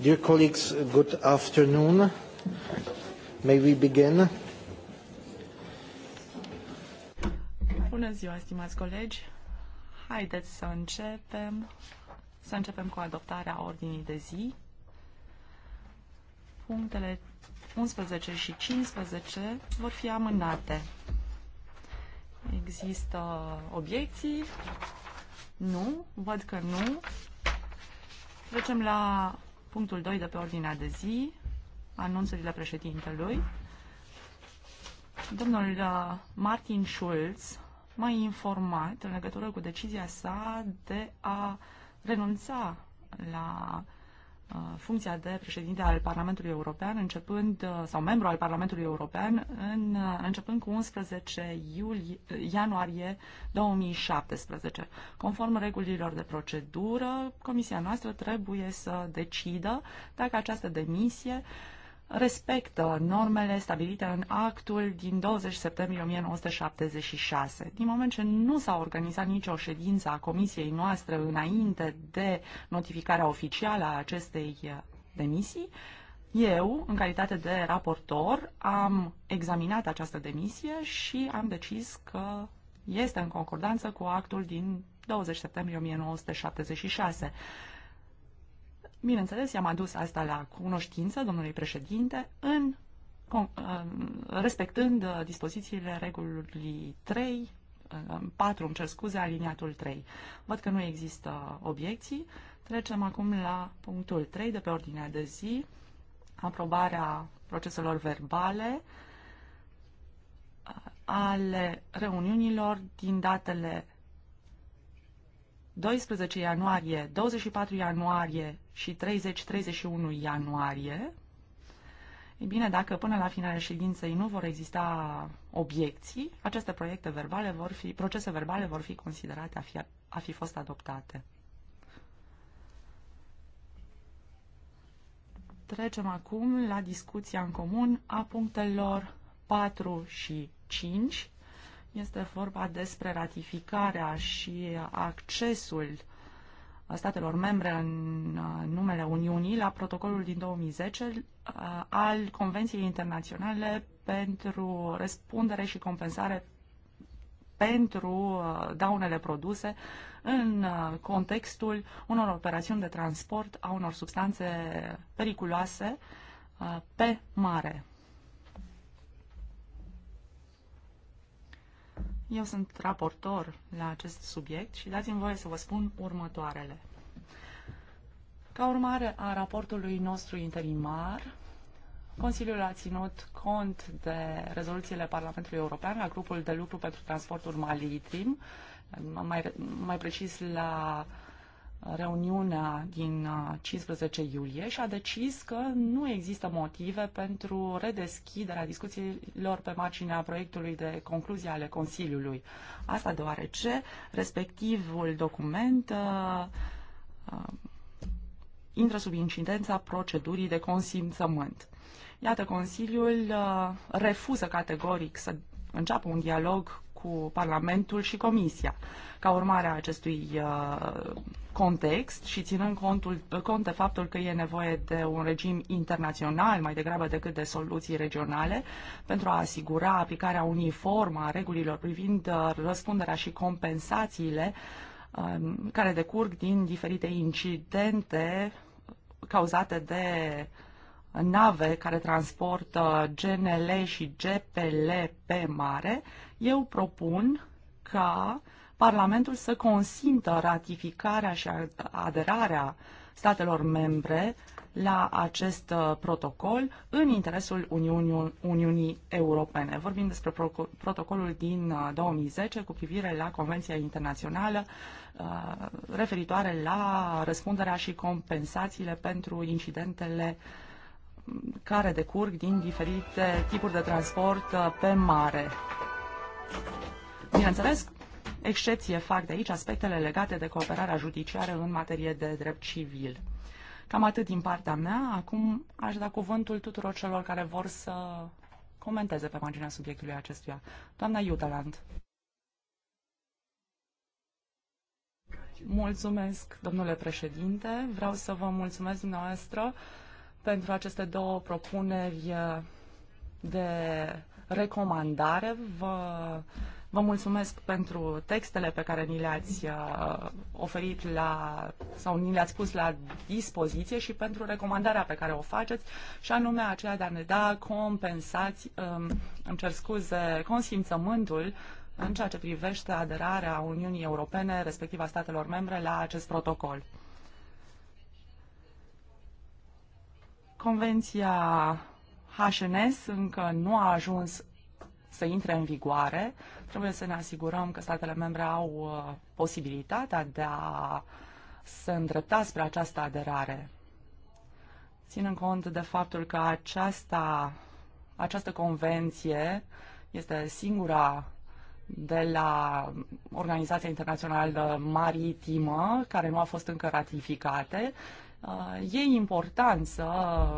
Dear colleagues, good afternoon. May we begin? Bună ziua, stimați colegi. Haideți să începem. Să începem cu adoptarea ordinii de zi. Punctele 11 și 15 vor fi amânate. Există obiecții? Nu, văd că nu. Trecem la punctul 2 de pe ordinea de zi, anunțurile președintelui. Domnul uh, Martin Schulz m-a informat în legătură cu decizia sa de a renunța la Uh, funcția de președinte al Parlamentului European, începând, uh, sau membru al Parlamentului European, în, uh, începând cu 11 iulie, ianuarie 2017. Conform regulilor de procedură, comisia noastră trebuie să decidă dacă această demisie uh, respectă normele stabilite în actul din 20 septembrie 1976. Din moment ce nu s-a organizat nicio ședință a comisiei noastre înainte de notificarea oficială a acestei uh, demisii, eu, în calitate de raportor, am examinat această demisie și am decis că este în concordanță cu actul din 20 septembrie 1976. Bineînțeles, i-am adus asta la cunoștință domnului președinte în respectând uh, dispozițiile regulii 3, 4, uh, îmi cer scuze, aliniatul 3. Văd că nu există obiecții. Trecem acum la punctul 3 de pe ordinea de zi, aprobarea proceselor verbale uh, ale reuniunilor din datele 12 ianuarie, 24 ianuarie și 30-31 ianuarie. E bine, dacă până la finalul ședinței nu vor exista obiecții, aceste proiecte verbale vor fi, procese verbale vor fi considerate a fi, a fi fost adoptate. Trecem acum la discuția în comun a punctelor 4 și 5 este vorba despre ratificarea și accesul statelor membre în uh, numele Uniunii la protocolul din 2010 uh, al Convenției Internaționale pentru răspundere și compensare pentru uh, daunele produse în contextul unor operațiuni de transport a unor substanțe periculoase pe mare. Eu sunt raportor la acest subiect și dați-mi voie să vă spun următoarele. Ca urmare a raportului nostru interimar, Consiliul a ținut cont de rezoluțiile Parlamentului European la grupul de lucru pentru transportul maritim, mai, mai precis la uh, reuniunea din 15 uh, iulie și a decis că nu există motive pentru redeschiderea discuțiilor pe marginea proiectului de concluzie ale Consiliului. Asta deoarece respectivul document uh, uh, intră sub incidența procedurii de consimțământ. Iată, Consiliul uh, refuză categoric să înceapă un dialog cu Parlamentul și Comisia. Ca urmare a acestui uh, context și ținând contul, cont de faptul că e nevoie de un regim internațional mai degrabă decât de soluții regionale pentru a asigura aplicarea uniformă a regulilor privind uh, răspunderea și compensațiile um, care decurg din diferite incidente cauzate de nave care transportă GNL și GPL pe mare, eu propun ca uh, Parlamentul să consintă ratificarea și aderarea statelor membre la acest uh, protocol în interesul Uniunii, Uniunii Europene. Vorbim despre protocolul din 2010 uh, cu privire la Convenția Internațională uh, referitoare la răspunderea și compensațiile pentru incidentele um, care decurg din diferite tipuri de transport pe mare. Bineînțeles, Excepție fac de aici aspectele legate de cooperarea judiciară în materie de drept civil. Cam atât din partea mea. Acum aș da cuvântul tuturor celor care vor să comenteze pe marginea subiectului acestuia. Doamna Iutaland. Mulțumesc, domnule președinte. Vreau să vă mulțumesc dumneavoastră pentru aceste două propuneri de recomandare. Vă Vă mulțumesc pentru textele pe care ni le-ați uh, oferit la, sau ni le-ați pus la dispoziție și pentru recomandarea pe care o faceți, și anume aceea de a ne da compensați, um, îmi cer scuze, consimțământul în ceea ce privește aderarea Uniunii Europene, respectiv a statelor membre, la acest protocol. Convenția HNS încă nu a ajuns să intre în vigoare, trebuie să ne asigurăm că statele membre au uh, posibilitatea de a se îndrepta spre această aderare. Ținând cont de faptul că aceasta, această convenție este singura de la Organizația Internațională Maritimă, care nu a fost încă ratificată. Uh, e important să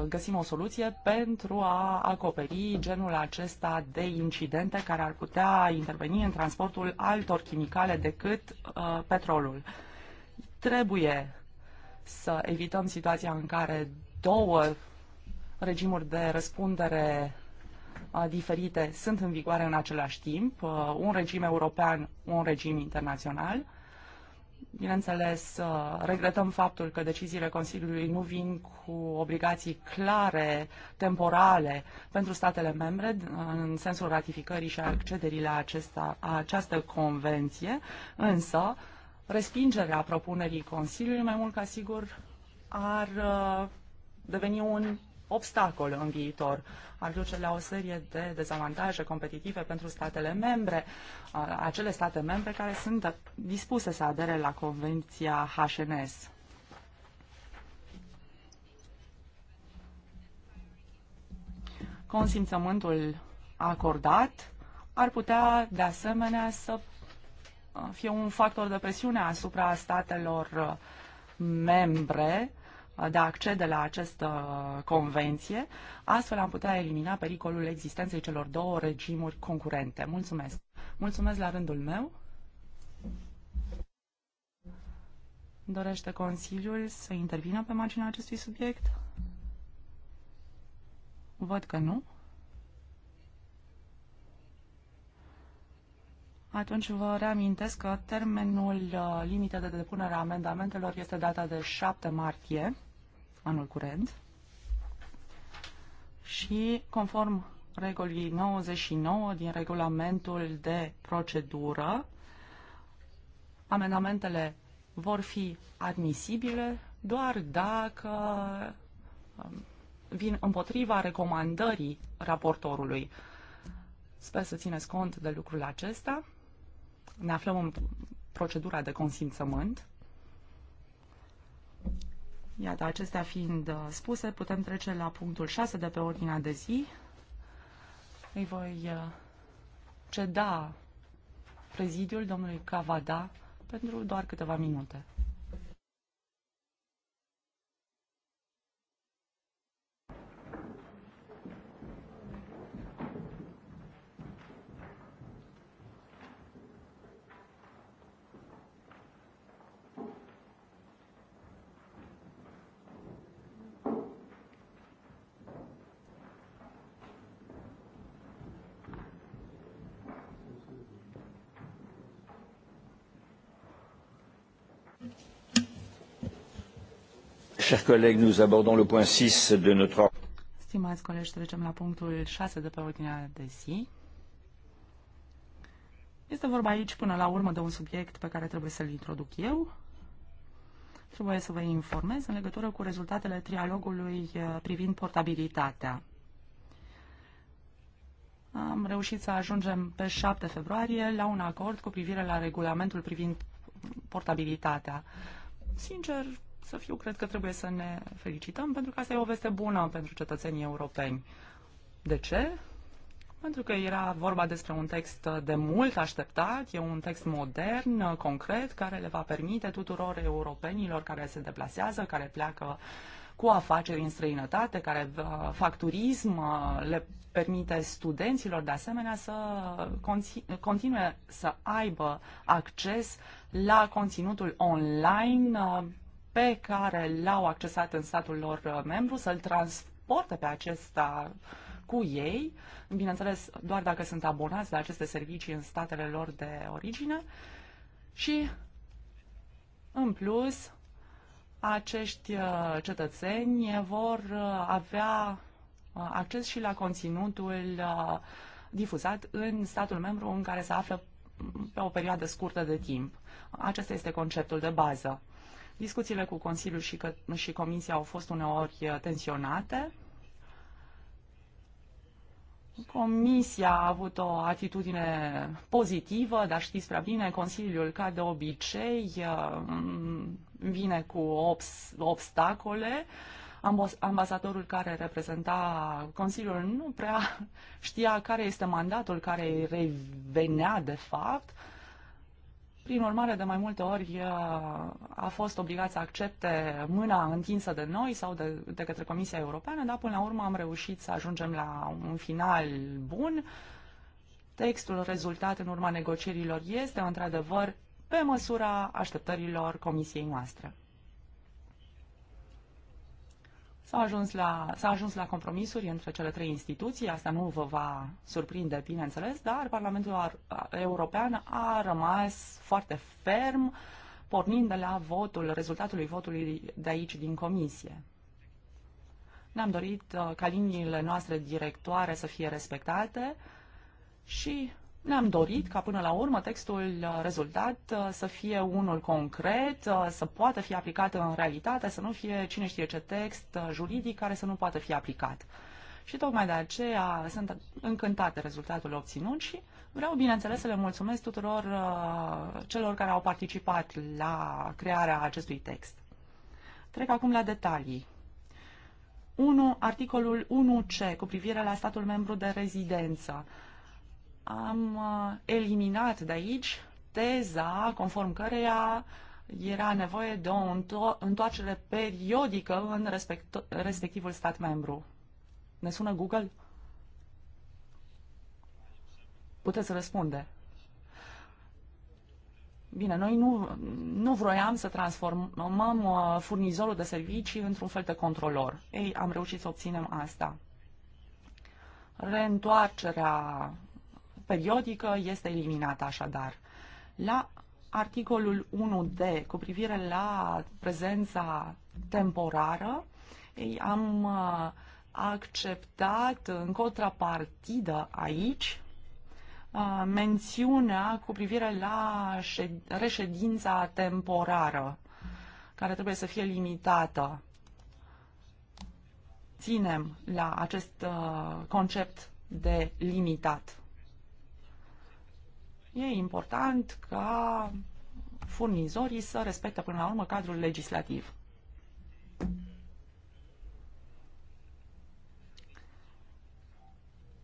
găsim o soluție pentru a acoperi genul acesta de incidente care ar putea interveni în transportul altor chimicale decât uh, petrolul. Trebuie să evităm situația în care două regimuri de răspundere uh, diferite sunt în vigoare în același timp, uh, un regim european, un regim internațional bineînțeles, uh, regretăm faptul că deciziile Consiliului nu vin cu obligații clare, temporale pentru statele membre în sensul ratificării și accederii la acesta, a această convenție, însă respingerea propunerii Consiliului mai mult ca sigur ar uh, deveni un obstacol în viitor. Ar duce la o serie de dezavantaje competitive pentru statele membre, uh, acele state membre care sunt dispuse să adere la Convenția HNS. Consimțământul acordat ar putea, de asemenea, să uh, fie un factor de presiune asupra statelor uh, membre de a accede la această convenție. Astfel am putea elimina pericolul existenței celor două regimuri concurente. Mulțumesc! Mulțumesc la rândul meu! Dorește Consiliul să intervină pe marginea acestui subiect? Văd că nu. Atunci vă reamintesc că termenul uh, limită de depunere a amendamentelor este data de 7 martie anul curent și conform regulii 99 din regulamentul de procedură, amendamentele vor fi admisibile doar dacă um, vin împotriva recomandării raportorului. Sper să țineți cont de lucrul acesta. Ne aflăm în procedura de consimțământ. Iată, acestea fiind uh, spuse, putem trece la punctul 6 de pe ordinea de zi. Îi voi uh, ceda prezidiul domnului Cavada pentru doar câteva minute. Chers collègues, nous abordons le point 6 de notre ordre. Stimați colegi, trecem la punctul 6 de pe ordinea de zi. Este vorba aici până la urmă de un subiect pe care trebuie să-l introduc eu. Trebuie să vă informez în legătură cu rezultatele trialogului eh, privind portabilitatea. Am reușit să ajungem pe 7 februarie la un acord cu privire la regulamentul privind portabilitatea. Sincer, să fiu, cred că trebuie să ne felicităm, pentru că asta e o veste bună pentru cetățenii europeni. De ce? Pentru că era vorba despre un text de mult așteptat, e un text modern, concret, care le va permite tuturor europenilor care se deplasează, care pleacă cu afaceri în străinătate, care uh, fac turism, uh, le permite studenților de asemenea să continue să aibă acces la conținutul online uh, pe care l-au accesat în statul lor uh, membru, să-l transporte pe acesta cu ei, bineînțeles doar dacă sunt abonați la aceste servicii în statele lor de origine și, în plus, acești uh, cetățeni vor uh, avea acces și la conținutul difuzat în statul membru în care se află pe o perioadă scurtă de timp. Acesta este conceptul de bază. Discuțiile cu Consiliul și, că, și Comisia au fost uneori uh, tensionate. Comisia a avut o atitudine pozitivă, dar știți prea bine, Consiliul, ca de obicei, uh, vine cu obs- obstacole. Ambasadorul care reprezenta Consiliul nu prea știa care este mandatul care revenea, de fapt, prin urmare, de mai multe ori a fost obligat să accepte mâna întinsă de noi sau de, de către Comisia Europeană, dar până la urmă am reușit să ajungem la un final bun. Textul rezultat în urma negocierilor este, într-adevăr, pe măsura așteptărilor Comisiei noastre. S-a ajuns, la, s-a ajuns la compromisuri între cele trei instituții, asta nu vă va surprinde, bineînțeles, dar Parlamentul European a rămas foarte ferm, pornind de la votul, rezultatului votului de aici din comisie. Ne-am dorit uh, ca liniile noastre directoare să fie respectate și ne-am dorit ca până la urmă textul uh, rezultat uh, să fie unul concret, uh, să poată fi aplicat în realitate, să nu fie cine știe ce text juridic care să nu poată fi aplicat. Și tocmai de aceea sunt încântat de rezultatul obținut și vreau, bineînțeles, să le mulțumesc tuturor celor care au participat la crearea acestui text. Trec acum la detalii. 1. Articolul 1C cu privire la statul membru de rezidență am uh, eliminat de aici teza conform căreia era nevoie de o întoarcere periodică în respect, respectivul stat membru. Ne sună Google? Puteți răspunde. Bine, noi nu, nu vroiam să transformăm uh, furnizorul de servicii într-un fel de controlor. Ei, am reușit să obținem asta. Reîntoarcerea periodică este eliminată așadar. La articolul 1D cu privire la prezența temporară, ei, am uh, acceptat în contrapartidă aici uh, mențiunea cu privire la reședința temporară, care trebuie să fie limitată. Ținem la acest uh, concept de limitat. E important ca furnizorii să respecte până la urmă cadrul legislativ.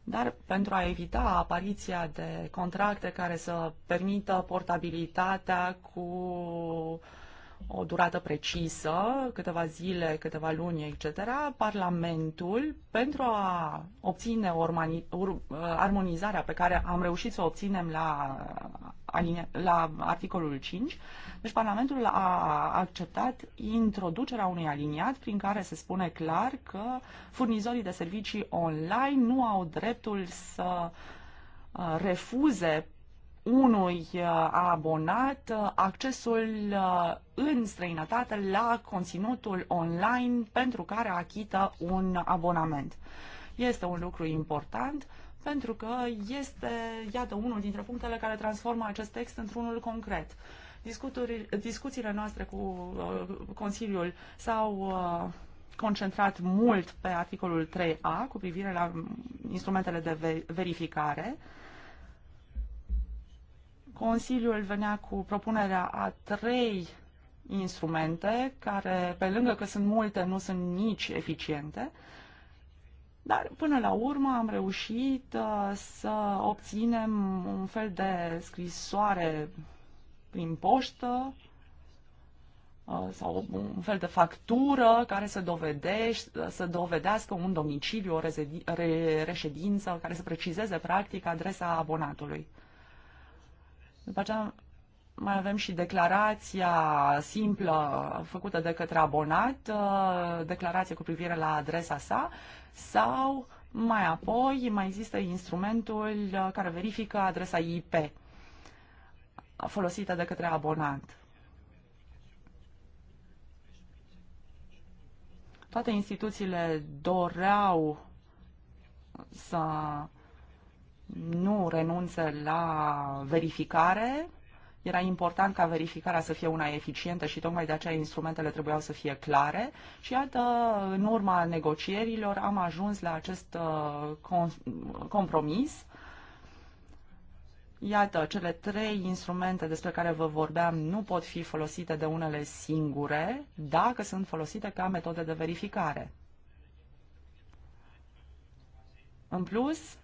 Dar pentru a evita apariția de contracte care să permită portabilitatea cu o durată precisă, câteva zile, câteva luni, etc., Parlamentul, pentru a obține uh, armonizarea pe care am reușit să o obținem la, la articolul 5, deci Parlamentul a acceptat introducerea unui aliniat prin care se spune clar că furnizorii de servicii online nu au dreptul să uh, refuze unui uh, abonat uh, accesul uh, în străinătate la conținutul online pentru care achită un abonament. Este un lucru important pentru că este, iată, unul dintre punctele care transformă acest text într-unul concret. Discuțiile noastre cu Consiliul s-au concentrat mult pe articolul 3A cu privire la mm, instrumentele de verificare. Uh, Consiliul venea cu propunerea a trei instrumente, care, pe lângă că sunt multe, nu sunt nici eficiente, dar până la urmă am reușit uh, să obținem un fel de scrisoare prin poștă uh, sau un fel de factură care să, dovedești, uh, să dovedească un domiciliu, o reședință, care să precizeze practic adresa abonatului. După aceea mai avem și declarația simplă făcută de către abonat, uh, declarație cu privire la adresa sa sau mai apoi mai există instrumentul uh, care verifică adresa IP folosită de către abonat. Toate instituțiile doreau să nu renunță la verificare. Era important ca verificarea să fie una eficientă și tocmai de aceea instrumentele trebuiau să fie clare. Și iată, în urma negocierilor am ajuns la acest uh, compromis. Iată, cele trei instrumente despre care vă vorbeam nu pot fi folosite de unele singure dacă sunt folosite ca metode de verificare. În plus,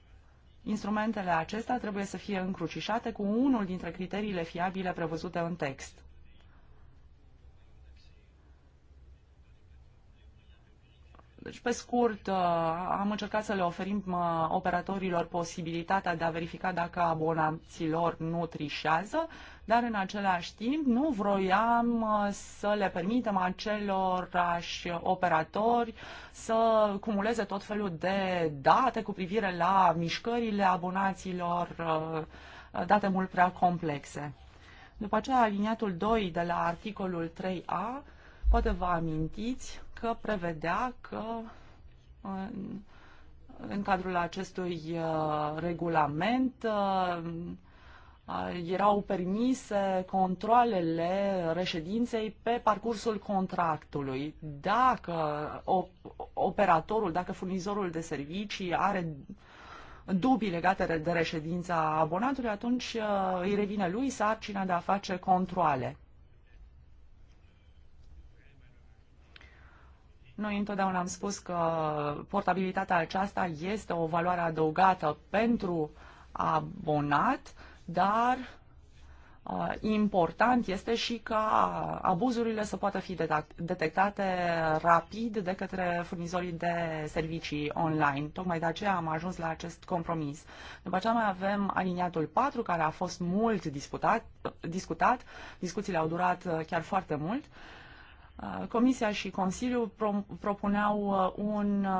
Instrumentele acestea trebuie să fie încrucișate cu unul dintre criteriile fiabile prevăzute în text. Deci, pe scurt, uh, am încercat să le oferim uh, operatorilor posibilitatea de a verifica dacă abonații lor nu trișează, dar în același timp nu vroiam uh, să le permitem acelorași operatori să cumuleze tot felul de date cu privire la mișcările abonaților, date mult prea complexe. După aceea, aliniatul 2 de la articolul 3a, poate vă amintiți, că prevedea că în, în cadrul acestui uh, regulament uh, erau permise controlele reședinței pe parcursul contractului. Dacă operatorul, dacă furnizorul de servicii are dubii legate de reședința abonatului, atunci uh, îi revine lui sarcina de a face controle. Noi întotdeauna am spus că portabilitatea aceasta este o valoare adăugată pentru abonat, dar uh, important este și ca abuzurile să poată fi detectate rapid de către furnizorii de servicii online. Tocmai de aceea am ajuns la acest compromis. După aceea mai avem aliniatul 4, care a fost mult disputat, discutat. Discuțiile au durat uh, chiar foarte mult. Uh, Uh, Comisia și Consiliul pro- propuneau uh, un uh,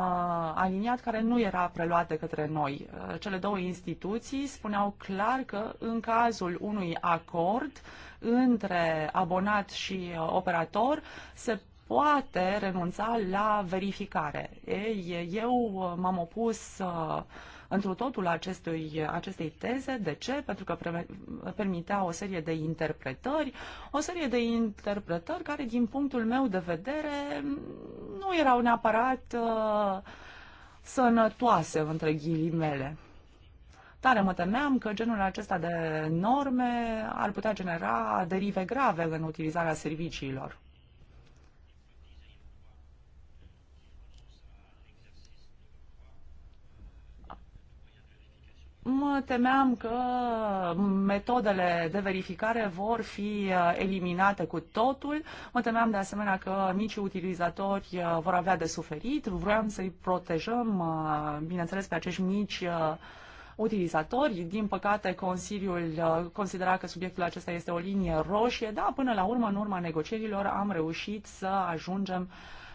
aliniat care nu era preluat de către noi. Cele două instituții spuneau clar că în cazul unui acord între abonat și operator se poate renunța la verificare. Ei, eu m-am opus uh, întru totul acestui, acestei teze. De ce? Pentru că permitea o serie de interpretări, o serie de interpretări care, din punctul meu de vedere, nu erau neapărat uh, sănătoase, între ghilimele. Tare mă temeam că genul acesta de norme ar putea genera derive grave în utilizarea serviciilor. mă temeam că metodele de verificare vor fi uh, eliminate cu totul. Mă temeam de asemenea că micii utilizatori uh, vor avea de suferit. Vroiam să-i protejăm, uh, bineînțeles, pe acești mici utilizatori. Din păcate, Consiliul considera că subiectul acesta este o linie roșie, dar până la urmă, în urma negocierilor, am reușit să ajungem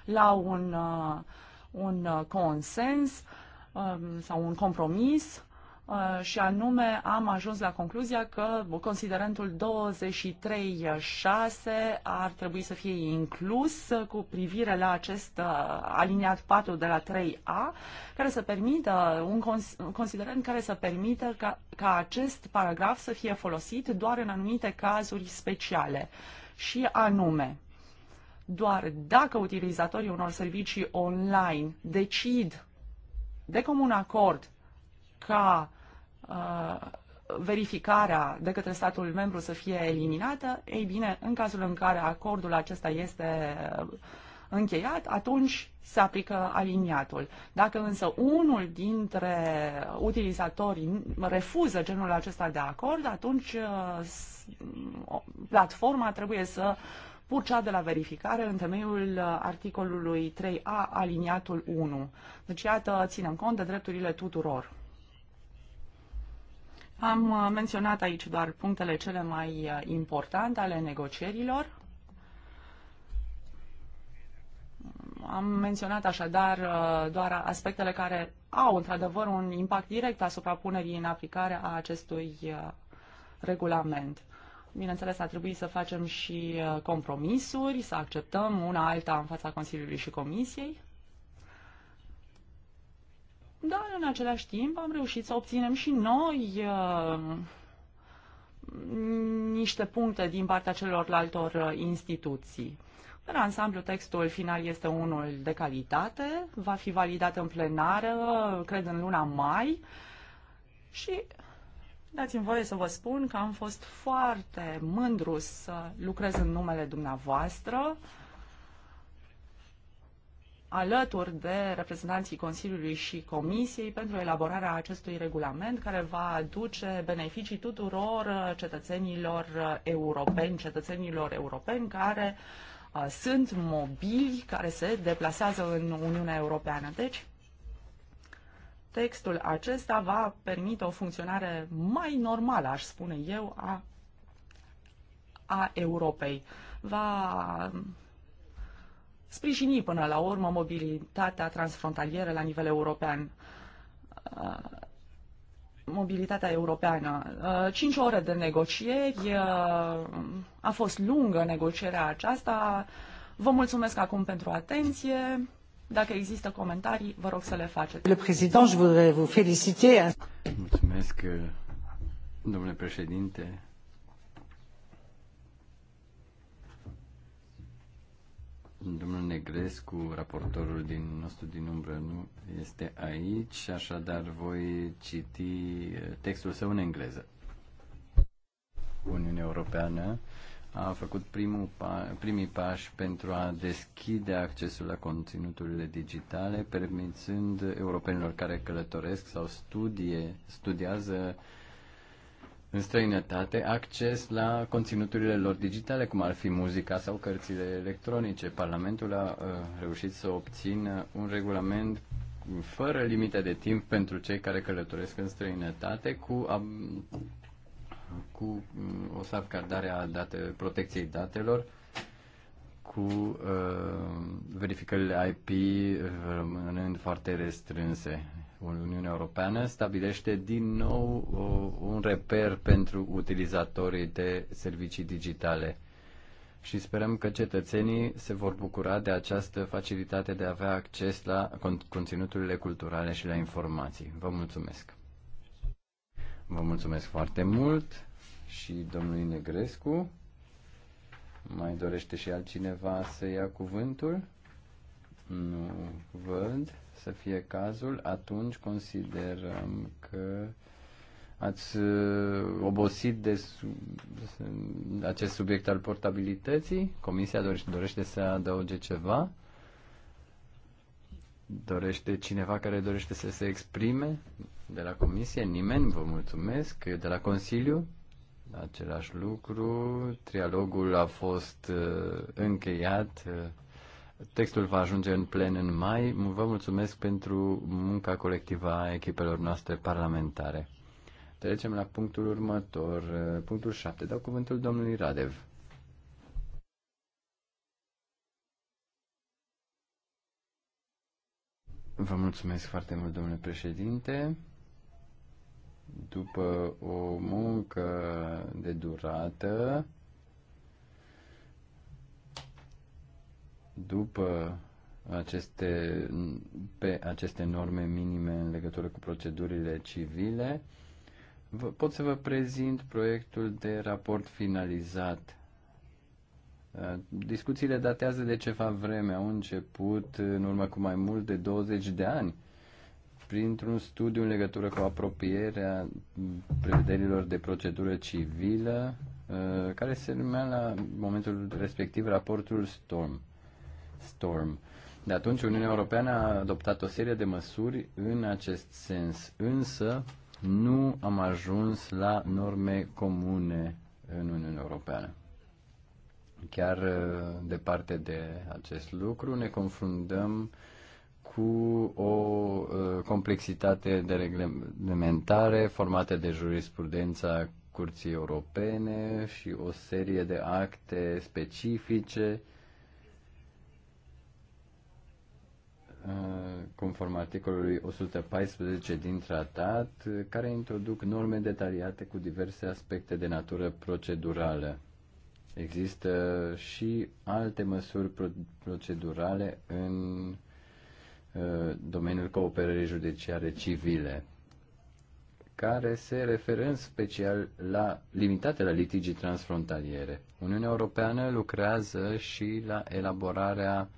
la un, un consens um, sau un compromis Uh, și anume am ajuns la concluzia că considerentul 23.6 ar trebui să fie inclus cu privire la acest uh, aliniat 4 de la 3A, care să permită, un considerent care să permită ca, ca acest paragraf să fie folosit doar în anumite cazuri speciale și anume doar dacă utilizatorii unor servicii online decid de comun acord ca Uh, verificarea de către statul membru să fie eliminată, ei bine, în cazul în care acordul acesta este uh, încheiat, atunci se aplică aliniatul. Dacă însă unul dintre utilizatori refuză genul acesta de acord, atunci uh, platforma trebuie să purcea de la verificare în temeiul articolului 3a aliniatul 1. Deci, iată, ținem cont de drepturile tuturor. Am uh, menționat aici doar punctele cele mai uh, importante ale negocierilor. Am menționat așadar uh, doar aspectele care au într-adevăr un impact direct asupra punerii în aplicare a acestui regulament. Bineînțeles, a trebuit să facem și compromisuri, să acceptăm una alta în fața Consiliului și Comisiei dar în același timp am reușit să obținem și noi uh, niște puncte din partea celorlaltor uh, instituții. În ansamblu, textul final este unul de calitate, va fi validat în plenară, cred, în luna mai și dați-mi voie să vă spun că am fost foarte mândru să lucrez în numele dumneavoastră alături de reprezentanții Consiliului și Comisiei pentru elaborarea acestui regulament care va aduce beneficii tuturor uh, cetățenilor uh, europeni, cetățenilor europeni care uh, sunt mobili, care se deplasează în Uniunea Europeană. Deci, textul acesta va permite o funcționare mai normală, aș spune eu, a, a Europei. Va sprijini până la urmă mobilitatea transfrontalieră la nivel european uh, mobilitatea europeană. Uh, cinci ore de negocieri, uh, a fost lungă negocierea aceasta. Vă mulțumesc acum pentru atenție. Dacă există comentarii, vă rog să le faceți. Le prezident, je voudrais vous féliciter. Mulțumesc, domnule președinte. Domnul Negrescu, raportorul din nostru din umbră, nu este aici, așadar voi citi eh, textul său în engleză. Uniunea Europeană a făcut primul pa- primii pași pentru a deschide accesul la conținuturile digitale, permițând europenilor care călătoresc sau studie, studiază în străinătate acces la conținuturile lor digitale, cum ar fi muzica sau cărțile electronice. Parlamentul a reușit să obțină un regulament fără limite de timp pentru cei care călătoresc în străinătate cu, cu mm, o salvgardare a date, protecției datelor cu uh, verificările IP rămânând foarte restrânse. Uniunea Europeană stabilește din nou un reper pentru utilizatorii de servicii digitale și sperăm că cetățenii se vor bucura de această facilitate de a avea acces la conținuturile culturale și la informații. Vă mulțumesc! Vă mulțumesc foarte mult și domnului Negrescu. Mai dorește și altcineva să ia cuvântul? Nu văd să fie cazul, atunci considerăm că ați uh, obosit de acest subiect al portabilității? Comisia dorește, dorește să adauge ceva? Dorește cineva care dorește să se exprime de la Comisie? Nimeni? Vă mulțumesc. De la Consiliu? Același lucru. Trialogul a fost uh, încheiat uh, Textul va ajunge în plen în mai. Vă mulțumesc pentru munca colectivă a echipelor noastre parlamentare. Trecem la punctul următor, punctul 7. Dau cuvântul domnului Radev. Vă mulțumesc foarte mult, domnule președinte. După o muncă de durată, după aceste, pe aceste norme minime în legătură cu procedurile civile, vă, pot să vă prezint proiectul de raport finalizat. Uh, discuțiile datează de ceva vreme, au început în urmă cu mai mult de 20 de ani printr-un studiu în legătură cu apropierea prevederilor de procedură civilă, uh, care se numea la momentul respectiv raportul Storm. Storm. De atunci, Uniunea Europeană a adoptat o serie de măsuri în acest sens, însă nu am ajuns la norme comune în Uniunea Europeană. Chiar uh, departe de acest lucru, ne confruntăm cu o uh, complexitate de reglementare formată de jurisprudența Curții Europene și o serie de acte specifice conform articolului 114 din tratat, care introduc norme detaliate cu diverse aspecte de natură procedurală. Există și alte măsuri procedurale în uh, domeniul cooperării judiciare civile, care se referă în special la limitate la litigii transfrontaliere. Uniunea Europeană lucrează și la elaborarea uh,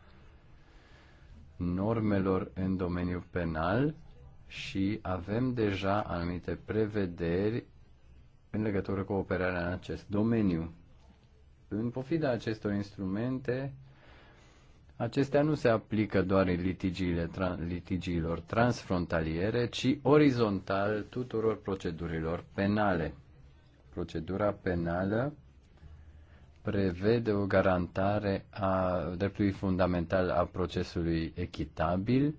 normelor în domeniul penal și avem deja anumite prevederi în legătură cu operarea în acest domeniu. În pofida acestor instrumente, acestea nu se aplică doar în litigiile, tra- litigiilor transfrontaliere, ci orizontal tuturor procedurilor penale. Procedura penală prevede o garantare a dreptului fundamental a procesului echitabil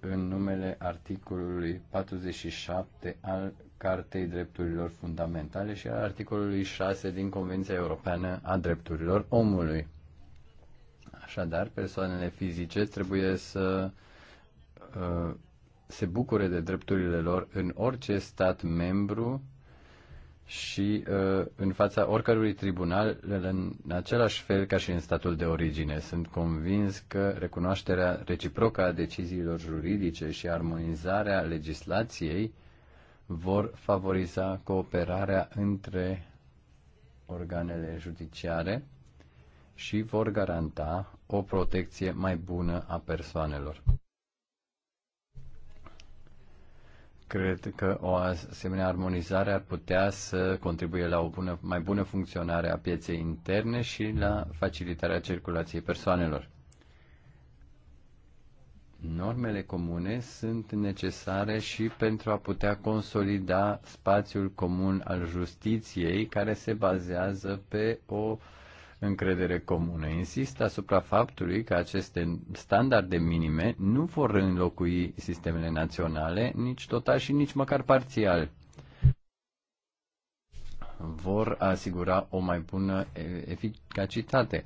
în numele articolului 47 al Cartei Drepturilor Fundamentale și al articolului 6 din Convenția Europeană a Drepturilor Omului. Așadar, persoanele fizice trebuie să uh, se bucure de drepturile lor în orice stat membru și uh, în fața oricărui tribunal în același fel ca și în statul de origine. Sunt convins că recunoașterea reciprocă a deciziilor juridice și armonizarea legislației vor favoriza cooperarea între organele judiciare și vor garanta o protecție mai bună a persoanelor. Cred că o asemenea armonizare ar putea să contribuie la o bună, mai bună funcționare a pieței interne și la facilitarea circulației persoanelor. Normele comune sunt necesare și pentru a putea consolida spațiul comun al justiției care se bazează pe o uh, încredere comună. Insist asupra faptului că aceste standarde minime nu vor înlocui sistemele naționale, nici total și nici măcar parțial. Vor asigura o mai bună eficacitate.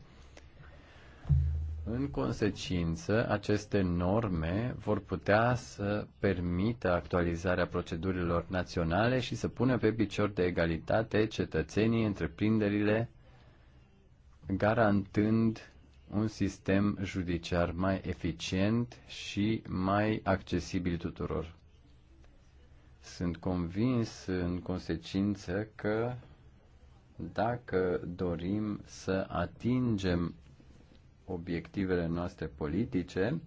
În consecință, aceste norme vor putea să permită actualizarea procedurilor naționale și să pună pe picior de egalitate cetățenii, întreprinderile garantând un sistem judiciar mai eficient și mai accesibil tuturor. Sunt convins în consecință că dacă dorim să atingem obiectivele noastre politice,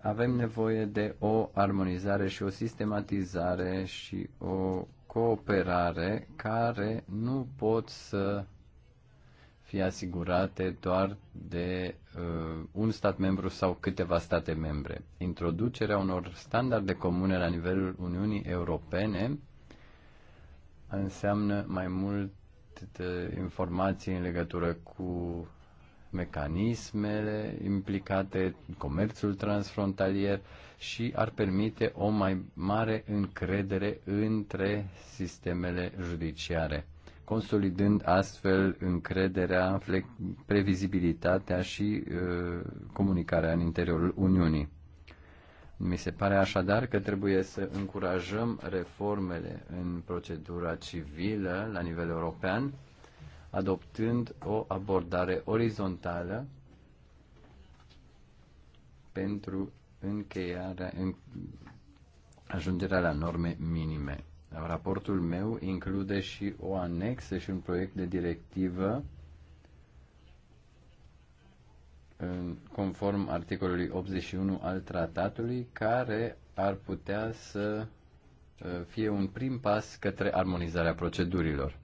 avem nevoie de o armonizare și o sistematizare și o cooperare care nu pot să fi asigurate doar de uh, un stat membru sau câteva state membre. Introducerea unor standarde comune la nivelul Uniunii Europene înseamnă mai mult uh, informații în legătură cu mecanismele implicate, comerțul transfrontalier și ar permite o mai mare încredere între sistemele judiciare consolidând astfel încrederea, previzibilitatea și uh, comunicarea în interiorul Uniunii. Mi se pare așadar că trebuie să încurajăm reformele în procedura civilă la nivel european, adoptând o abordare orizontală pentru încheierea, în, ajungerea la norme minime. Raportul meu include și o anexă și un proiect de directivă conform articolului 81 al tratatului, care ar putea să uh, fie un prim pas către armonizarea procedurilor.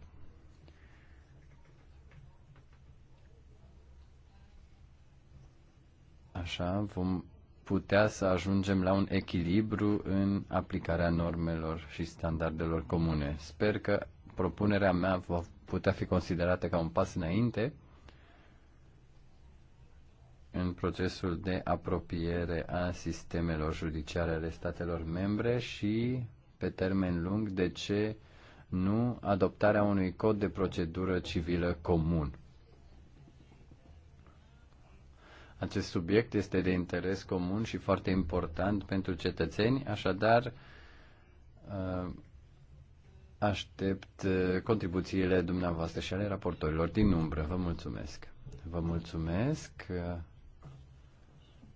Așa vom putea să ajungem la un echilibru în aplicarea normelor și standardelor comune. Sper că propunerea mea va putea fi considerată ca un pas înainte în procesul de apropiere a sistemelor judiciare ale statelor membre și, pe termen lung, de ce nu adoptarea unui cod de procedură civilă comun. Acest subiect este de interes comun și foarte important pentru cetățeni, așadar uh, aștept uh, contribuțiile dumneavoastră și ale raportorilor din umbră. Vă mulțumesc. Vă mulțumesc.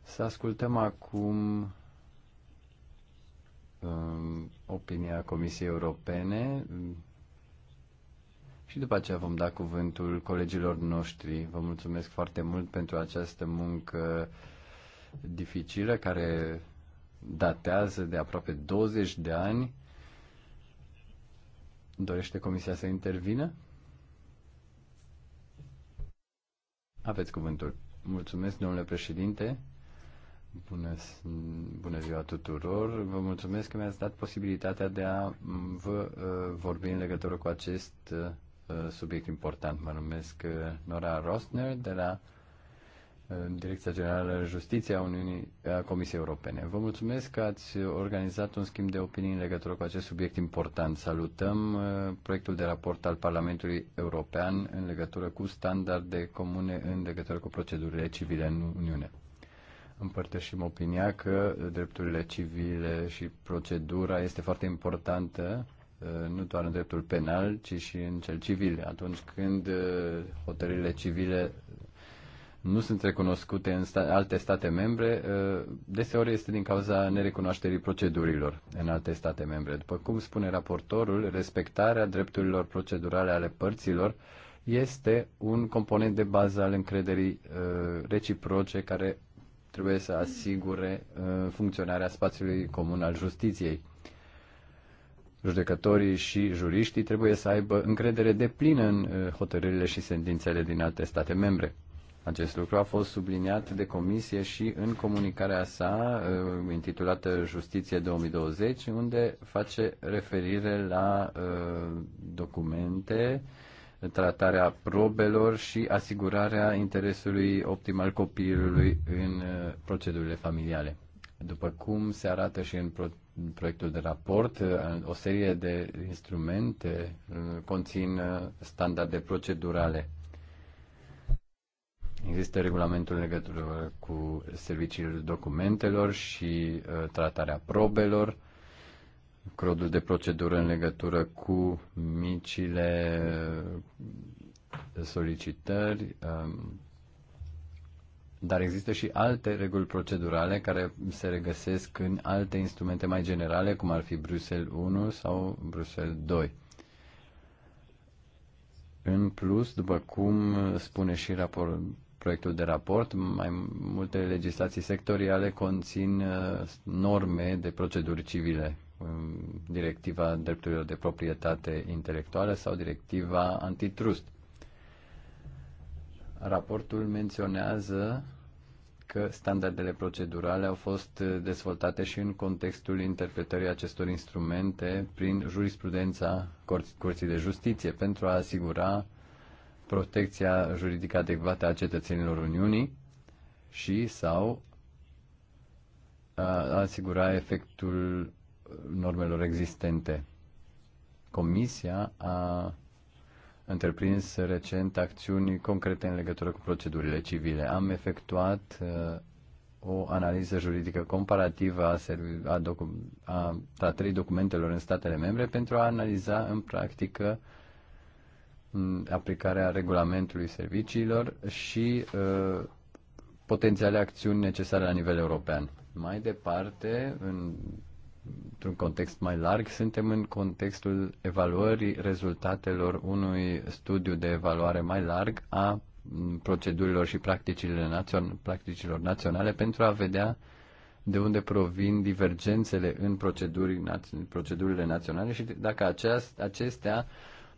Să ascultăm acum um, opinia Comisiei Europene și după aceea vom da cuvântul colegilor noștri. Vă mulțumesc foarte mult pentru această muncă dificilă care datează de aproape 20 de ani. Dorește Comisia să intervină? Aveți cuvântul. Mulțumesc, domnule președinte. Bună, bună ziua tuturor! Vă mulțumesc că mi-ați dat posibilitatea de a vă uh, vorbi în legătură cu acest uh, Uh, subiect important. Mă numesc uh, Nora Rosner de la uh, Direcția Generală Justiție a Uniunii a Comisiei Europene. Vă mulțumesc că ați organizat un schimb de opinii în legătură cu acest subiect important. Salutăm proiectul de raport al Parlamentului European în legătură cu standarde comune în legătură cu procedurile civile în Uniune. Împărtășim opinia că drepturile civile și procedura este foarte importantă Uh, nu doar în dreptul penal, ci și în cel civil. Atunci când uh, hotărârile civile nu sunt recunoscute în sta- alte state membre, uh, deseori este din cauza nerecunoașterii procedurilor în alte state membre. După cum spune raportorul, respectarea drepturilor procedurale ale părților este un component de bază al încrederii reciproce care trebuie să asigure funcționarea spațiului comun al justiției judecătorii și juriștii trebuie să aibă încredere de plină în uh, hotărârile și sentințele din alte state membre. Acest lucru a fost subliniat de comisie și în comunicarea sa uh, intitulată Justiție 2020, unde face referire la uh, documente, tratarea probelor și asigurarea interesului optim al copilului în procedurile familiale. După cum se arată și în proiectul de raport, eh, o serie de instrumente eh, conțin eh, standarde procedurale. Există regulamentul legătură cu serviciile documentelor și uh, tratarea probelor, codul de procedură în legătură cu micile solicitări, dar există și alte reguli procedurale care se regăsesc în alte instrumente mai generale, cum ar fi Bruxelles 1 sau Bruxelles 2. În plus, după cum spune și rapor, proiectul de raport, mai multe legislații sectoriale conțin uh, norme de proceduri civile, um, directiva drepturilor de proprietate intelectuală sau directiva antitrust. Raportul menționează că standardele procedurale au fost uh, dezvoltate și în contextul interpretării acestor instrumente prin jurisprudența Curții de Justiție pentru a asigura protecția juridică adecvată a cetățenilor Uniunii și sau uh, a asigura efectul normelor existente. Comisia a întreprins recent acțiuni concrete în legătură cu procedurile civile. Am efectuat uh, o analiză juridică comparativă a, a, a, a trei documentelor în statele membre pentru a analiza în practică aplicarea regulamentului serviciilor și uh, potențiale acțiuni necesare la nivel european. Mai departe, în într-un context mai larg, suntem în contextul evaluării rezultatelor unui studiu de evaluare mai larg a procedurilor și practicile națion- practicilor naționale pentru a vedea de unde provin divergențele în proceduri, procedurile naționale și dacă aceast, acestea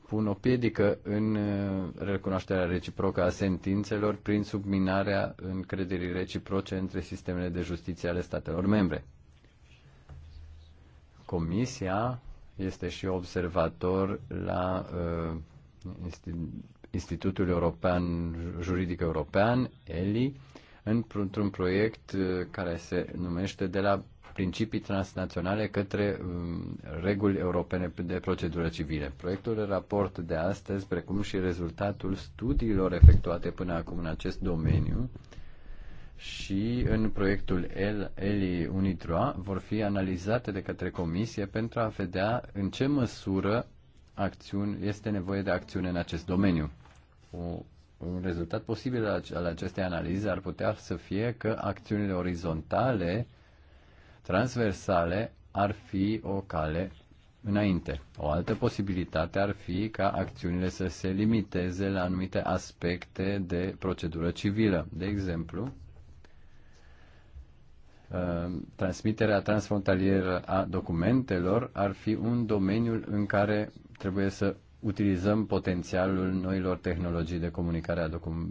pun o piedică în uh, recunoașterea reciprocă a sentințelor prin subminarea încrederii reciproce între sistemele de justiție ale statelor membre. Comisia este și observator la uh, Institutul European Juridic European, ELI, într-un proiect uh, care se numește de la principii transnaționale către um, reguli europene de procedură civile. Proiectul de raport de astăzi, precum și rezultatul studiilor efectuate până acum în acest domeniu, uh, și în proiectul El, Eli Unitroa vor fi analizate de către comisie pentru a vedea în ce măsură acțiuni, este nevoie de acțiune în acest domeniu. O, un rezultat posibil al acestei analize ar putea să fie că acțiunile orizontale, transversale, ar fi o cale înainte. O altă posibilitate ar fi ca acțiunile să se limiteze la anumite aspecte de procedură civilă. De exemplu, Uh, transmiterea transfrontalieră a documentelor ar fi un domeniu în care trebuie să utilizăm potențialul noilor tehnologii de comunicare a docu-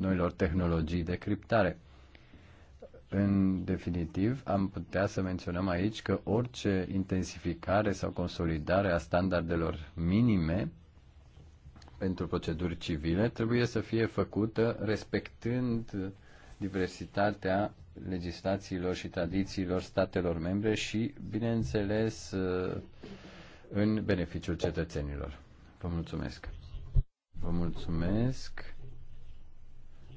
noilor tehnologii de criptare. În definitiv, am putea să menționăm aici că orice intensificare sau consolidare a standardelor minime pentru proceduri civile trebuie să fie făcută respectând diversitatea legislațiilor și tradițiilor statelor membre și, bineînțeles, uh, în beneficiul cetățenilor. Vă mulțumesc. Vă mulțumesc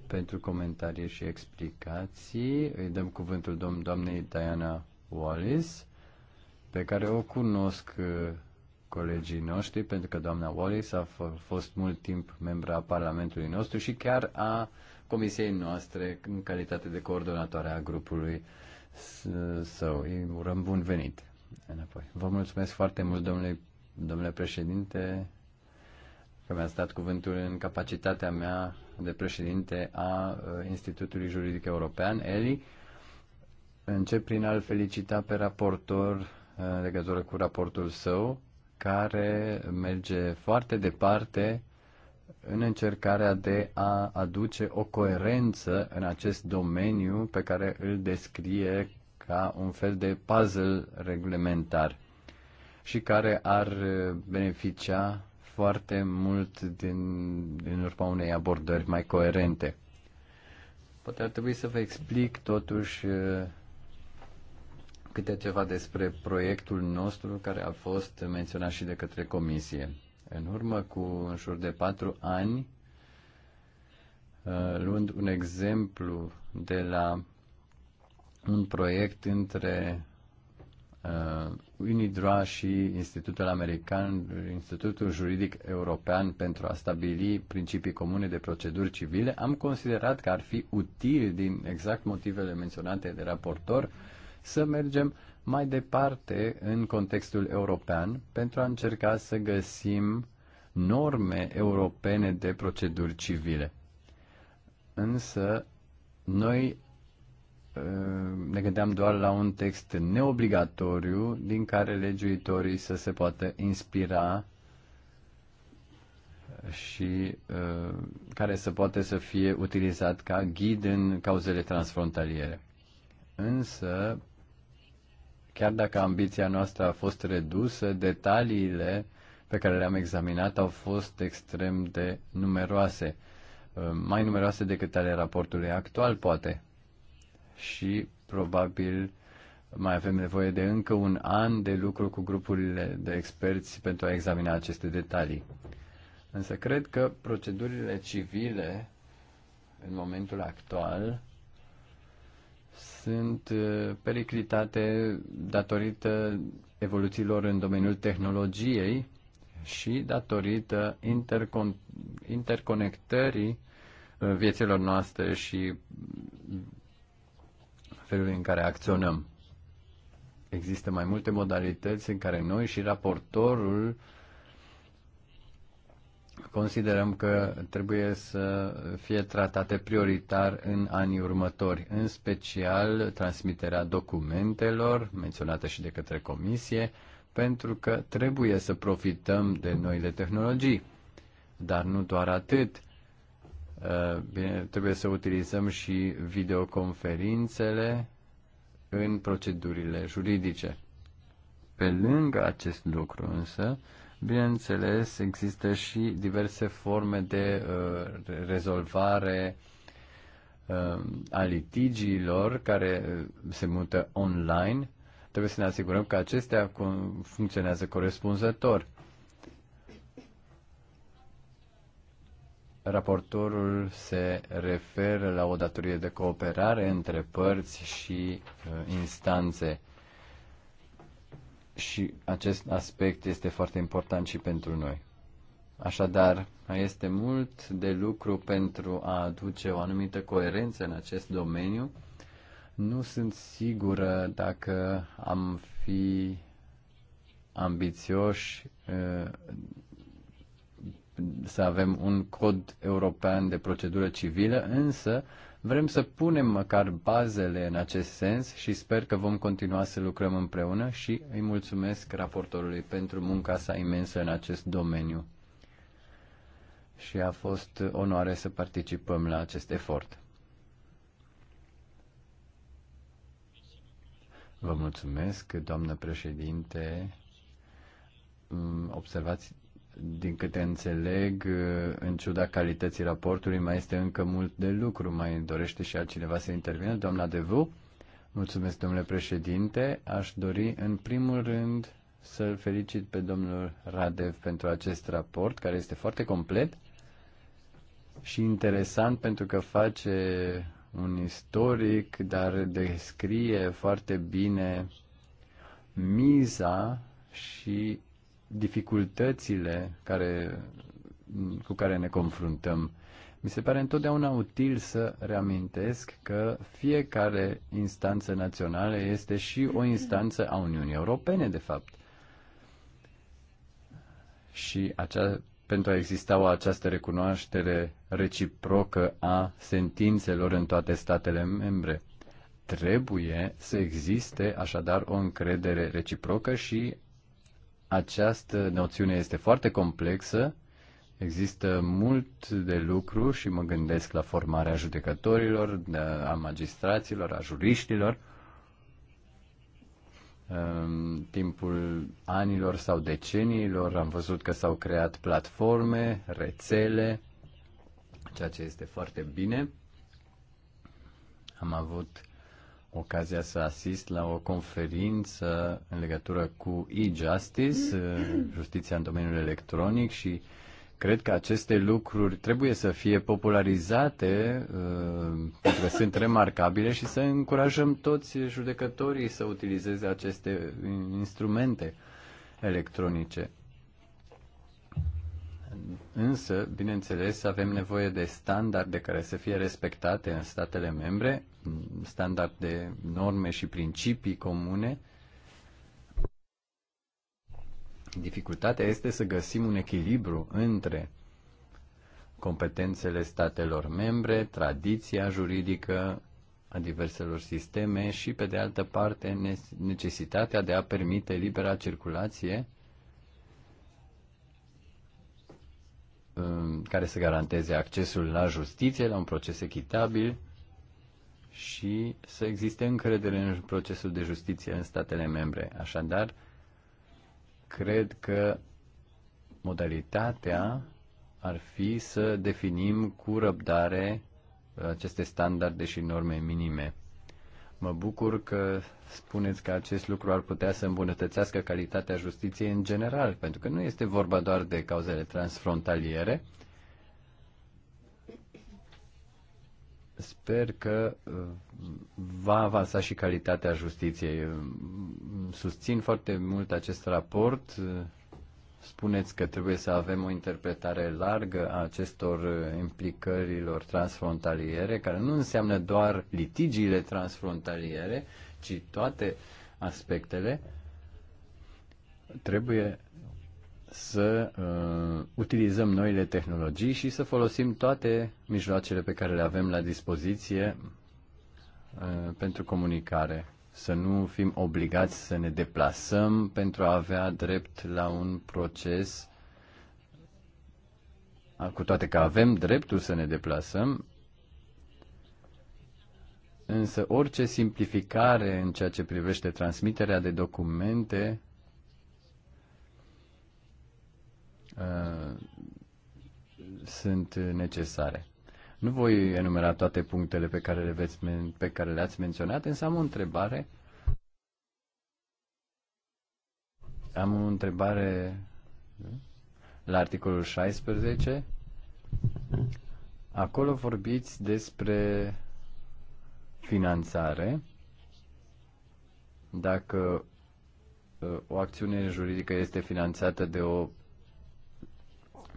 pentru comentarii și explicații. Îi dăm cuvântul domn doamnei Diana Wallis, pe care o cunosc uh, colegii noștri, pentru că doamna Wallis a fost mult timp membra a Parlamentului nostru și chiar a uh, comisiei noastre în calitate de coordonatoare a grupului său. Îi urăm bun venit înapoi. Vă mulțumesc foarte mult, domnule, domnule președinte, că mi-ați dat cuvântul în capacitatea mea de președinte a uh, Institutului Juridic European, ELI. Încep prin a-l felicita pe raportor uh, în legătură cu raportul său, care merge foarte departe în încercarea de a aduce o coerență în acest domeniu pe care îl descrie ca un fel de puzzle reglementar și care ar beneficia foarte mult din, din urma unei abordări mai coerente. Poate ar trebui să vă explic totuși uh, câte ceva despre proiectul nostru care a fost menționat și de către comisie. În urmă cu în jur de patru ani, uh, luând un exemplu de la un proiect între uh, Unidra și Institutul American, Institutul Juridic European pentru a stabili principii comune de proceduri civile, am considerat că ar fi util, din exact motivele menționate de raportor, să mergem mai departe în contextul european pentru a încerca să găsim norme europene de proceduri civile. Însă, noi ă, ne gândeam doar la un text neobligatoriu din care legiuitorii să se poată inspira și ă, care să poate să fie utilizat ca ghid în cauzele transfrontaliere. Însă, Chiar dacă ambiția noastră a fost redusă, detaliile pe care le-am examinat au fost extrem de numeroase, ă, mai numeroase decât ale raportului actual, poate. Și probabil mai avem nevoie de încă un an de lucru cu grupurile de experți pentru a examina aceste detalii. Însă cred că procedurile civile în momentul actual sunt periclitate datorită evoluțiilor în domeniul tehnologiei și datorită intercon- interconectării vieților noastre și felului în care acționăm. Există mai multe modalități în care noi și raportorul considerăm că trebuie să fie tratate prioritar în anii următori, în special transmiterea documentelor menționate și de către comisie, pentru că trebuie să profităm de noile tehnologii. Dar nu doar atât. Uh, bine, trebuie să utilizăm și videoconferințele în procedurile juridice. Pe lângă acest lucru însă, Bineînțeles, există și diverse forme de uh, rezolvare uh, a litigiilor care uh, se mută online. Trebuie să ne asigurăm că acestea funcționează corespunzător. Raportorul se referă la o datorie de cooperare între părți și uh, instanțe și acest aspect este foarte important și pentru noi. Așadar, mai este mult de lucru pentru a aduce o anumită coerență în acest domeniu. Nu sunt sigură dacă am fi ambițioși uh, să avem un cod european de procedură civilă, însă Vrem să punem măcar bazele în acest sens și sper că vom continua să lucrăm împreună și îi mulțumesc raportorului pentru munca sa imensă în acest domeniu. Și a fost onoare să participăm la acest efort. Vă mulțumesc, doamnă președinte. Mm, observați, din câte înțeleg, în ciuda calității raportului, mai este încă mult de lucru. Mai dorește și altcineva să intervină? Doamna Devu? Mulțumesc, domnule președinte. Aș dori, în primul rând, să-l felicit pe domnul Radev pentru acest raport, care este foarte complet și interesant pentru că face un istoric, dar descrie foarte bine miza și dificultățile care, cu care ne confruntăm. Mi se pare întotdeauna util să reamintesc că fiecare instanță națională este și o instanță a Uniunii Europene, de fapt. Și acea, pentru a exista o această recunoaștere reciprocă a sentințelor în toate statele membre. Trebuie să existe așadar o încredere reciprocă și această noțiune este foarte complexă, există mult de lucru și mă gândesc la formarea judecătorilor, da, a magistraților, a juriștilor. În timpul anilor sau deceniilor am văzut că s-au creat platforme, rețele, ceea ce este foarte bine. Am avut ocazia să asist la o conferință în legătură cu e-justice, mm. eh, justiția în domeniul electronic și cred că aceste lucruri trebuie să fie popularizate eh, pentru că sunt remarcabile și să încurajăm toți judecătorii să utilizeze aceste eh, instrumente electronice. Însă, bineînțeles, avem nevoie de standarde care să fie respectate în statele membre, standarde, norme și principii comune. Dificultatea este să găsim un echilibru între competențele statelor membre, tradiția juridică a diverselor sisteme și, pe de altă parte, necesitatea de a permite libera circulație Um, care să garanteze accesul la justiție, la un proces echitabil și să existe încredere în procesul de justiție în statele membre. Așadar, cred că modalitatea ar fi să definim cu răbdare aceste standarde și norme minime. Mă bucur că spuneți că acest lucru ar putea să îmbunătățească calitatea justiției în general, pentru că nu este vorba doar de cauzele transfrontaliere. Sper că uh, va avansa și calitatea justiției. Susțin foarte mult acest raport uh, spuneți că trebuie să avem o interpretare largă a acestor implicărilor transfrontaliere, care nu înseamnă doar litigiile transfrontaliere, ci toate aspectele, trebuie să uh, utilizăm noile tehnologii și să folosim toate mijloacele pe care le avem la dispoziție uh, pentru comunicare să nu fim obligați să ne deplasăm pentru a avea drept la un proces, cu toate că avem dreptul să ne deplasăm, însă orice simplificare în ceea ce privește transmiterea de documente uh, sunt necesare. Nu voi enumera toate punctele pe care, le veți, pe care le-ați menționat, însă am o întrebare. Am o întrebare la articolul 16. Acolo vorbiți despre finanțare. Dacă uh, o acțiune juridică este finanțată de o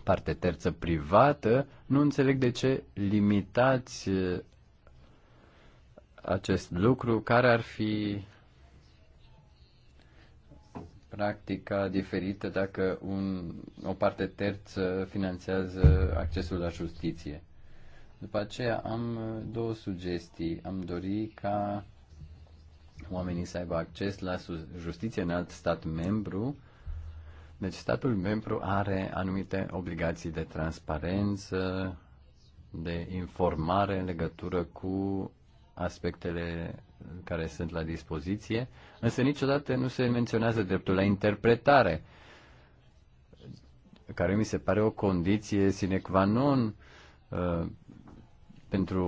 parte terță privată, nu înțeleg de ce limitați uh, acest lucru care ar fi practica diferită dacă un, o parte terță finanțează accesul la justiție. După aceea am uh, două sugestii. Am dori ca oamenii să aibă acces la justiție în alt stat membru deci statul membru are anumite obligații de transparență, de informare în legătură cu aspectele care sunt la dispoziție, însă niciodată nu se menționează dreptul la interpretare, care mi se pare o condiție sine qua non uh, pentru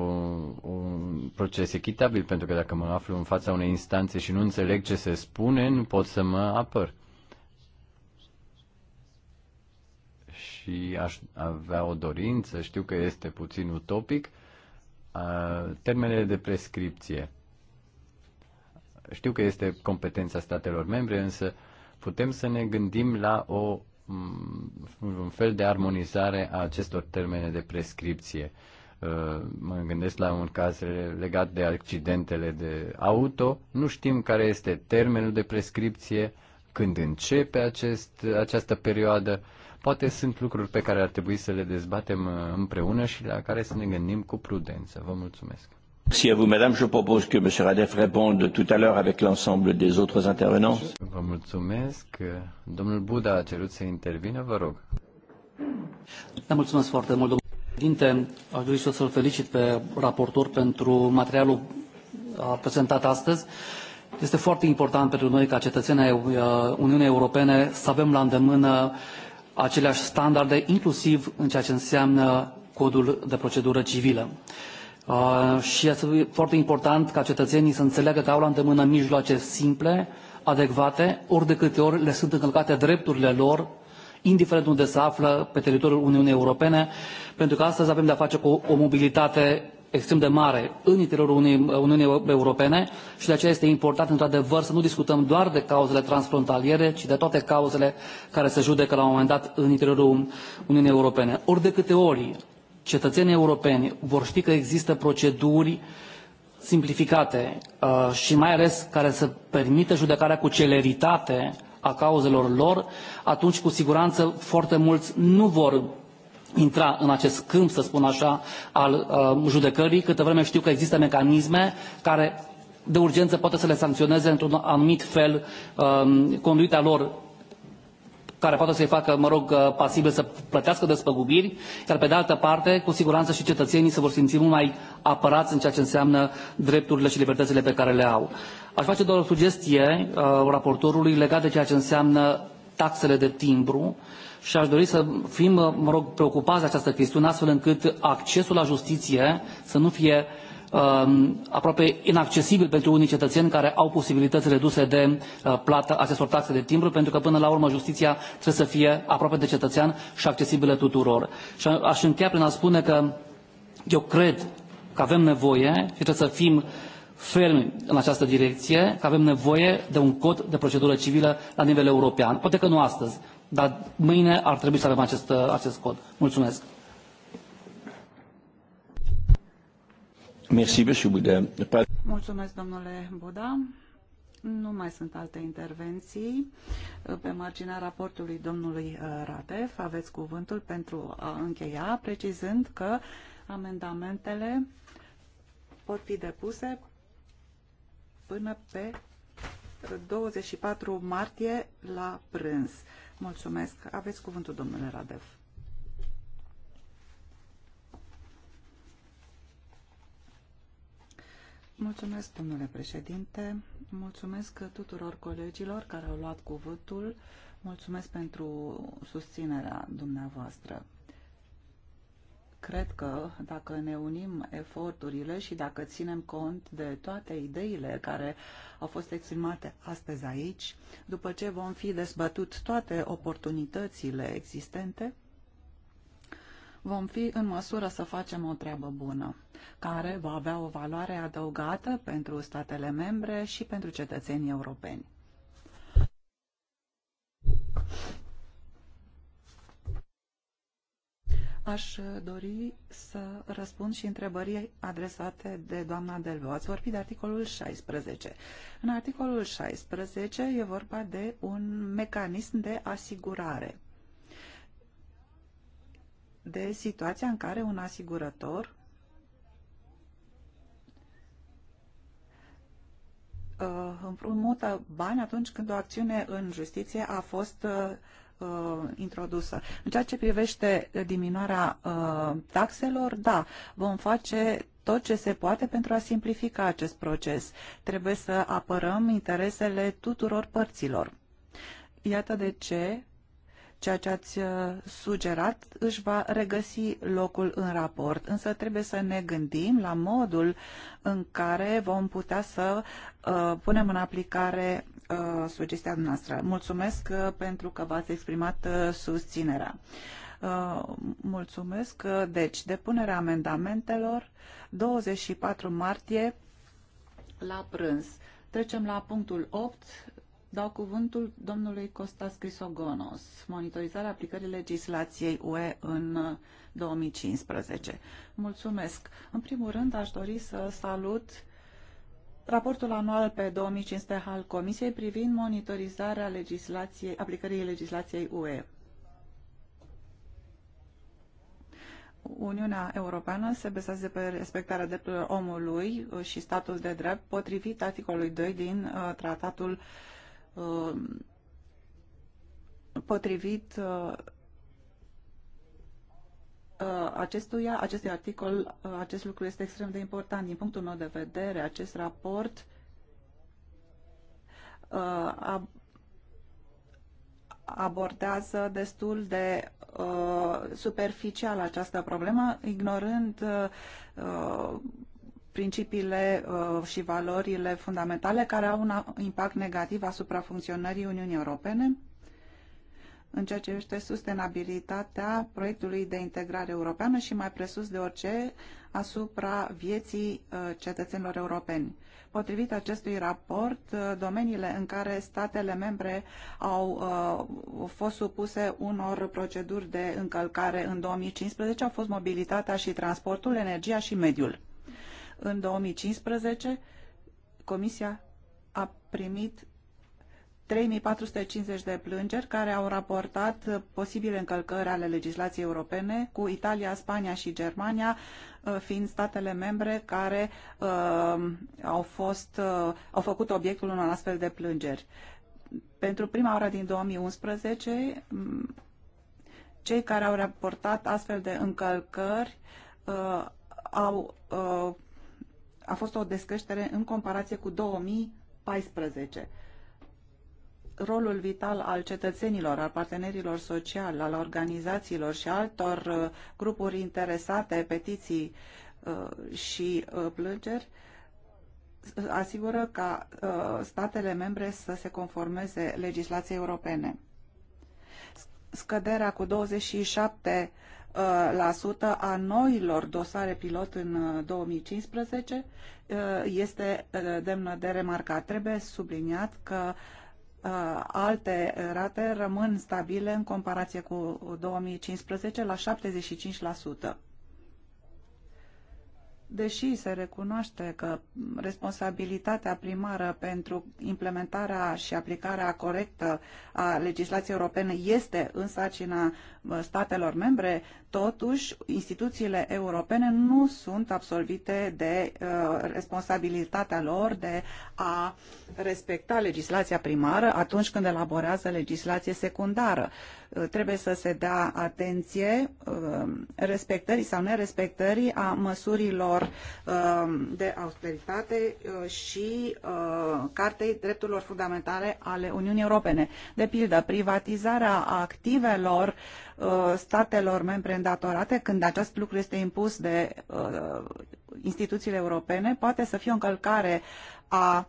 un proces echitabil, pentru că dacă mă aflu în fața unei instanțe și nu înțeleg ce se spune, nu pot să mă apăr. și aș avea o dorință, știu că este puțin utopic, termenele de prescripție. Știu că este competența statelor membre, însă putem să ne gândim la o, un fel de armonizare a acestor termene de prescripție. Mă gândesc la un caz legat de accidentele de auto. Nu știm care este termenul de prescripție, când începe acest, această perioadă Poate sunt lucruri pe care ar trebui să le dezbatem uh, împreună și la care să ne gândim cu prudență. Vă mulțumesc. Si à vous, Madame. Je propose que M. Radef réponde tout à l'heure avec l'ensemble des autres intervenants. Vă mulțumesc. Domnul Buda a cerut să intervină, vă rog. Vă da, mulțumesc foarte mult, domnul președinte. Aș dori să-l felicit pe raportor pentru materialul uh, prezentat astăzi. Este foarte important pentru noi ca cetățenii uh, Uniunii Europene să avem la îndemână uh, aceleași standarde, inclusiv în ceea ce înseamnă codul de procedură civilă. Uh, și este foarte important ca cetățenii să înțeleagă că au la îndemână mijloace simple, adecvate, ori de câte ori le sunt încălcate drepturile lor, indiferent unde se află pe teritoriul Uniunii Europene, pentru că astăzi avem de-a face cu o mobilitate extrem de mare în interiorul Uniunii Europene și de aceea este important, într-adevăr, să nu discutăm doar de cauzele transfrontaliere, ci de toate cauzele care se judecă la un moment dat în interiorul Uniunii Europene. Ori de câte ori cetățenii europeni vor ști că există proceduri simplificate uh, și mai ales care să permită judecarea cu celeritate a cauzelor lor, atunci cu siguranță foarte mulți nu vor intra în acest câmp, să spun așa, al uh, judecării, câtă vreme știu că există mecanisme care de urgență poate să le sancționeze într-un anumit fel uh, conduita lor care poate să-i facă, mă rog, uh, pasibil să plătească despăgubiri, iar pe de altă parte, cu siguranță și cetățenii se vor simți mult mai apărați în ceea ce înseamnă drepturile și libertățile pe care le au. Aș face doar o sugestie uh, raportorului legat de ceea ce înseamnă taxele de timbru. Uh, și aș dori să fim, mă rog, preocupați de această chestiune, astfel încât accesul la justiție să nu fie uh, aproape inaccesibil pentru unii cetățeni care au posibilități reduse de uh, plată acestor taxe de timbru, pentru că până la urmă justiția trebuie să fie aproape de cetățean și accesibilă tuturor. Și aș încheia prin a spune că eu cred că avem nevoie și trebuie să fim fermi în această direcție, că avem nevoie de un cod de procedură civilă la nivel european. Poate că nu astăzi, dar mâine ar trebui să avem acest, acest cod. Mulțumesc! Mulțumesc, domnule Buda. Nu mai sunt alte intervenții. Pe marginea raportului domnului uh, Radev aveți cuvântul pentru a încheia, precizând că amendamentele pot fi depuse până pe 24 uh, martie la prânz. Mulțumesc. Aveți cuvântul, domnule Radev. Mulțumesc, domnule președinte. Mulțumesc tuturor colegilor care au luat cuvântul. Mulțumesc pentru susținerea dumneavoastră. Cred că dacă ne unim eforturile și dacă ținem cont de toate ideile care au fost exprimate astăzi aici, după ce vom fi dezbătut toate oportunitățile existente, vom fi în măsură să facem o treabă bună, care va avea o valoare adăugată pentru statele membre și pentru cetățenii europeni. Aș dori să răspund și întrebării adresate de doamna Delveu. Ați vorbit de articolul 16. În articolul 16 e vorba de un mecanism de asigurare de situația în care un asigurător uh, împrumută bani atunci când o acțiune în justiție a fost uh, uh, introdusă. În ceea ce privește diminuarea uh, taxelor, da, vom face tot ce se poate pentru a simplifica acest proces. Trebuie să apărăm interesele tuturor părților. Iată de ce ceea ce ați uh, sugerat își va regăsi locul în raport, însă trebuie să ne gândim la modul în care vom putea să uh, punem în aplicare Uh, sugestia noastră. Mulțumesc uh, pentru că v-ați exprimat uh, susținerea. mulțumesc. Deci, depunerea amendamentelor 24 martie la prânz. Trecem la punctul 8. Dau cuvântul domnului Costas Crisogonos, monitorizarea aplicării legislației UE în 2015. Mulțumesc. În primul rând, aș dori să salut raportul anual pe 2015 al Comisiei privind monitorizarea legislației, aplicării legislației UE. Uniunea Europeană se bazează pe respectarea drepturilor omului și statul de drept potrivit articolului 2 din uh, tratatul uh, potrivit uh, Uh, acestuia, acestui articol, uh, acest lucru este extrem de important. Din punctul meu de vedere, acest raport uh, abordează destul de superficial această problemă, ignorând principiile și valorile fundamentale care au un impact negativ asupra funcționării Uniunii Europene în ceea ce este sustenabilitatea proiectului de integrare europeană și mai presus de orice asupra vieții uh, cetățenilor europeni. Potrivit acestui raport, uh, domeniile în care statele membre au uh, fost supuse unor proceduri de încălcare în 2015 au fost mobilitatea și transportul, energia și mediul. În 2015, Comisia a primit 3450 de plângeri care au raportat posibile încălcări ale legislației europene, cu Italia, Spania și Germania uh, fiind statele membre care uh, au, fost, uh, au făcut obiectul unor astfel de plângeri. Pentru prima oară din 2011, mm, cei care au raportat astfel de încălcări uh, au, uh, a fost o descreștere în comparație cu 2014 rolul vital al cetățenilor, al partenerilor sociali, al organizațiilor și altor uh, grupuri interesate, petiții uh, și uh, plângeri, asigură ca statele membre să se conformeze legislației europene. Scăderea cu 27 la sută a noilor dosare pilot în 2015 este demnă de remarcat. Trebuie subliniat că Uh, alte rate rămân stabile în comparație cu 2015 la 75%. Deși se recunoaște că responsabilitatea primară pentru implementarea și aplicarea corectă a legislației europene este în sarcina uh, statelor membre, Totuși, instituțiile europene nu sunt absolvite de uh, responsabilitatea lor de a respecta legislația primară atunci când elaborează legislație secundară. Uh, trebuie să se dea atenție uh, respectării sau nerespectării a măsurilor uh, de austeritate uh, și uh, Cartei Drepturilor Fundamentale ale Uniunii Europene. De pildă, privatizarea activelor uh, Uh, statelor membre îndatorate, când acest lucru este impus de uh, instituțiile europene, poate să fie o încălcare a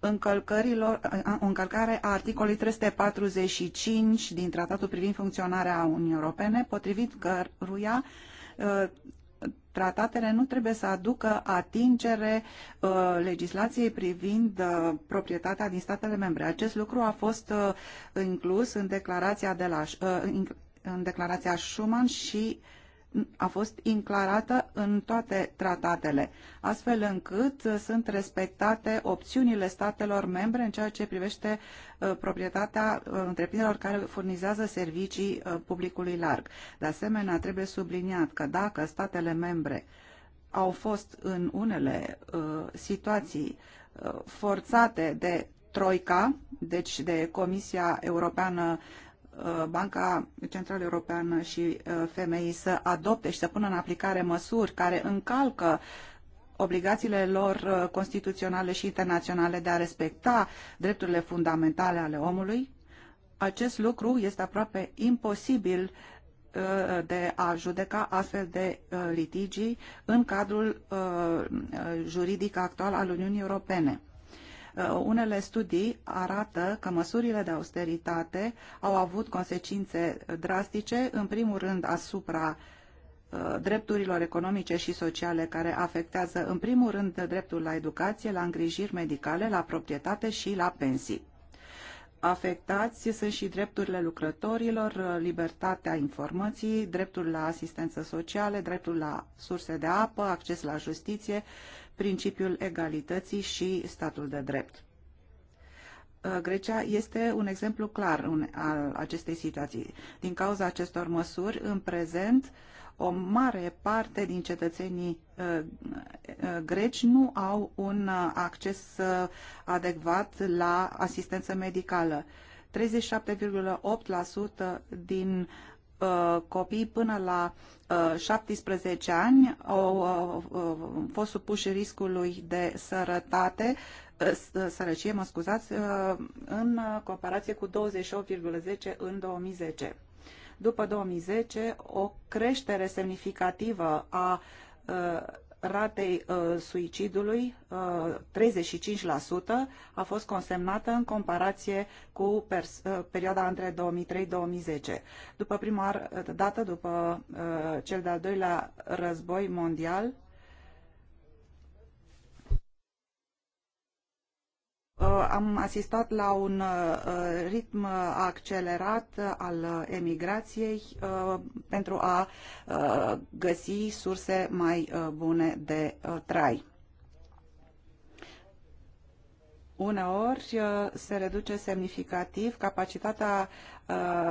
încălcărilor, încălcare a articolului 345 din Tratatul privind funcționarea Uniunii Europene, potrivit căruia uh, tratatele nu trebuie să aducă atingere uh, legislației privind uh, proprietatea din statele membre. Acest lucru a fost uh, inclus în declarația, de la, în declarația Schuman și uh, a fost inclarată în toate tratatele, astfel încât uh, sunt respectate opțiunile statelor membre în ceea ce privește uh, proprietatea uh, întreprinderilor care furnizează servicii publicului larg. De asemenea, trebuie subliniat că dacă statele membre au fost în unele situații forțate de Troica, deci de Comisia Europeană Uh, Banca Centrală Europeană și uh, FMI să adopte și să pună în aplicare măsuri care încalcă obligațiile lor uh, constituționale și internaționale de a respecta drepturile fundamentale ale omului, acest lucru este aproape imposibil de a judeca astfel de litigii în cadrul juridic actual al Uniunii Europene. Uh, unele studii arată că măsurile de austeritate au avut consecințe drastice, în primul rând asupra uh, drepturilor economice și sociale care afectează în primul rând dreptul la educație, la îngrijiri medicale, la proprietate și la pensii. Afectați sunt și drepturile lucrătorilor, uh, libertatea informației, dreptul la asistență socială, dreptul la surse de apă, acces la justiție, principiul egalității și statul de drept. Uh, Grecia este un exemplu clar al acestei situații. Din cauza acestor măsuri, în prezent, o mare parte din cetățenii uh, uh, greci nu au un acces adecvat la asistență medicală. 37,8% din Uh, copii până la 17 uh, ani au uh, fost supuși riscului de sărătate, sărăcie, mă scuzați, în comparație cu 28,10 în 2010. După 2010, o creștere semnificativă a ratei uh, suicidului, 35%, uh, a fost consemnată în comparație cu uh, perioada între 2003-2010. După prima dată, după cel de-al doilea război mondial, Uh, am asistat la un uh, uh, ritm accelerat al emigrației pentru a găsi surse mai bune de trai. Uneori se reduce semnificativ capacitatea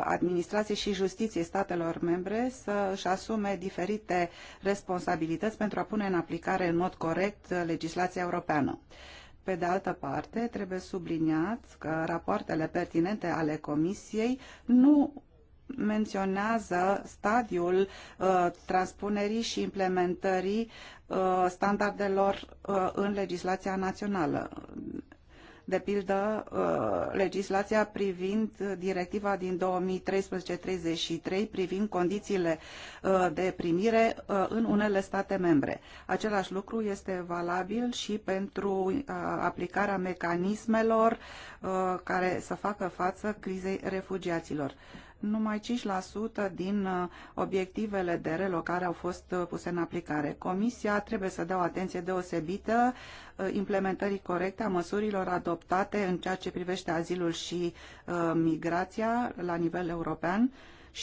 administrației și justiției statelor membre să își asume diferite responsabilități pentru a pune în aplicare în mod corect legislația europeană. Pe de altă parte, trebuie subliniat că rapoartele pertinente ale Comisiei nu menționează stadiul uh, transpunerii și implementării uh, standardelor uh, în legislația națională de pildă uh, legislația privind directiva din 2013-33 privind condițiile uh, de primire uh, în unele state membre. Același lucru este valabil și pentru aplicarea mecanismelor care să facă față crizei refugiaților numai 5% din uh, obiectivele de relocare au fost uh, puse în aplicare. Comisia trebuie să dea o atenție deosebită uh, implementării corecte a măsurilor adoptate în ceea ce privește azilul și migrația la nivel european,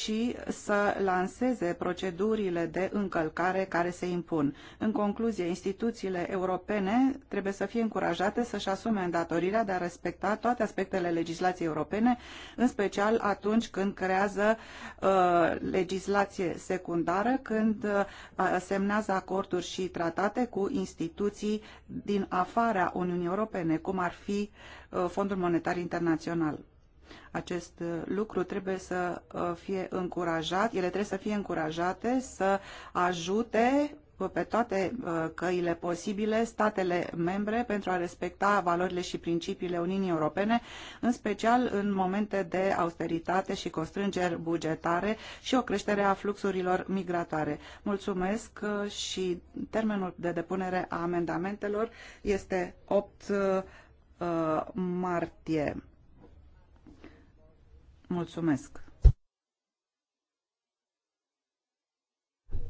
și să lanseze procedurile de încălcare care se impun. În concluzie, instituțiile europene trebuie să fie încurajate să-și asume îndatorirea de a respecta toate aspectele legislației europene, în special atunci când creează uh, legislație secundară, când uh, semnează acorduri și tratate cu instituții din afara Uniunii Europene, cum ar fi uh, Fondul Monetar Internațional. Acest uh, lucru trebuie să uh, fie încurajat, ele trebuie să fie încurajate să ajute uh, pe toate căile posibile statele membre pentru a respecta valorile și principiile Uniunii Europene, în special în momente de austeritate și constrângeri bugetare și o creștere a fluxurilor migratoare. Mulțumesc și termenul de depunere a amendamentelor este 8 martie. Mulțumesc.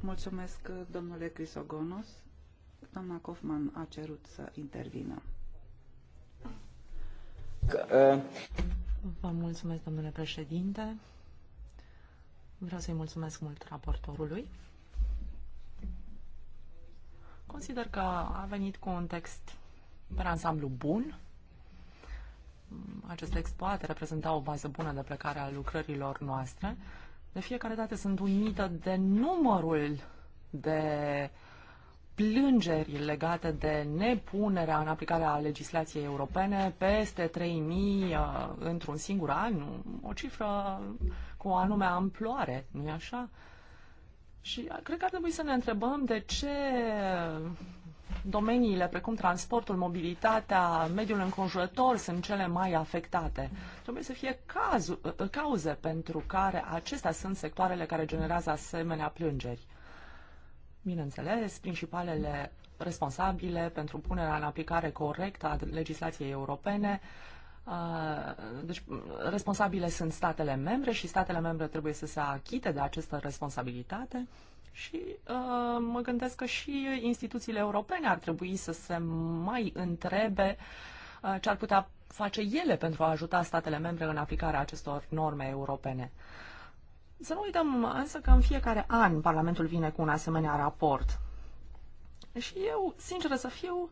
Mulțumesc, domnule Crisogonos. Doamna Kaufman a cerut să intervină. Vă mulțumesc, domnule președinte. Vreau să-i mulțumesc mult raportorului. Consider că a venit cu un text pe ansamblu bun, aceste exploate reprezenta o bază bună de plecare a lucrărilor noastre, de fiecare dată sunt unită de numărul de plângeri legate de nepunerea în aplicare a legislației europene, peste 3.000 uh, într-un singur an, o cifră cu o anume amploare, nu-i așa? Și uh, cred că ar trebui să ne întrebăm de ce domeniile precum transportul, mobilitatea, mediul înconjurător sunt cele mai afectate. Trebuie să fie caz, uh, cauze pentru care acestea sunt sectoarele care generează asemenea plângeri. Bineînțeles, principalele responsabile pentru punerea în aplicare corectă a legislației europene uh, deci responsabile sunt statele membre și statele membre trebuie să se achite de această responsabilitate. Și uh, mă gândesc că și instituțiile europene ar trebui să se mai întrebe uh, ce ar putea face ele pentru a ajuta statele membre în aplicarea acestor norme europene. Să nu uităm însă că în fiecare an Parlamentul vine cu un asemenea raport. Și eu, sincer să fiu,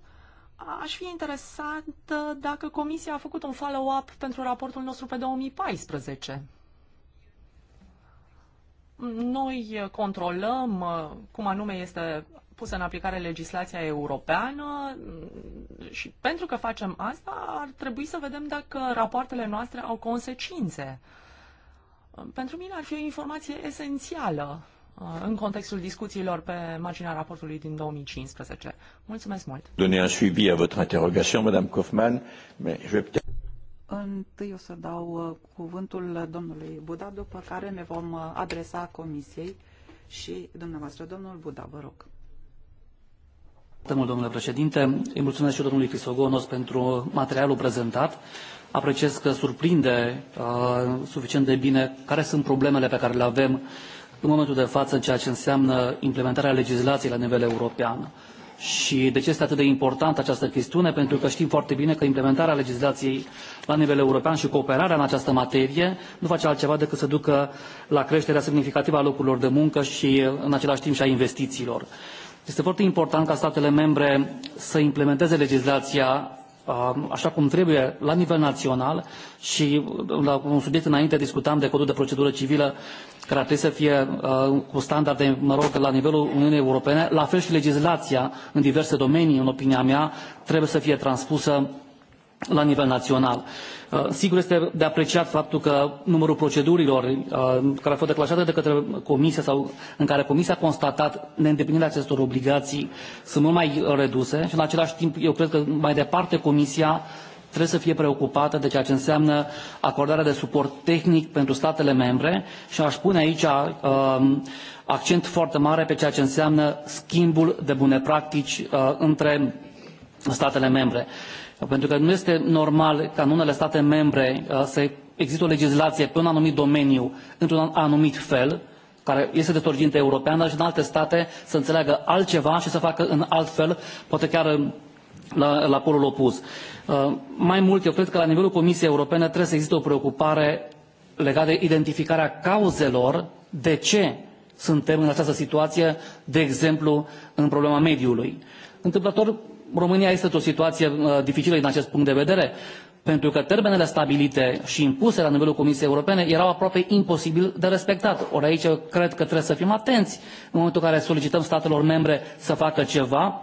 aș fi interesat dacă Comisia a făcut un follow-up pentru raportul nostru pe 2014. Noi controlăm uh, cum anume este pusă în aplicare legislația europeană mm, și pentru că facem asta ar trebui să vedem dacă rapoartele noastre au consecințe. Uh, pentru mine ar fi o informație esențială uh, în contextul discuțiilor pe marginea raportului din 2015. Mulțumesc mult. Donner un suivi à votre interrogation, Madame Kaufmann, mais je vais Întâi o să dau uh, cuvântul domnului Buda, după care ne vom uh, adresa comisiei și dumneavoastră, domnul Buda, vă rog. Mult, domnule președinte, îi mulțumesc și domnului Fisogonos pentru materialul prezentat. Apreciez că surprinde uh, suficient de bine care sunt problemele pe care le avem în momentul de față în ceea ce înseamnă implementarea legislației la nivel european. Și de ce este atât de importantă această chestiune? Pentru că știm foarte bine că implementarea legislației la nivel european și cooperarea în această materie nu face altceva decât să ducă la creșterea semnificativă a locurilor de muncă și în același timp și a investițiilor. Este foarte important ca statele membre să implementeze legislația Um, așa cum trebuie la nivel național și uh, la un subiect înainte discutam de codul de procedură civilă care ar trebui să fie uh, cu standarde, mă rog, la nivelul Uniunii Europene. La fel și legislația în diverse domenii, în opinia mea, trebuie să fie transpusă la nivel național. Uh, Uh, sigur este de apreciat faptul că numărul procedurilor uh, care au fost declanșate de către Comisie sau în care Comisia a constatat neîndeplinirea acestor obligații sunt mult mai reduse și în același timp eu cred că mai departe Comisia trebuie să fie preocupată de ceea ce înseamnă acordarea de suport tehnic pentru statele membre și aș pune aici um, accent foarte mare pe ceea ce înseamnă schimbul de bune practici uh, între statele membre. Pentru că nu este normal ca în unele state membre uh, să există o legislație pe un anumit domeniu, într-un anumit fel, care este de sorginte europeană și în alte state să înțeleagă altceva și să facă în alt fel, poate chiar uh, la, la polul opus. Uh, mai mult, eu cred că la nivelul Comisiei Europene trebuie să existe o preocupare legată de identificarea cauzelor de ce suntem în această situație, de exemplu, în problema mediului. Întâmplător, România este într-o situație uh, dificilă din acest punct de vedere, pentru că termenele stabilite și impuse la nivelul Comisiei Europene erau aproape imposibil de respectat. Ori aici cred că trebuie să fim atenți în momentul în care solicităm statelor membre să facă ceva,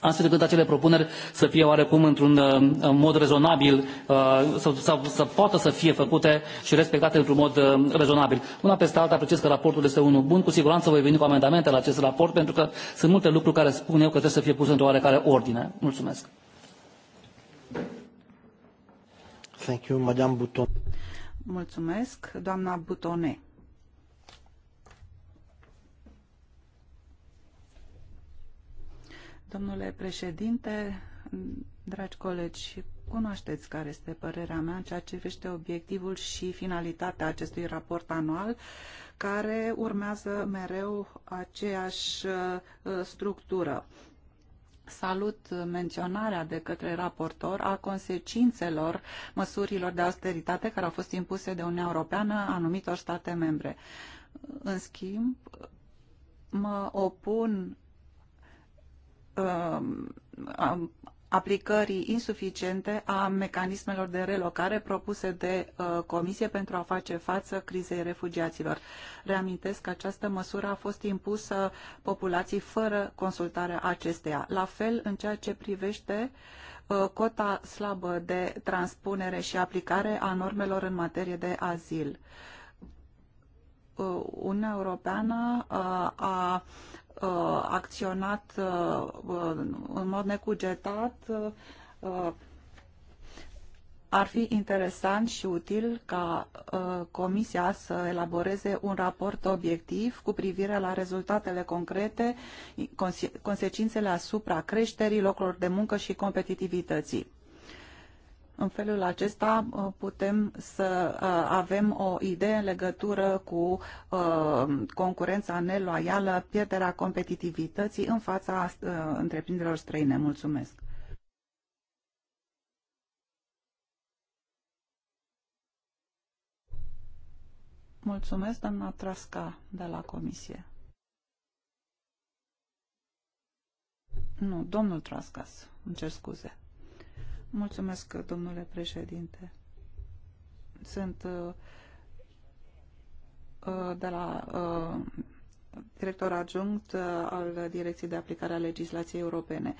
astfel încât acele propuneri să fie oarecum într-un uh, mod rezonabil, uh, să, să poată să fie făcute și respectate într-un mod uh, rezonabil. Una peste alta, apreciez că raportul este unul bun. Cu siguranță voi veni cu amendamente la acest raport, pentru că sunt multe lucruri care spun eu că trebuie să fie puse într-o oarecare ordine. Mulțumesc. Thank you, Madame Buton. Mulțumesc, doamna Butonet. Domnule președinte, dragi colegi, cunoașteți care este părerea mea în ceea ce vește obiectivul și finalitatea acestui raport anual, care urmează mereu aceeași uh, structură. Salut menționarea de către raportor a consecințelor măsurilor de austeritate care au fost impuse de Uniunea Europeană anumitor state membre. În schimb, mă opun Um, aplicării insuficiente a mecanismelor de relocare propuse de uh, Comisie pentru a face față crizei refugiaților. Reamintesc că această măsură a fost impusă populației fără consultarea acesteia. La fel, în ceea ce privește uh, cota slabă de transpunere și aplicare a normelor în materie de azil. Uh, Uniunea Europeană uh, a uh, acționat în mod necugetat. Ar fi interesant și util ca Comisia să elaboreze un raport obiectiv cu privire la rezultatele concrete, consecințele asupra creșterii locurilor de muncă și competitivității în felul acesta uh, putem să uh, avem o idee în legătură cu uh, concurența neloială, pierderea competitivității în fața întreprinderilor străine. Mulțumesc! Mulțumesc, doamna Trasca, de la Comisie. Nu, domnul Trascas, îmi cer scuze. Mulțumesc, domnule președinte. Sunt uh, uh, de la uh, director adjunct al Direcției de Aplicare a Legislației Europene.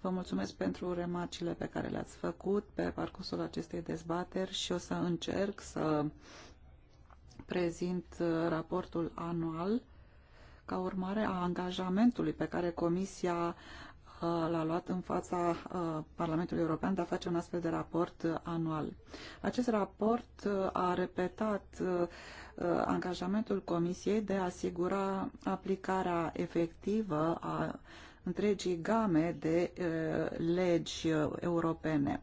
Vă mulțumesc pentru remarcile pe care le-ați făcut pe parcursul acestei dezbateri și o să încerc să prezint raportul anual ca urmare a angajamentului pe care Comisia Uh, l-a luat în fața uh, Parlamentului European de a face un astfel de raport uh, anual. Acest raport a repetat angajamentul Comisiei de a asigura aplicarea efectivă a întregii game de legi europene.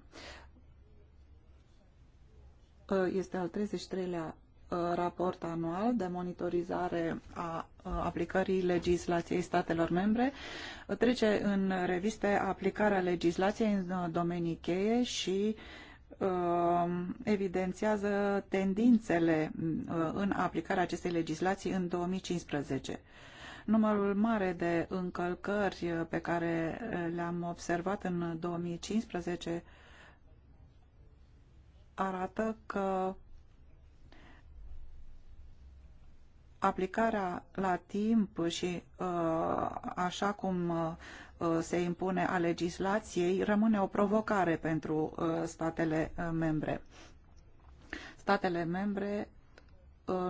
Este al 33-lea Uh, raport anual de monitorizare a uh, aplicării legislației statelor membre, trece în reviste aplicarea legislației în uh, domenii cheie și evidențiază tendințele în aplicarea acestei legislații în 2015. Numărul mare de încălcări pe care le-am observat în 2015 arată că aplicarea la timp și uh, așa cum uh, se impune a legislației rămâne o provocare pentru uh, statele membre. Statele membre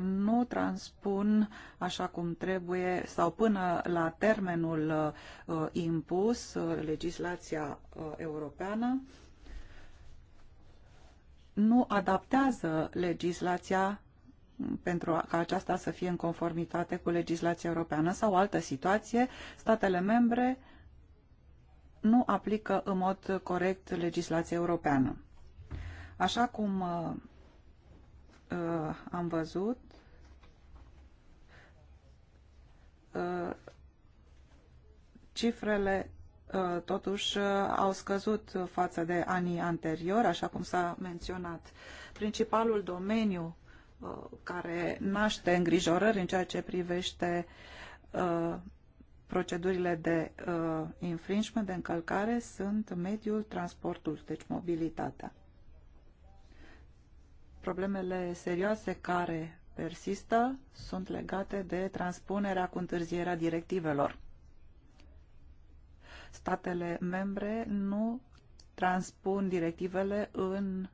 nu transpun așa cum trebuie sau până la termenul impus legislația europeană, nu adaptează legislația pentru ca aceasta să fie în conformitate cu legislația europeană sau altă situație, statele membre nu aplică în mod corect legislația europeană. Așa cum uh, uh am văzut, uh, cifrele uh, totuși uh, au scăzut față de anii anteriori, așa cum s-a menționat. Principalul domeniu Uh, care naște îngrijorări în ceea ce privește uh, procedurile de uh, infringement, de încălcare, sunt mediul, transportul, deci mobilitatea. Problemele serioase care persistă sunt legate de transpunerea cu întârzierea directivelor. Statele membre nu transpun directivele în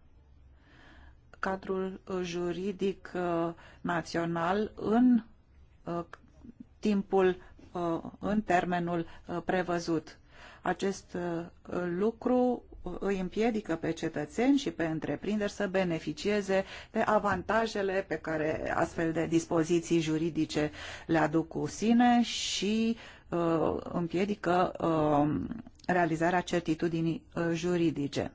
cadrul uh, juridic uh, național în uh, timpul, în termenul prevăzut. Acest lucru îi împiedică pe cetățeni și pe întreprinderi să beneficieze de avantajele pe care astfel de dispoziții juridice le aduc cu sine și împiedică realizarea certitudinii juridice.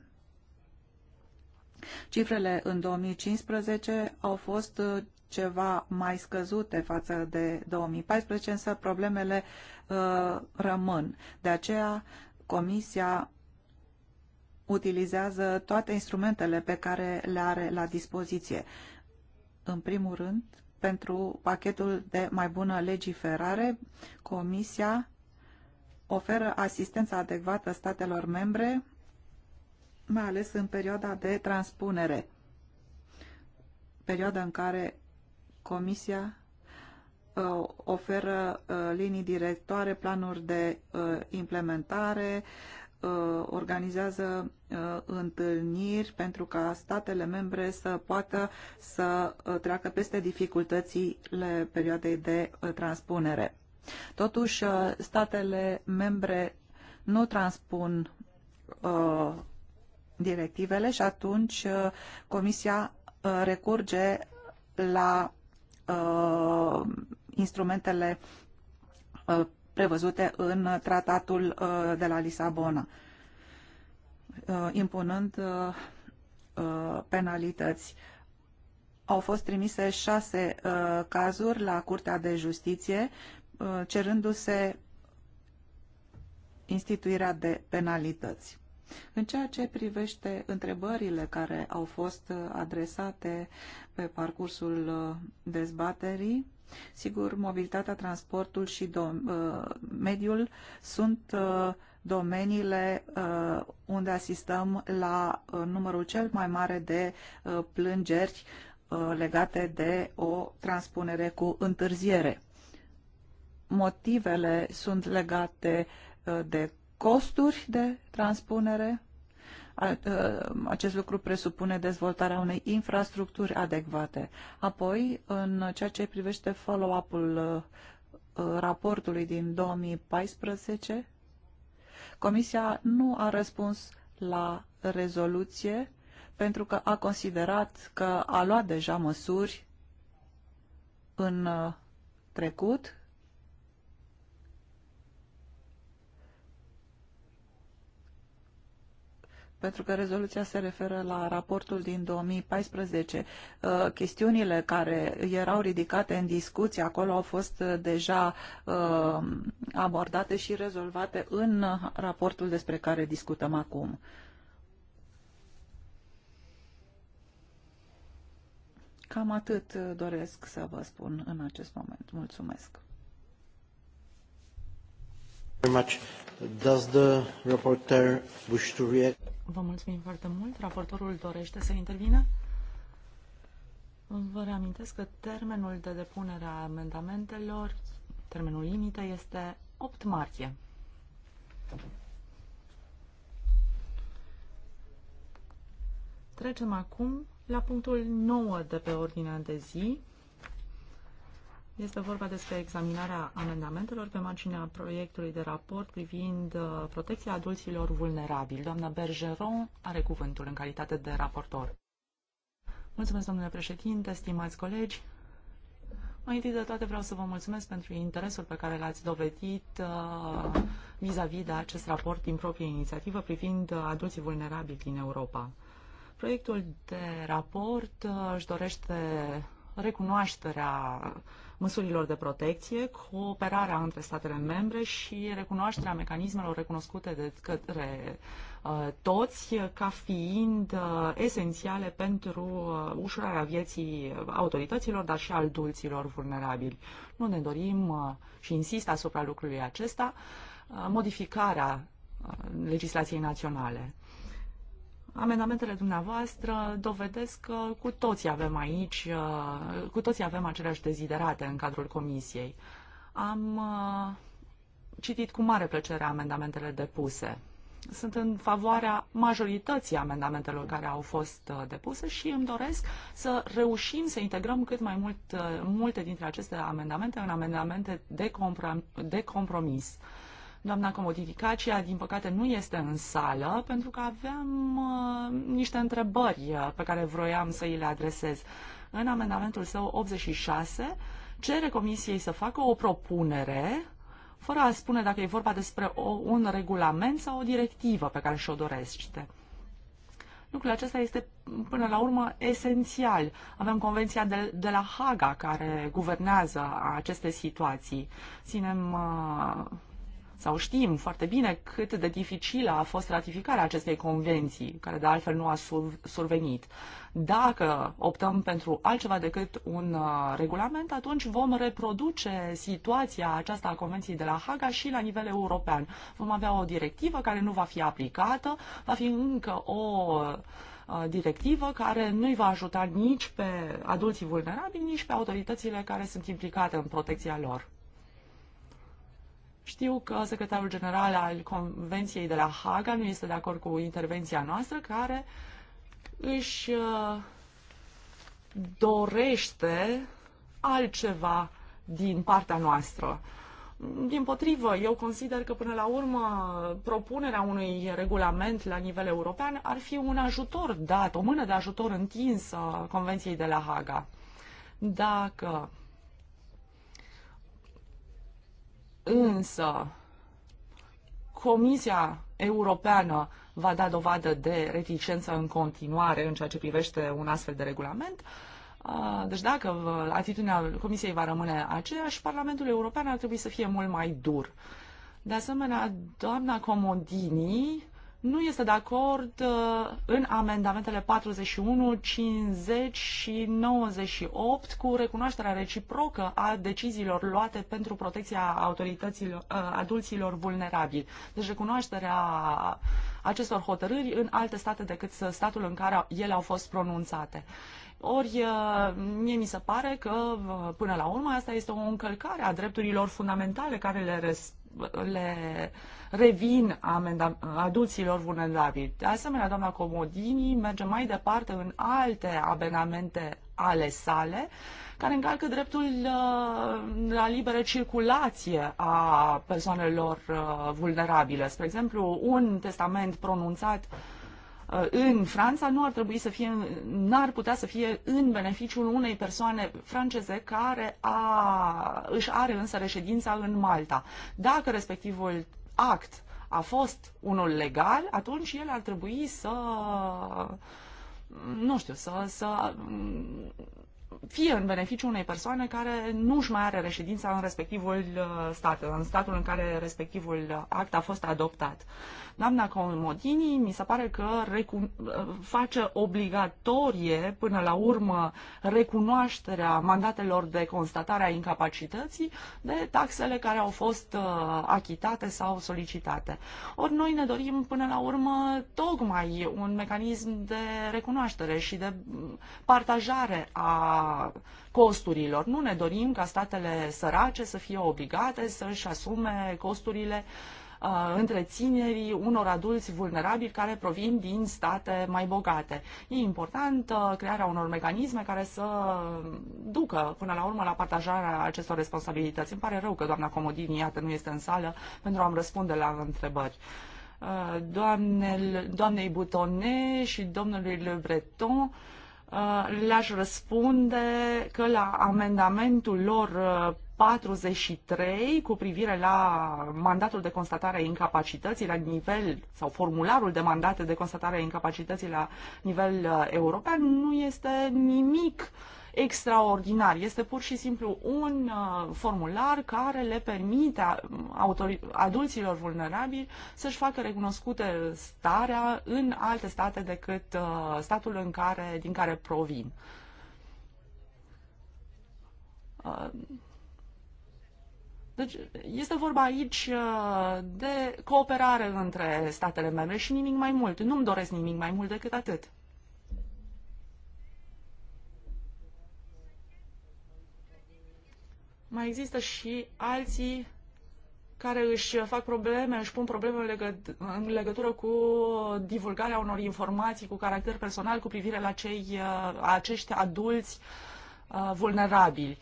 Cifrele în 2015 au fost uh, ceva mai scăzute față de 2014, însă problemele uh, rămân. De aceea, Comisia utilizează toate instrumentele pe care le are la dispoziție. În primul rând, pentru pachetul de mai bună legiferare, Comisia oferă asistența adecvată statelor membre mai ales în perioada de transpunere, perioada în care Comisia uh, oferă uh, linii directoare, planuri de uh, implementare, organizează întâlniri pentru ca statele membre să poată să treacă peste dificultățile perioadei de transpunere. Totuși, statele membre nu transpun directivele și atunci uh, Comisia uh, recurge la uh, instrumentele uh, prevăzute în tratatul uh, de la Lisabona, uh, impunând penalități. Au fost trimise șase cazuri la Curtea de Justiție, cerându-se instituirea de penalități. În ceea ce privește întrebările care au fost adresate pe parcursul uh, dezbaterii, sigur, mobilitatea, transportul și uh, mediul sunt uh, domeniile unde asistăm la numărul cel mai mare de plângeri legate de o transpunere cu întârziere. Motivele sunt legate de costuri de transpunere. Ă, acest lucru presupune dezvoltarea unei infrastructuri adecvate. Apoi, în ceea ce privește follow-up-ul ă, ă, raportului din 2014, Comisia nu a răspuns la rezoluție pentru că a considerat că a luat deja măsuri în trecut pentru că rezoluția se referă la raportul din 2014. Uh, chestiunile care erau ridicate în discuție acolo au fost uh, deja uh, abordate și rezolvate în raportul despre care discutăm acum. Cam atât doresc să vă spun în acest moment. Mulțumesc! Vă mulțumim foarte mult. Raportorul dorește să intervină? Vă reamintesc că termenul de depunere a amendamentelor, termenul limită, este 8 martie. Trecem acum la punctul 9 de pe ordinea de zi, este vorba despre examinarea amendamentelor pe marginea proiectului de raport privind uh, protecția adulților vulnerabili. Doamna Bergeron are cuvântul în calitate de raportor. Mulțumesc, domnule președinte, stimați colegi. Mai întâi de toate vreau să vă mulțumesc pentru interesul pe care l-ați dovedit uh, vis-a-vis uh, -vis de acest raport din proprie inițiativă privind uh, adulții vulnerabili din Europa. Proiectul de raport uh, își dorește recunoașterea uh, măsurilor de protecție, cooperarea între statele membre și recunoașterea mecanismelor recunoscute de către uh, toți ca fiind uh, esențiale pentru uh, ușurarea vieții autorităților, dar și adulților vulnerabili. Nu ne dorim și insist asupra lucrului acesta modificarea legislației naționale. Amendamentele dumneavoastră dovedesc că cu toții avem aici, uh, cu toții avem aceleași deziderate în cadrul comisiei. Am uh, citit cu mare plăcere amendamentele depuse. Sunt în favoarea majorității amendamentelor care au fost uh, depuse și îmi doresc să reușim să integrăm cât mai mult, multe dintre aceste amendamente în amendamente de, comprom- de compromis. Doamna Comodificacia, din păcate, nu este în sală pentru că aveam uh, niște întrebări uh, pe care vroiam să îi le adresez. În amendamentul său 86 cere Comisiei să facă o propunere fără a spune dacă e vorba despre o, un regulament sau o directivă pe care și-o dorește. Lucrul acesta este până la urmă esențial. Avem Convenția de, de la Haga care guvernează aceste situații. Ținem uh, sau știm foarte bine cât de dificilă a fost ratificarea acestei convenții, care de altfel nu a survenit. Dacă optăm pentru altceva decât un uh, regulament, atunci vom reproduce situația aceasta a convenției de la Haga și la nivel european. Vom avea o directivă care nu va fi aplicată, va fi încă o uh, directivă care nu îi va ajuta nici pe adulții vulnerabili, nici pe autoritățile care sunt implicate în protecția lor. Știu că secretarul general al Convenției de la Haga nu este de acord cu intervenția noastră, care își uh, dorește altceva din partea noastră. Din potrivă, eu consider că până la urmă propunerea unui regulament la nivel european ar fi un ajutor dat, o mână de ajutor întinsă Convenției de la Haga. Dacă Însă, Comisia Europeană va da dovadă de reticență în continuare în ceea ce privește un astfel de regulament. Deci dacă atitudinea Comisiei va rămâne aceeași, Parlamentul European ar trebui să fie mult mai dur. De asemenea, doamna Comodini nu este de acord uh, în amendamentele 41, 50 și 98 cu recunoașterea reciprocă a deciziilor luate pentru protecția autorităților, uh, adulților vulnerabili. Deci recunoașterea acestor hotărâri în alte state decât statul în care ele au fost pronunțate. Ori, uh, mie mi se pare că, până la urmă, asta este o încălcare a drepturilor fundamentale care le respectă le revin adulților vulnerabili. De asemenea, doamna Comodini merge mai departe în alte abenamente ale sale, care încalcă dreptul uh, la liberă circulație a persoanelor uh, vulnerabile. Spre exemplu, un testament pronunțat uh, Uh, în Franța nu ar trebui să fie, n-ar putea să fie în beneficiul unei persoane franceze care a, își are însă reședința în Malta. Dacă respectivul act a fost unul legal, atunci el ar trebui să nu știu, să, să fie în beneficiu unei persoane care nu își mai are reședința în respectivul uh, stat, în statul în care respectivul act a fost adoptat. Doamna Comodini mi se pare că face obligatorie până la urmă recunoașterea mandatelor de constatare a incapacității de taxele care au fost uh, achitate sau solicitate. Ori noi ne dorim până la urmă tocmai un mecanism de recunoaștere și de partajare a costurilor. Nu ne dorim ca statele sărace să fie obligate să-și asume costurile uh, uh, întreținerii unor adulți vulnerabili care provin din state mai bogate. E important uh, crearea unor mecanisme care să ducă până la urmă la partajarea acestor responsabilități. Îmi pare rău că doamna Comodini, iată, nu este în sală pentru a-mi răspunde la întrebări uh, doamnel, doamnei Butone și domnului Le Breton Uh, le-aș răspunde că la amendamentul lor 43 uh, cu privire la mandatul de constatare a incapacității la nivel sau formularul de mandate de constatare a incapacității la nivel uh, european nu este nimic uh, extraordinar. Este pur și simplu un uh, formular care le permite adulților vulnerabili să-și facă recunoscute starea în alte state decât uh, statul în care, din care provin. Uh, deci este vorba aici uh, de cooperare între statele membre și nimic mai mult. Nu-mi doresc nimic mai mult decât atât. mai există și alții care își fac probleme, își pun probleme în, legă, în legătură cu divulgarea unor informații cu caracter personal cu privire la cei, uh, acești adulți uh, Uh, vulnerabili.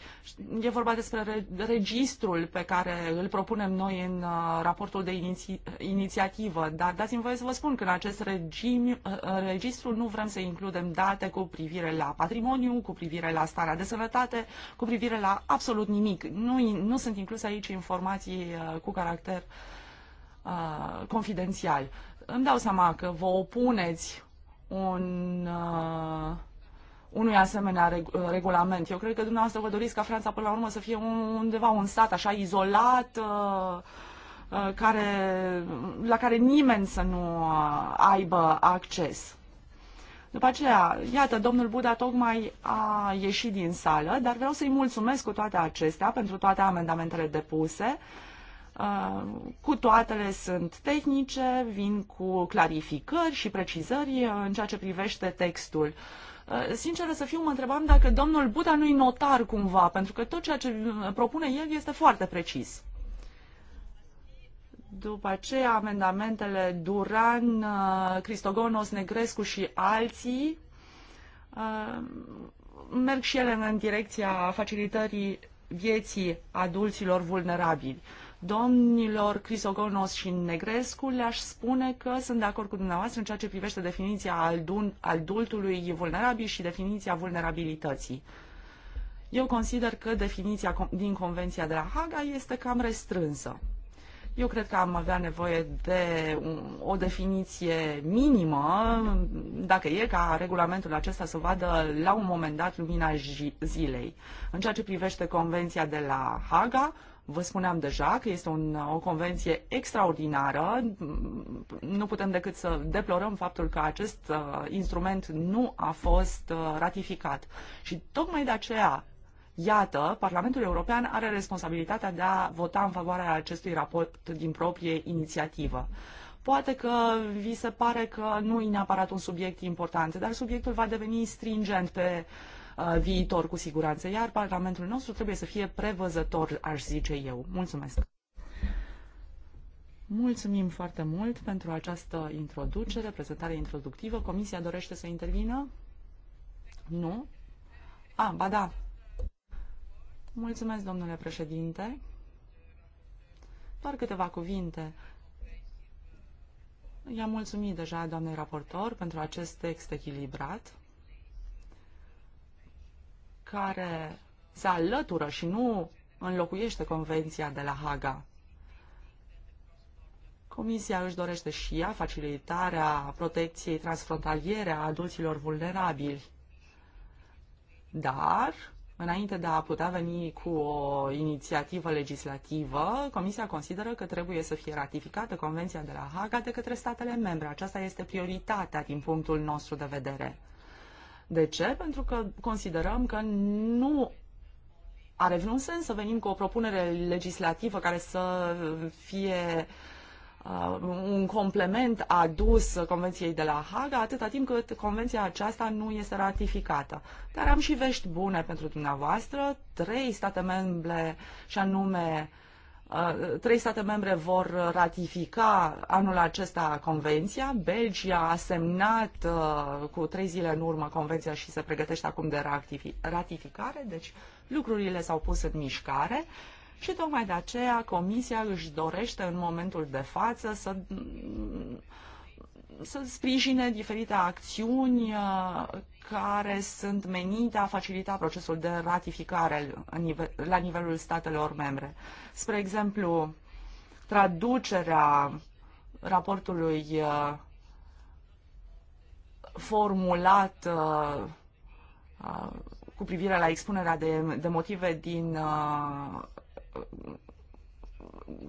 E vorba despre registrul pe care îl propunem noi în uh, raportul de iniți- inițiativă, dar dați-mi voie să vă spun că în acest regim, uh, registru nu vrem să includem date cu privire la patrimoniu, cu privire la starea de sănătate, cu privire la absolut nimic. Nu, nu sunt incluse aici informații cu caracter uh, confidențial. Îmi dau seama că vă opuneți un uh, unui asemenea reg- uh, regulament. Eu cred că dumneavoastră vă doriți ca Franța până la urmă să fie undeva un stat așa izolat, uh, uh, care, la care nimeni să nu aibă acces. După aceea, iată, domnul Buda tocmai a ieșit din sală, dar vreau să-i mulțumesc cu toate acestea pentru toate amendamentele depuse. Uh, Uh, cu toatele sunt tehnice, vin cu clarificări și precizări uh, în ceea ce privește textul. Uh, Sinceră să fiu, mă întrebam dacă domnul Buda nu-i notar cumva, pentru că tot ceea ce propune el este foarte precis. După aceea, amendamentele Duran, Cristogonos, Negrescu și alții merg și ele în direcția facilitării vieții adulților vulnerabili. Domnilor Crisogonos și Negrescu le-aș spune că sunt de acord cu dumneavoastră în ceea ce privește definiția adultului vulnerabil și definiția vulnerabilității. Eu consider că definiția din Convenția de la Haga este cam restrânsă. Eu cred că am avea nevoie de o definiție minimă, dacă e ca regulamentul acesta să vadă la un moment dat lumina zilei. În ceea ce privește Convenția de la Haga, Vă spuneam deja că este un, o convenție extraordinară. Nu putem decât să deplorăm faptul că acest uh, instrument nu a fost uh, ratificat. Și tocmai de aceea, iată, Parlamentul European are responsabilitatea de a vota în favoarea acestui raport din proprie inițiativă. Poate că vi se pare că nu e neapărat un subiect important, dar subiectul va deveni stringent pe uh, Uh, viitor cu siguranță, iar Parlamentul nostru trebuie să fie prevăzător, aș zice eu. Mulțumesc! Mulțumim foarte mult pentru această introducere, prezentare introductivă. Comisia dorește să intervină? Nu? A, ba da. Mulțumesc, domnule președinte. Doar câteva cuvinte. I-am mulțumit deja doamnei raportor pentru acest text echilibrat care se alătură și nu înlocuiește Convenția de la Haga. Comisia își dorește și ea facilitarea protecției transfrontaliere a adulților vulnerabili. Dar, înainte de a putea veni cu o inițiativă legislativă, Comisia consideră că trebuie să fie ratificată Convenția de la Haga de către statele membre. Aceasta este prioritatea din punctul nostru de vedere. De ce? Pentru că considerăm că nu are vreun sens să venim cu o propunere legislativă care să fie uh, un complement adus Convenției de la Haga, atâta timp cât convenția aceasta nu este ratificată. Dar am și vești bune pentru dumneavoastră. Trei state membre, și anume uh, Trei state membre vor ratifica anul acesta convenția. Belgia a semnat cu trei zile în urmă convenția și se pregătește acum de ratificare, deci lucrurile s-au pus în mișcare. Și tocmai de aceea Comisia își dorește în momentul de față să să sprijine diferite acțiuni uh, care sunt menite a facilita procesul de ratificare la nivelul statelor membre. Spre exemplu, traducerea raportului uh, formulat uh, cu privire la expunerea de, de motive din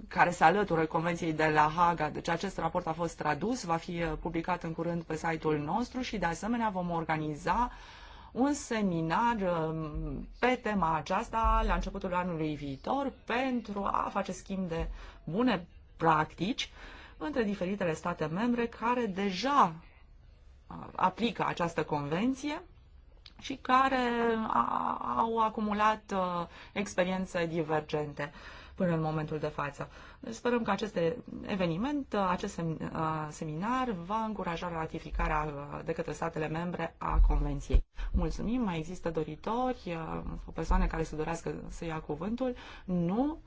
care se alătură Convenției de la Haga. Deci acest raport a fost tradus, va fi uh, publicat în curând pe site-ul nostru și de asemenea vom organiza un seminar um, pe tema aceasta la începutul anului viitor pentru a face schimb de bune practici între diferitele state membre care deja uh, aplică această convenție și care uh, au acumulat experiențe divergente până în momentul de față. Sperăm că acest eveniment, acest seminar va încuraja ratificarea de către statele membre a Convenției. Mulțumim, mai există doritori, o persoană care se dorească să ia cuvântul? Nu.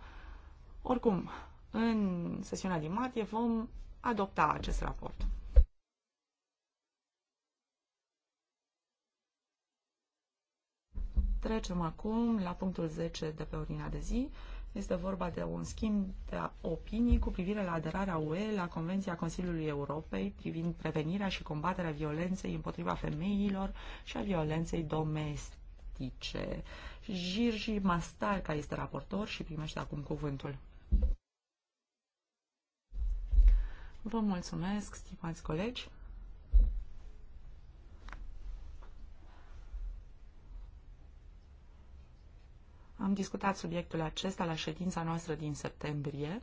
Oricum, în sesiunea din martie vom adopta acest raport. Trecem acum la punctul 10 de pe ordinea de zi. Este vorba de un schimb de opinii cu privire la aderarea UE la Convenția Consiliului Europei privind prevenirea și combaterea violenței împotriva femeilor și a violenței domestice. Jirji Mastalca este raportor și primește acum cuvântul. Vă mulțumesc, stimați colegi. Am discutat subiectul acesta la ședința noastră din septembrie.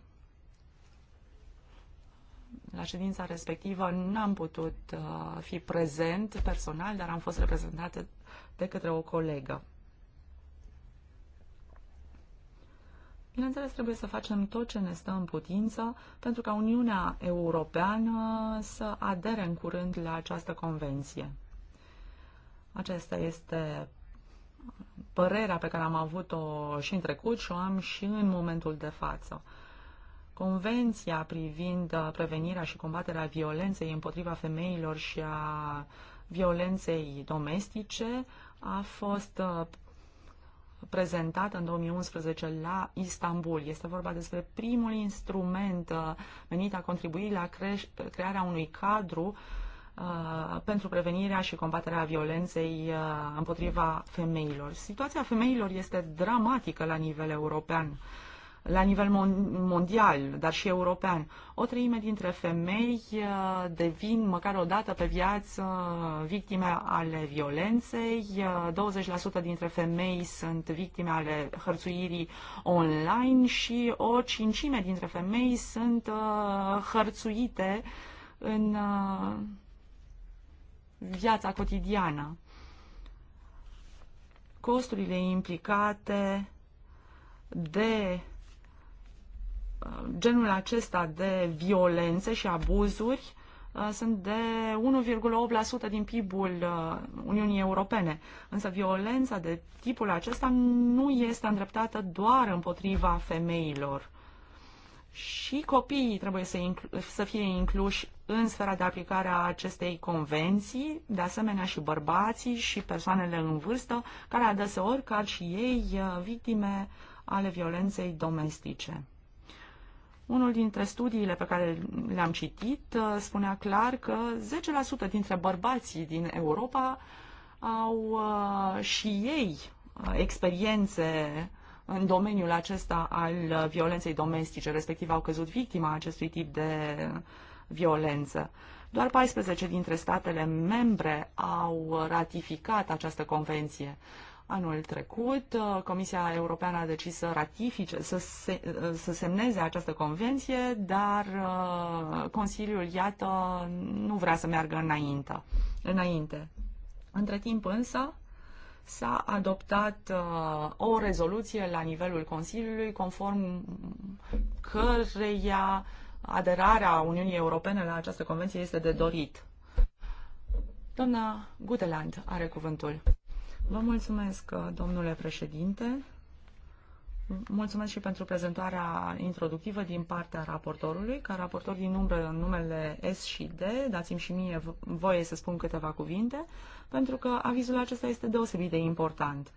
La ședința respectivă n-am putut uh, fi prezent personal, dar am fost reprezentată de către o colegă. Bineînțeles, trebuie să facem tot ce ne stă în putință pentru ca Uniunea Europeană să adere în curând la această convenție. Acesta este părerea pe care am avut-o și în trecut și o am și în momentul de față. Convenția privind uh, prevenirea și combaterea violenței împotriva femeilor și a violenței domestice a fost uh, prezentată în 2011 la Istanbul. Este vorba despre primul instrument venit uh, a contribui la creș- crearea unui cadru uh, Uh, pentru prevenirea și combaterea violenței uh, împotriva femeilor. Situația femeilor este dramatică la nivel european, la nivel mondial, dar și european. O treime dintre femei uh, devin măcar o dată pe viață victime ale violenței, 20% dintre femei sunt victime ale hărțuirii online și o cincime dintre femei sunt hărțuite în viața cotidiană. Costurile implicate de uh, genul acesta de violențe și abuzuri uh, sunt de 1,8% din PIB-ul uh, Uniunii Europene. Însă violența de tipul acesta nu este îndreptată doar împotriva femeilor și copiii trebuie să, să fie incluși în sfera de aplicare a acestei convenții, de asemenea și bărbații și persoanele în vârstă, care adeseori car și ei uh, victime ale violenței domestice. Unul dintre studiile pe care le-am citit uh, spunea clar că 10% dintre bărbații din Europa au uh, și ei experiențe în domeniul acesta al uh, violenței domestice, respectiv au căzut victima acestui tip de violență. Doar 14 dintre statele membre au ratificat această convenție. Anul trecut, uh, Comisia Europeană a decis să ratifice, să, se, uh, să semneze această convenție, dar Consiliul, iată, nu vrea să meargă înainte. înainte. Între timp însă, s-a adoptat uh, o rezoluție la nivelul Consiliului conform căreia aderarea Uniunii Europene la această convenție este de dorit. Doamna Guteland are cuvântul. Vă mulțumesc, uh, domnule președinte. Mulțumesc și pentru prezentarea introductivă din partea raportorului. Ca raportor din umbră în numele S și D, dați-mi și mie voie să spun câteva cuvinte. Uh, pentru că avizul acesta este deosebit de important.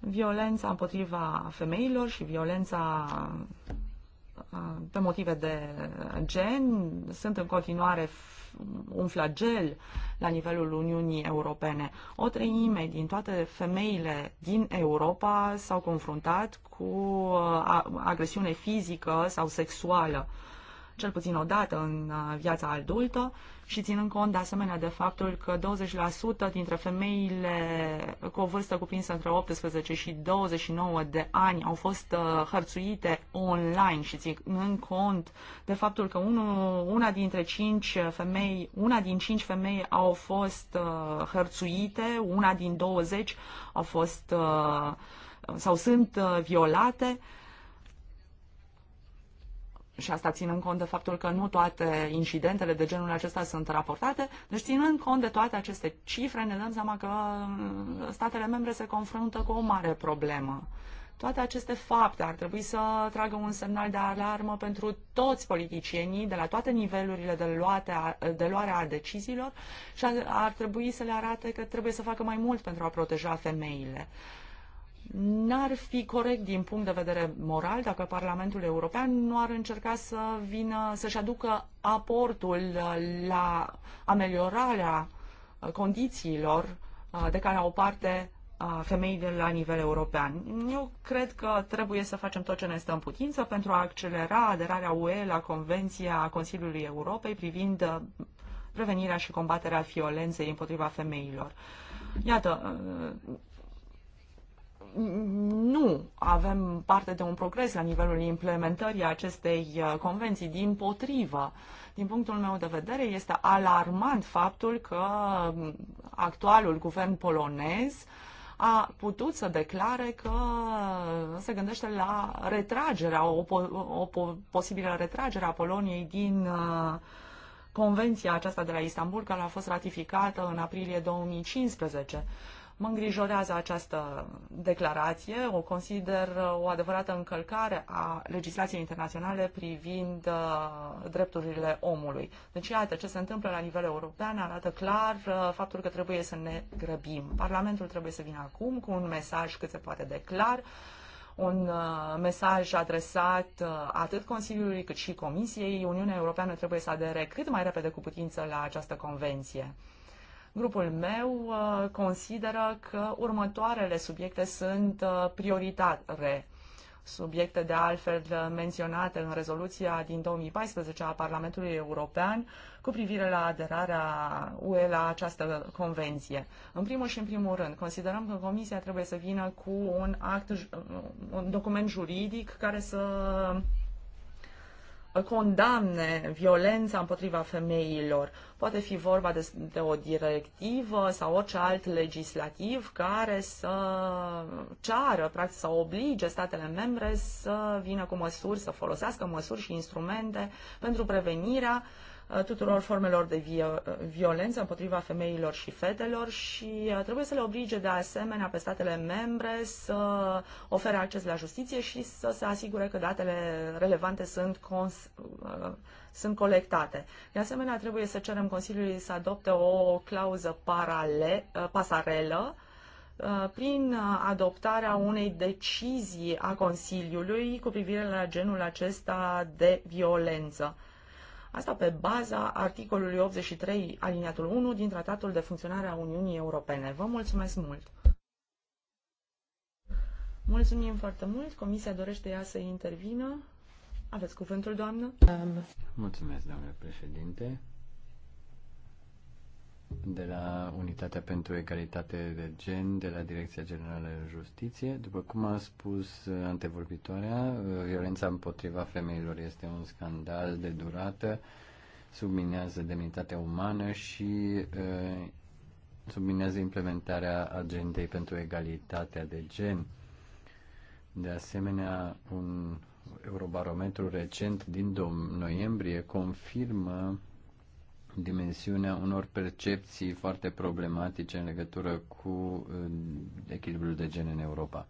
Violența împotriva femeilor și violența pe motive de gen sunt în continuare un flagel la nivelul Uniunii Europene. O treime din toate femeile din Europa s-au confruntat cu agresiune fizică sau sexuală cel puțin o dată în uh, viața adultă și ținând cont de asemenea de faptul că 20% dintre femeile cu o vârstă cuprinsă între 18 și 29 de ani au fost uh, hărțuite online și ținând cont de faptul că unu, una dintre cinci femei, una din cinci femei au fost uh, hărțuite, una din 20 au fost sau sunt violate, și asta ținând cont de faptul că nu toate incidentele de genul acesta sunt raportate, deci ținând cont de toate aceste cifre, ne dăm seama că mm, statele membre se confruntă cu o mare problemă. Toate aceste fapte ar trebui să tragă un semnal de alarmă pentru toți politicienii de la toate nivelurile de, luate a, de luare a deciziilor și ar, ar trebui să le arate că trebuie să facă mai mult pentru a proteja femeile. Uh, N-ar fi corect din punct de vedere moral dacă Parlamentul European nu ar încerca să vină, să-și aducă aportul uh, la ameliorarea uh, condițiilor uh, de care au parte femeile la nivel european. Eu cred că trebuie să facem tot ce ne stă în putință pentru a accelera aderarea UE la Convenția Consiliului Europei privind prevenirea și combaterea violenței împotriva femeilor. Iată, nu avem parte de un progres la nivelul implementării acestei uh, convenții. Din potrivă, din punctul meu de vedere, este alarmant faptul că um, actualul guvern polonez a putut să declare că se gândește la retragerea, o, po- o po- posibilă retragere a Poloniei din uh, convenția aceasta de la Istanbul, care a fost ratificată în aprilie 2015. Mă îngrijorează această declarație, o consider uh, o adevărată încălcare a legislației internaționale privind uh, drepturile omului. Deci, iată, ce se întâmplă la nivel european arată clar uh, faptul că trebuie să ne grăbim. Parlamentul trebuie să vină acum cu un mesaj cât se poate de clar, un mesaj adresat atât Consiliului cât și Comisiei. Uniunea Europeană trebuie să adere cât mai repede cu putință la această convenție. Grupul meu uh, consideră că următoarele subiecte sunt uh, prioritare subiecte de altfel uh, menționate în rezoluția din 2014 a Parlamentului European cu privire la aderarea UE la această convenție. În primul și în primul rând, considerăm că Comisia trebuie să vină cu un act, un document juridic care să condamne violența împotriva femeilor. Poate fi vorba de, de o directivă sau orice alt legislativ care să ceară, practic, să oblige statele membre să vină cu măsuri, să folosească măsuri și instrumente pentru prevenirea uh, tuturor formelor de violență împotriva femeilor și fetelor și trebuie să le oblige de asemenea pe statele membre să ofere acces la justiție și să se asigure că datele relevante sunt, cons- sunt colectate. De asemenea, trebuie să cerem Consiliului să adopte o clauză parale- pasarelă prin adoptarea unei decizii a Consiliului cu privire la genul acesta de violență. Asta pe baza articolului 83 aliniatul 1 din Tratatul de Funcționare a Uniunii Europene. Vă mulțumesc mult! Mulțumim foarte mult. Comisia dorește ea să intervină. Aveți cuvântul, doamnă. Mulțumesc, doamnă președinte de la Unitatea pentru Egalitate de Gen, de la Direcția Generală de Justiție. După cum a spus antevorbitoarea, uh, violența împotriva femeilor este un scandal de durată, subminează demnitatea umană și uh, subminează implementarea agendei pentru egalitatea de gen. De asemenea, un eurobarometru recent din noiembrie confirmă dimensiunea unor percepții foarte problematice în legătură cu uh, echilibrul de gen în Europa.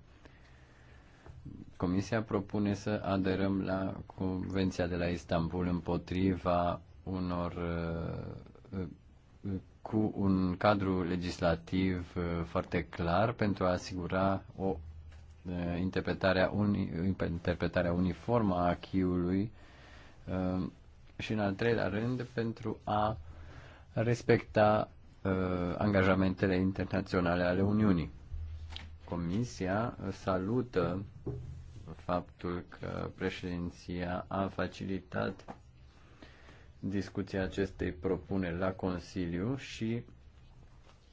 Comisia propune să aderăm la Convenția de la Istanbul împotriva unor uh, uh, cu un cadru legislativ foarte clar pentru a asigura o interpretare, uniformă a acquis și în al treilea rând pentru a respecta uh, angajamentele internaționale ale Uniunii. Comisia salută faptul că președinția a facilitat discuția acestei propuneri la Consiliu și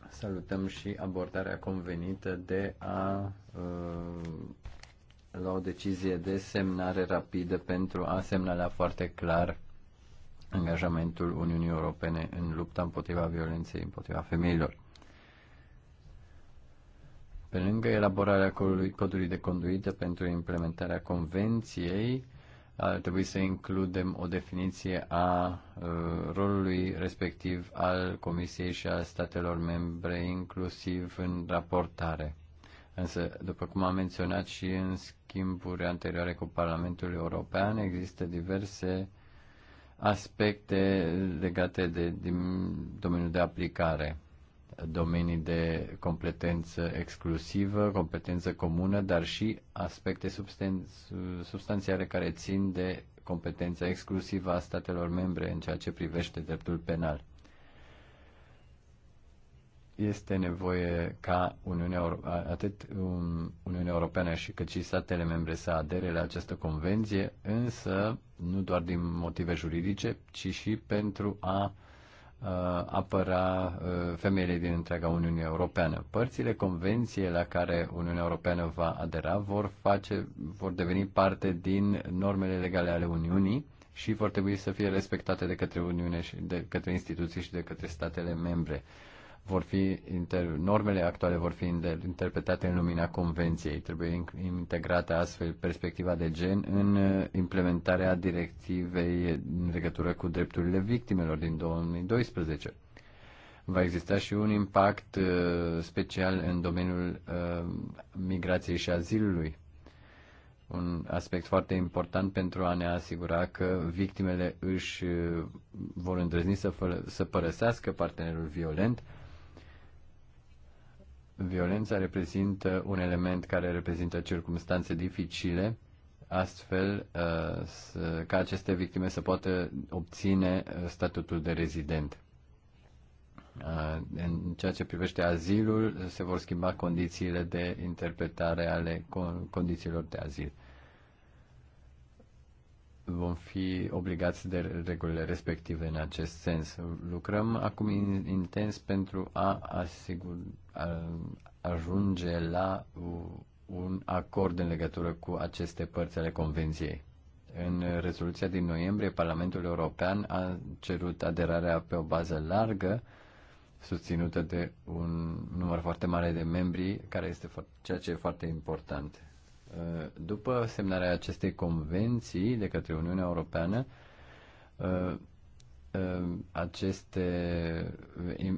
salutăm și abordarea convenită de a uh, lua o decizie de semnare rapidă pentru a semnala foarte clar angajamentul Uniunii Europene în lupta împotriva violenței împotriva femeilor. Pe lângă elaborarea codului de conduită pentru implementarea convenției, ar trebui să includem o definiție a uh, rolului respectiv al Comisiei și al statelor membre, inclusiv în raportare. Însă, după cum am menționat și în schimburi anterioare cu Parlamentul European, există diverse uh, aspecte legate de din domeniul de aplicare, domenii de competență exclusivă, competență comună, dar și aspecte substanțiale care țin de competența exclusivă a statelor membre în ceea ce privește dreptul penal este nevoie ca Uniunea, atât um, Uniunea Europeană și cât și statele membre să adere la această convenție, însă nu doar din motive juridice, ci și pentru a uh, apăra uh, femeile din întreaga Uniune Europeană. Părțile convenției la care Uniunea Europeană va adera vor, face, vor deveni parte din normele legale ale Uniunii și vor trebui să fie respectate de către Uniune și de către instituții și de către statele membre vor fi inter, normele actuale vor fi interpretate în lumina convenției. Trebuie integrată astfel perspectiva de gen în uh, implementarea directivei în legătură cu drepturile victimelor din 2012. Va exista și un impact uh, special în domeniul uh, migrației și azilului. Un aspect foarte important pentru a ne asigura că victimele își vor îndrăzni să, să părăsească partenerul violent, Violența reprezintă un element care reprezintă circumstanțe dificile, astfel uh, ca aceste victime să poată obține uh, statutul de rezident. Uh, în ceea ce privește azilul, se vor schimba condițiile de interpretare ale condițiilor de azil vom fi obligați de regulile respective în acest sens. Lucrăm acum intens pentru a, asigur, a ajunge la un acord în legătură cu aceste părți ale Convenției. În rezoluția din noiembrie, Parlamentul European a cerut aderarea pe o bază largă, susținută de un număr foarte mare de membri, care este ceea ce e foarte important Uh, după semnarea acestei convenții de către Uniunea Europeană, uh, uh, aceste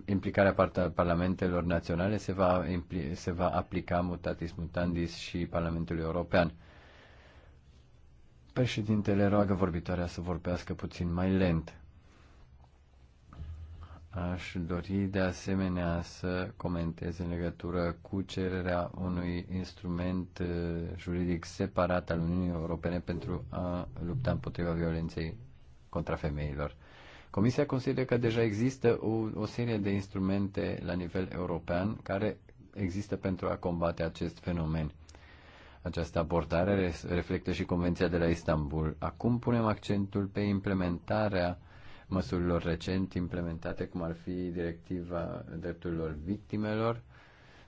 implicarea parlamentelor naționale se va, se va aplica mutatis mutandis și Parlamentului European. Președintele roagă vorbitoarea să vorbească puțin mai lent. Aș dori de asemenea să comentez în legătură cu cererea unui instrument uh, juridic separat al Uniunii Europene pentru a lupta împotriva violenței contra femeilor. Comisia consideră că deja există o, o serie de instrumente la nivel european care există pentru a combate acest fenomen. Această abordare reflectă și Convenția de la Istanbul. Acum punem accentul pe implementarea măsurilor recent implementate, cum ar fi directiva drepturilor victimelor,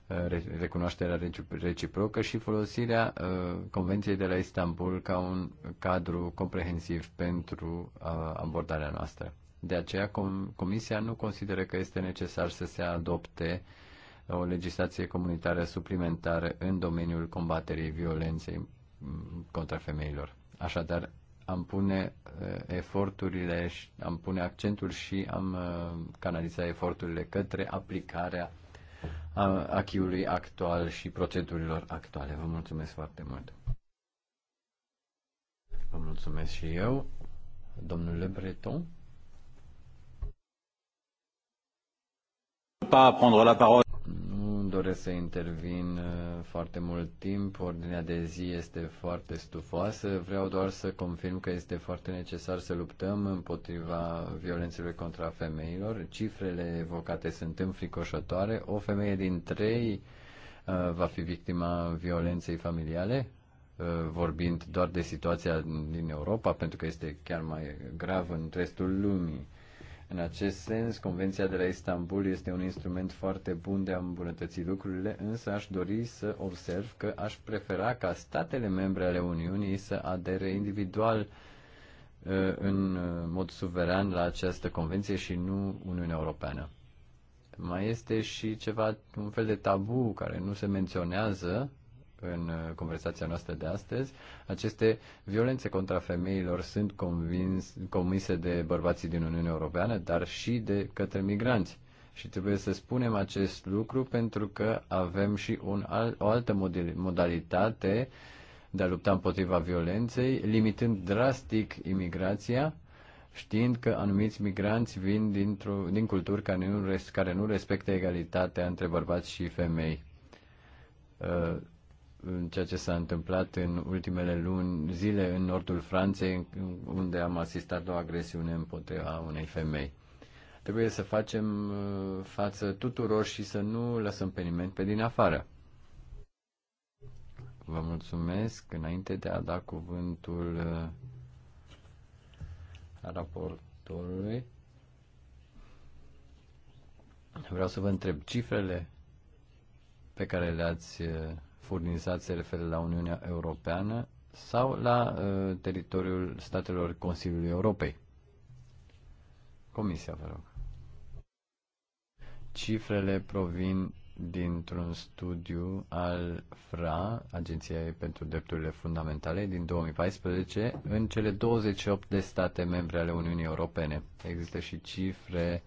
eh, recunoașterea reciprocă și folosirea eh, Convenției de la Istanbul ca un cadru comprehensiv pentru eh, abordarea noastră. De aceea, Comisia nu consideră că este necesar să se adopte o legislație comunitară suplimentară în domeniul combaterii violenței mm, contra femeilor. Așadar, am pune uh, eforturile, am pune accentul și am uh, canaliza eforturile către aplicarea achiului actual și procedurilor actuale. Vă mulțumesc foarte mult. Vă mulțumesc și eu, domnule Breton. Pas prendre la parole doresc să intervin uh, foarte mult timp. Ordinea de zi este foarte stufoasă. Vreau doar să confirm că este foarte necesar să luptăm împotriva violențelor contra femeilor. Cifrele evocate sunt înfricoșătoare. O femeie din trei uh, va fi victima violenței familiale, uh, vorbind doar de situația din Europa, pentru că este chiar mai grav în restul lumii în acest sens, Convenția de la Istanbul este un instrument foarte bun de a îmbunătăți lucrurile, însă aș dori să observ că aș prefera ca statele membre ale Uniunii să adere individual uh, în uh, mod suveran la această convenție și nu Uniunea Europeană. Mai este și ceva, un fel de tabu care nu se menționează în uh, conversația noastră de astăzi, aceste violențe contra femeilor sunt convins, comise de bărbații din Uniunea Europeană, dar și de către migranți. Și trebuie să spunem acest lucru pentru că avem și un al, o altă modalitate de a lupta împotriva violenței, limitând drastic imigrația, știind că anumiți migranți vin dintr-o, din culturi care nu, care nu respectă egalitatea între bărbați și femei uh, ceea ce s-a întâmplat în ultimele luni, zile în nordul Franței, unde am asistat la o agresiune împotriva unei femei. Trebuie să facem uh, față tuturor și să nu lăsăm pe nimeni pe din afară. Vă mulțumesc înainte de a da cuvântul uh, raportorului. Vreau să vă întreb cifrele pe care le-ați uh, furnizat se referă la Uniunea Europeană sau la uh, teritoriul statelor Consiliului Europei. Comisia, vă rog. Cifrele provin dintr-un studiu al FRA, Agenției pentru Drepturile Fundamentale, din 2014, în cele 28 de state membre ale Uniunii Europene. Există și cifre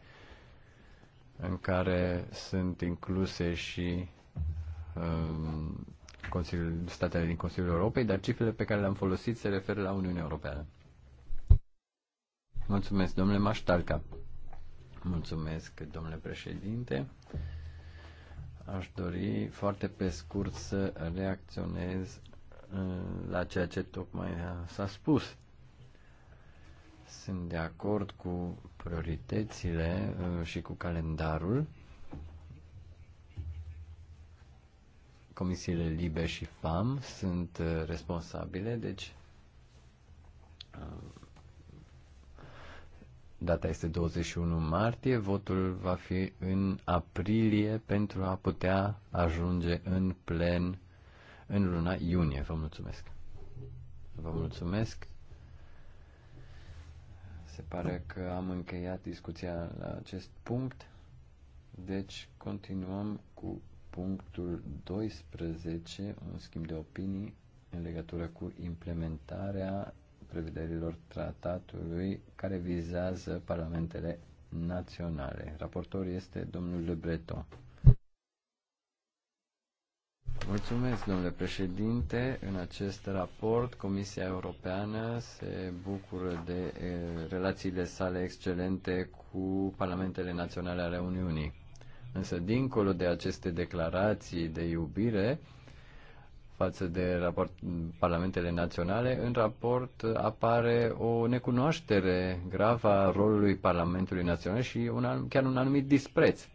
în care sunt incluse și Um, Consiliul, statele din Consiliul Europei, dar cifrele pe care le-am folosit se referă la Uniunea Europeană. Mulțumesc, domnule Maștalca. Mulțumesc, domnule președinte. Aș dori foarte pe scurt să reacționez uh, la ceea ce tocmai s-a spus. Sunt de acord cu prioritățile uh, și cu calendarul comisiile LIBE și FAM sunt uh, responsabile, deci uh, data este 21 martie, votul va fi în aprilie pentru a putea ajunge în plen în luna iunie. Vă mulțumesc. Vă mulțumesc. Se pare că am încheiat discuția la acest punct. Deci continuăm cu punctul 12, un schimb de opinii în legătură cu implementarea prevederilor tratatului care vizează parlamentele naționale. Raportor este domnul Le Breton. Mulțumesc, domnule președinte. În acest raport, Comisia Europeană se bucură de eh, relațiile sale excelente cu parlamentele naționale ale Uniunii. Însă, dincolo de aceste declarații de iubire față de raport, parlamentele naționale, în raport apare o necunoaștere gravă a rolului Parlamentului Național și un, chiar un anumit dispreț.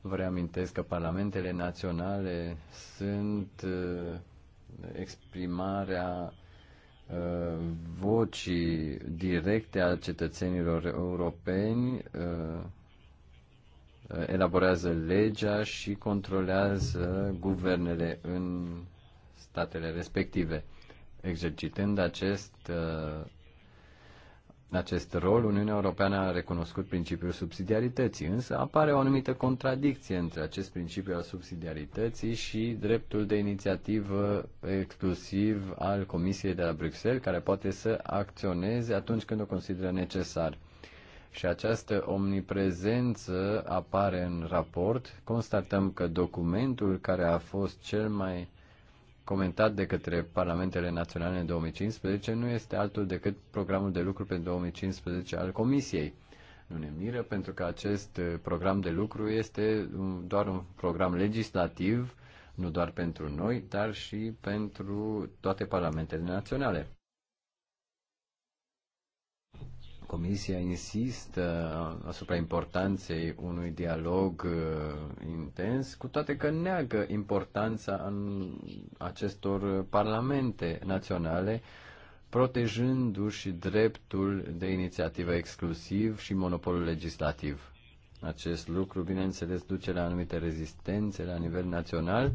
Vă reamintesc că parlamentele naționale sunt uh, exprimarea uh, vocii directe a cetățenilor europeni uh, Uh, elaborează legea și controlează guvernele în statele respective. Exercitând acest, uh, acest rol, Uniunea Europeană a recunoscut principiul subsidiarității, însă apare o anumită contradicție între acest principiu al subsidiarității și dreptul de inițiativă exclusiv al Comisiei de la Bruxelles, care poate să acționeze atunci când o consideră necesar și această omniprezență apare în raport, constatăm că documentul care a fost cel mai comentat de către Parlamentele Naționale în 2015 nu este altul decât programul de lucru pentru 2015 al Comisiei. Nu ne miră pentru că acest uh, program de lucru este doar un program legislativ, nu doar pentru noi, dar și pentru toate parlamentele naționale. Comisia insistă asupra importanței unui dialog uh, intens, cu toate că neagă importanța acestor parlamente naționale, protejându-și dreptul de inițiativă exclusiv și monopolul legislativ. Acest lucru, bineînțeles, duce la anumite rezistențe la nivel național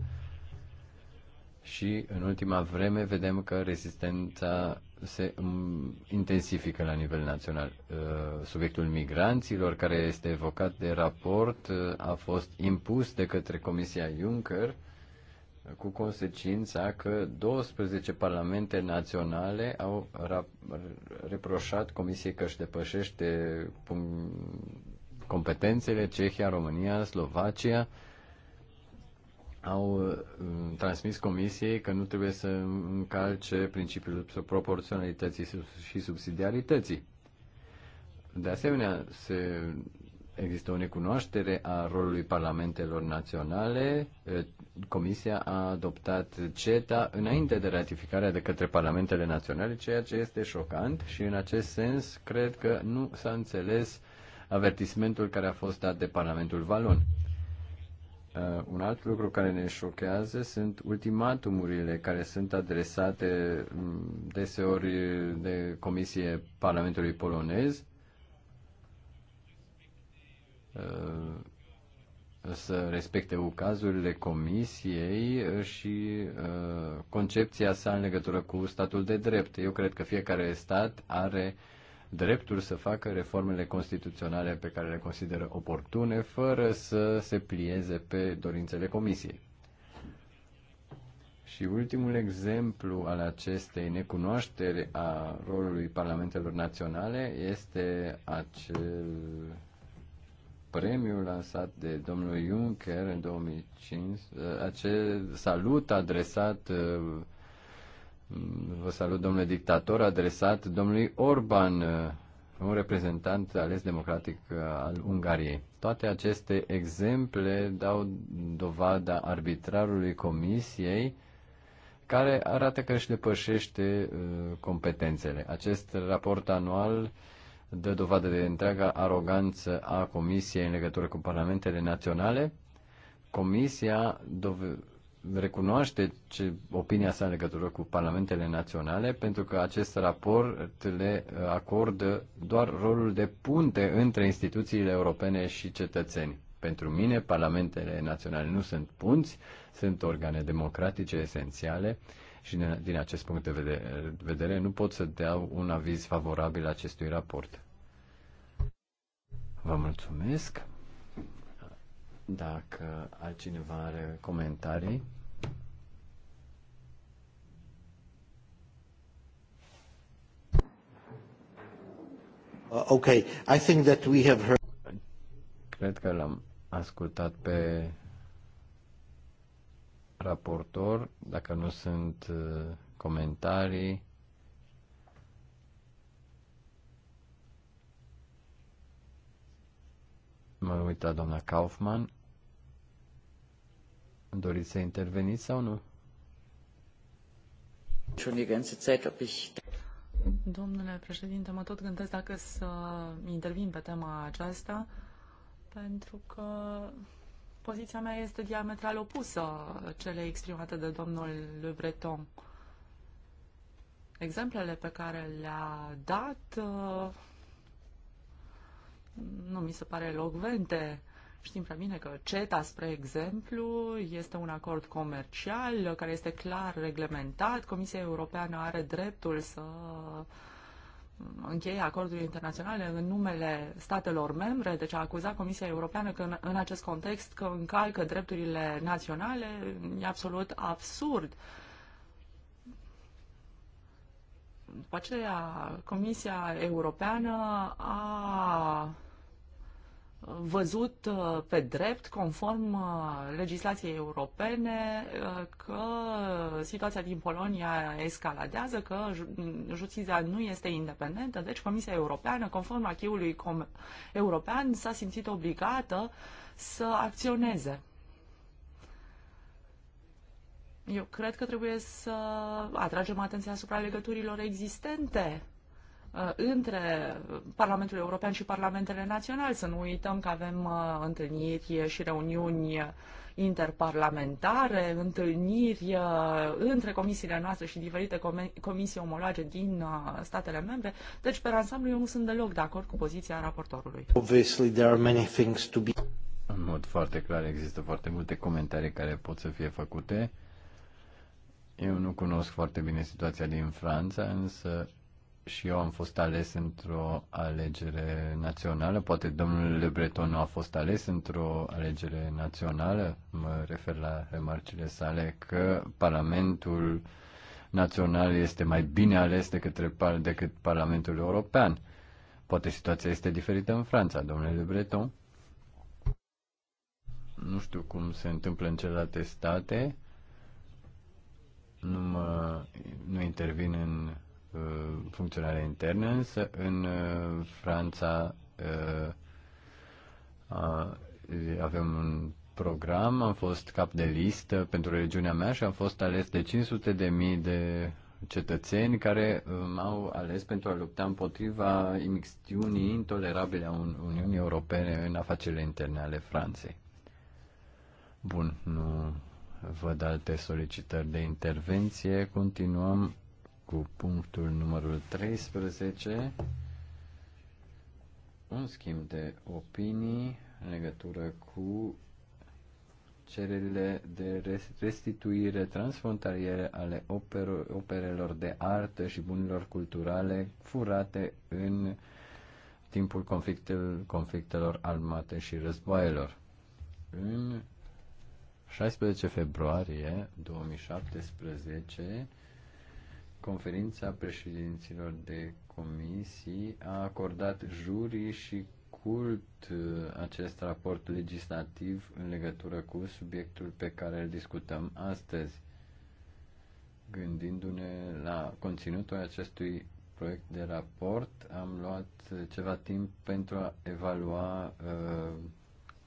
și, în ultima vreme, vedem că rezistența se mm, intensifică la nivel național. Uh, subiectul migranților, care este evocat de raport, uh, a fost impus de către Comisia Juncker uh, cu consecința că 12 parlamente naționale au reproșat Comisiei că își depășește competențele Cehia, România, Slovacia, au uh, transmis comisiei că nu trebuie să încalce principiul proporționalității și subsidiarității. De asemenea, se, există o necunoaștere a rolului parlamentelor naționale. Uh, comisia a adoptat CETA înainte de ratificarea de către parlamentele naționale, ceea ce este șocant și în acest sens cred că nu s-a înțeles avertismentul care a fost dat de Parlamentul Valon Uh, un alt lucru care ne șochează sunt ultimatumurile care sunt adresate mm, deseori de Comisie Parlamentului Polonez uh, să respecte ucazurile Comisiei și uh, concepția sa în legătură cu statul de drept. Eu cred că fiecare stat are uh, dreptul să facă reformele constituționale pe care le consideră oportune, fără să se plieze pe dorințele Comisiei. Și ultimul exemplu al acestei necunoaștere a rolului parlamentelor naționale este acel premiu lansat de domnul Juncker în 2005, acel salut adresat uh, Vă salut, domnule dictator, adresat domnului Orban, un reprezentant ales democratic al Ungariei. Toate aceste exemple dau dovada arbitrarului comisiei care arată că își depășește uh, competențele. Acest raport anual dă dovadă de întreaga aroganță a Comisiei în legătură cu parlamentele naționale. Comisia recunoaște ce, opinia sa în legătură cu parlamentele naționale, pentru că acest raport le uh, acordă doar rolul de punte între instituțiile europene și cetățeni. Pentru mine, parlamentele naționale nu sunt punți, sunt organe democratice esențiale și din acest punct de vedere nu pot să dau un aviz favorabil acestui raport. Vă mulțumesc! Dacă altcineva are comentarii. Uh, okay, I think that we have heard. Cred că l-am ascultat pe raportor, dacă nu sunt uh, comentarii. Mă uit la doamna Kaufman. Doriți să interveniți sau nu? Domnule președinte, mă tot gândesc dacă să intervin pe tema aceasta, pentru că poziția mea este diametral opusă celei exprimate de domnul Le Breton. Exemplele pe care le-a dat uh, nu mi se pare logvente. Știm prea bine că CETA, spre exemplu, este un acord comercial care este clar reglementat. Comisia Europeană are dreptul să încheie acorduri internaționale în numele statelor membre, deci a acuzat Comisia Europeană că în, în acest context că încalcă drepturile naționale e absolut absurd. După aceea, Comisia Europeană a văzut uh, pe drept, conform uh, legislației europene, uh, că situația din Polonia escaladează, că justiția nu este independentă, deci Comisia Europeană, conform achiului european, s-a simțit obligată să acționeze. Eu cred că trebuie să atragem atenția asupra legăturilor existente Uh, între Parlamentul European și Parlamentele Naționale. Să nu uităm că avem uh, întâlniri și reuniuni interparlamentare, întâlniri uh, între comisiile noastre și diferite comisii omologe din statele membre. Deci, pe ansamblu, eu nu sunt deloc de acord cu poziția raportorului. Obviously, there are many things to be... În mod foarte clar, există foarte multe comentarii care pot să fie făcute. Eu nu cunosc foarte bine situația din Franța, însă și eu am fost ales într-o alegere națională, poate domnul Le Breton nu a fost ales într-o alegere națională, mă refer la remarcile sale că Parlamentul Național este mai bine ales decât, decât Parlamentul European. Poate situația este diferită în Franța, domnule Le Breton. Nu știu cum se întâmplă în celelalte state. Nu, mă, nu intervin în Uh, funcționare internă, însă în uh, Franța uh, avem un program, am fost cap de listă pentru regiunea mea și am fost ales de 500 de mii de cetățeni care m-au um, ales pentru a lupta împotriva imixtiunii intolerabile a Uniunii Europene în afacerile interne ale Franței. Bun, nu văd alte solicitări de intervenție. Continuăm cu punctul numărul 13, un schimb de opinii în legătură cu cererile de restituire transfrontaliere ale opero, operelor de artă și bunurilor culturale furate în timpul conflictelor, conflictelor armate și războaielor. În 16 februarie 2017, conferința președinților de comisii a acordat jurii și cult uh, acest raport legislativ în legătură cu subiectul pe care îl discutăm astăzi, gândindu-ne la conținutul acestui proiect de raport, am luat ceva timp pentru a evalua uh,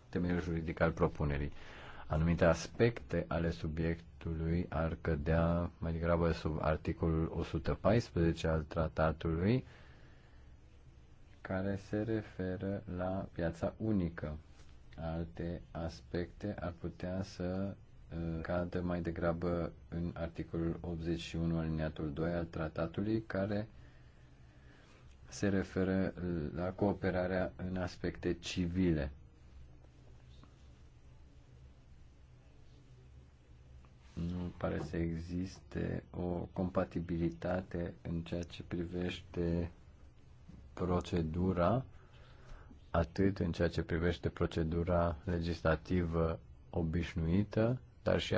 temeiul juridic al propunerii anumite aspecte ale subiectului ar cădea mai degrabă sub articolul 114 al tratatului care se referă la piața unică. Alte aspecte ar putea să uh, cadă mai degrabă în articolul 81 aliniatul 2 al tratatului care se referă la cooperarea în aspecte civile. nu pare să existe o compatibilitate în ceea ce privește procedura, atât în ceea ce privește procedura legislativă obișnuită, dar și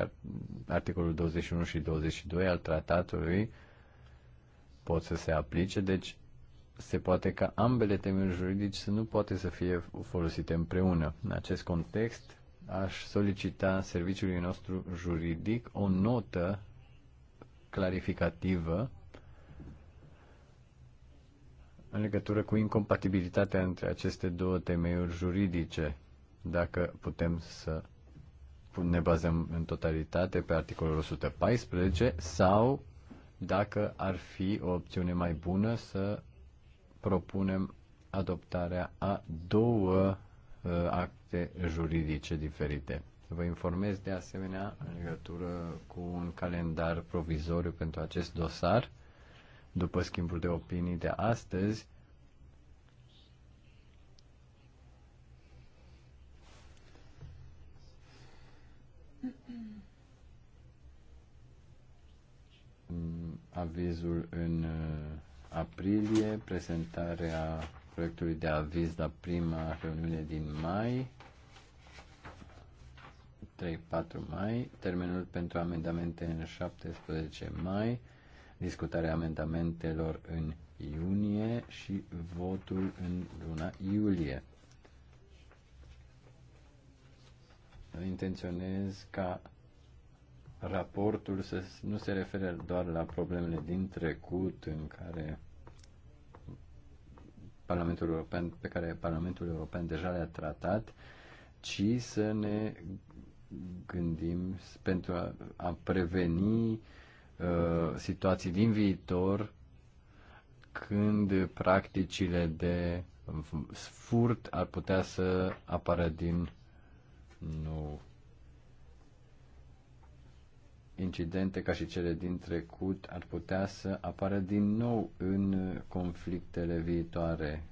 articolul 21 și 22 al tratatului pot să se aplice, deci se poate ca ambele temeri juridici să nu poate să fie folosite împreună. În acest context, aș solicita serviciului nostru juridic o notă clarificativă în legătură cu incompatibilitatea între aceste două temeiuri juridice, dacă putem să ne bazăm în totalitate pe articolul 114 sau dacă ar fi o opțiune mai bună să propunem adoptarea a două uh, a aspecte juridice diferite. Vă informez de asemenea în legătură cu un calendar provizoriu pentru acest dosar. După schimbul de opinii de astăzi, avizul în uh, aprilie, prezentarea proiectului de aviz la prima reuniune din mai, 3-4 mai, termenul pentru amendamente în 17 mai, discutarea amendamentelor în iunie și votul în luna iulie. Intenționez ca raportul să nu se refere doar la problemele din trecut în care Parlamentul European, pe care Parlamentul European deja le-a tratat, ci să ne gândim pentru a, a preveni uh, situații din viitor când practicile de furt ar putea să apară din nou. Incidente ca și cele din trecut ar putea să apară din nou în conflictele viitoare.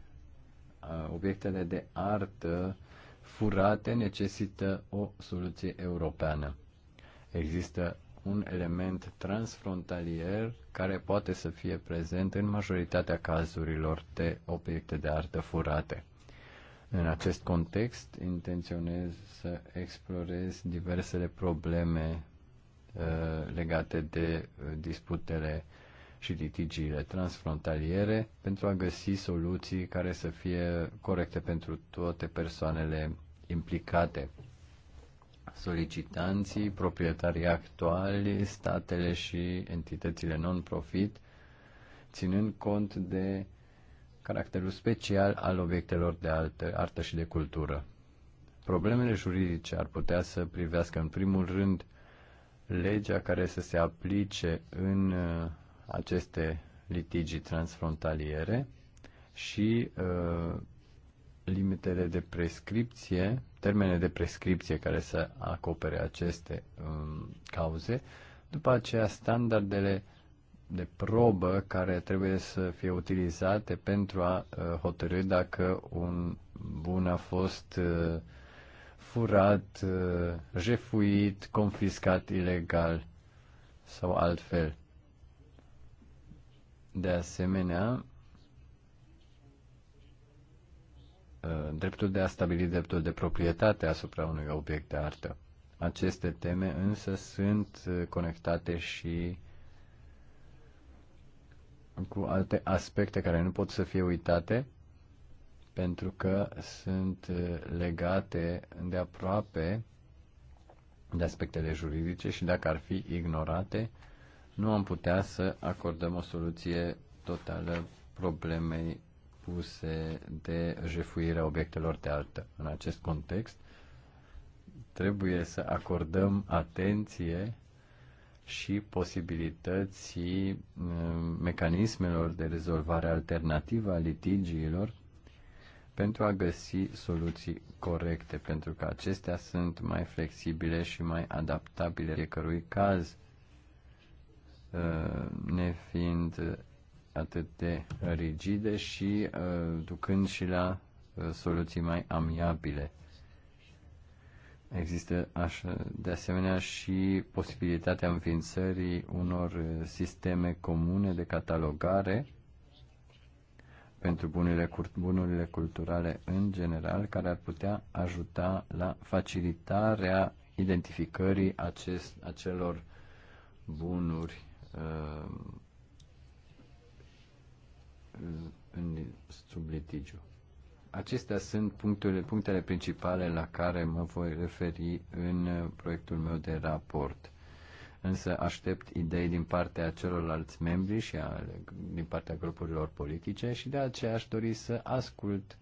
Obiectele de artă uh, furate necesită o soluție europeană. Există un element transfrontalier care poate să fie prezent în majoritatea cazurilor de obiecte de artă furate. În acest context, intenționez să explorez diversele probleme uh, legate de uh, disputele uh, și litigiile transfrontaliere pentru a găsi soluții care să fie corecte pentru toate persoanele implicate. Solicitanții, proprietarii actuali, statele și entitățile non-profit, ținând cont de caracterul special al obiectelor de altă, artă și de cultură. Problemele juridice ar putea să privească în primul rând legea care să se aplice în aceste litigii transfrontaliere și uh, limitele de prescripție, termene de prescripție care să acopere aceste um, cauze, după aceea standardele de probă care trebuie să fie utilizate pentru a uh, hotărâ dacă un bun a fost uh, furat, uh, jefuit, confiscat ilegal sau altfel. De asemenea, ă, dreptul de a stabili dreptul de proprietate asupra unui obiect de artă. Aceste teme însă sunt ă, conectate și cu alte aspecte care nu pot să fie uitate pentru că sunt ă, legate de aproape de aspectele juridice și dacă ar fi ignorate, nu am putea să acordăm o soluție totală problemei puse de jefuirea obiectelor de artă. În acest context, trebuie să acordăm atenție și posibilității mm, mecanismelor de rezolvare alternativă a litigiilor pentru a găsi soluții corecte, pentru că acestea sunt mai flexibile și mai adaptabile fiecărui caz Uh, nefiind atât de rigide și uh, ducând și la uh, soluții mai amiabile. Există așa, de asemenea și posibilitatea înființării unor sisteme comune de catalogare pentru bunurile, bunurile culturale în general, care ar putea ajuta la facilitarea identificării acest, acelor bunuri Ehm, în sub litigiu. Acestea sunt punctele, punctele principale la care mă voi referi în proiectul meu de raport. Însă aștept idei din partea celorlalți membri și a, din partea grupurilor politice și de aceea aș dori să ascult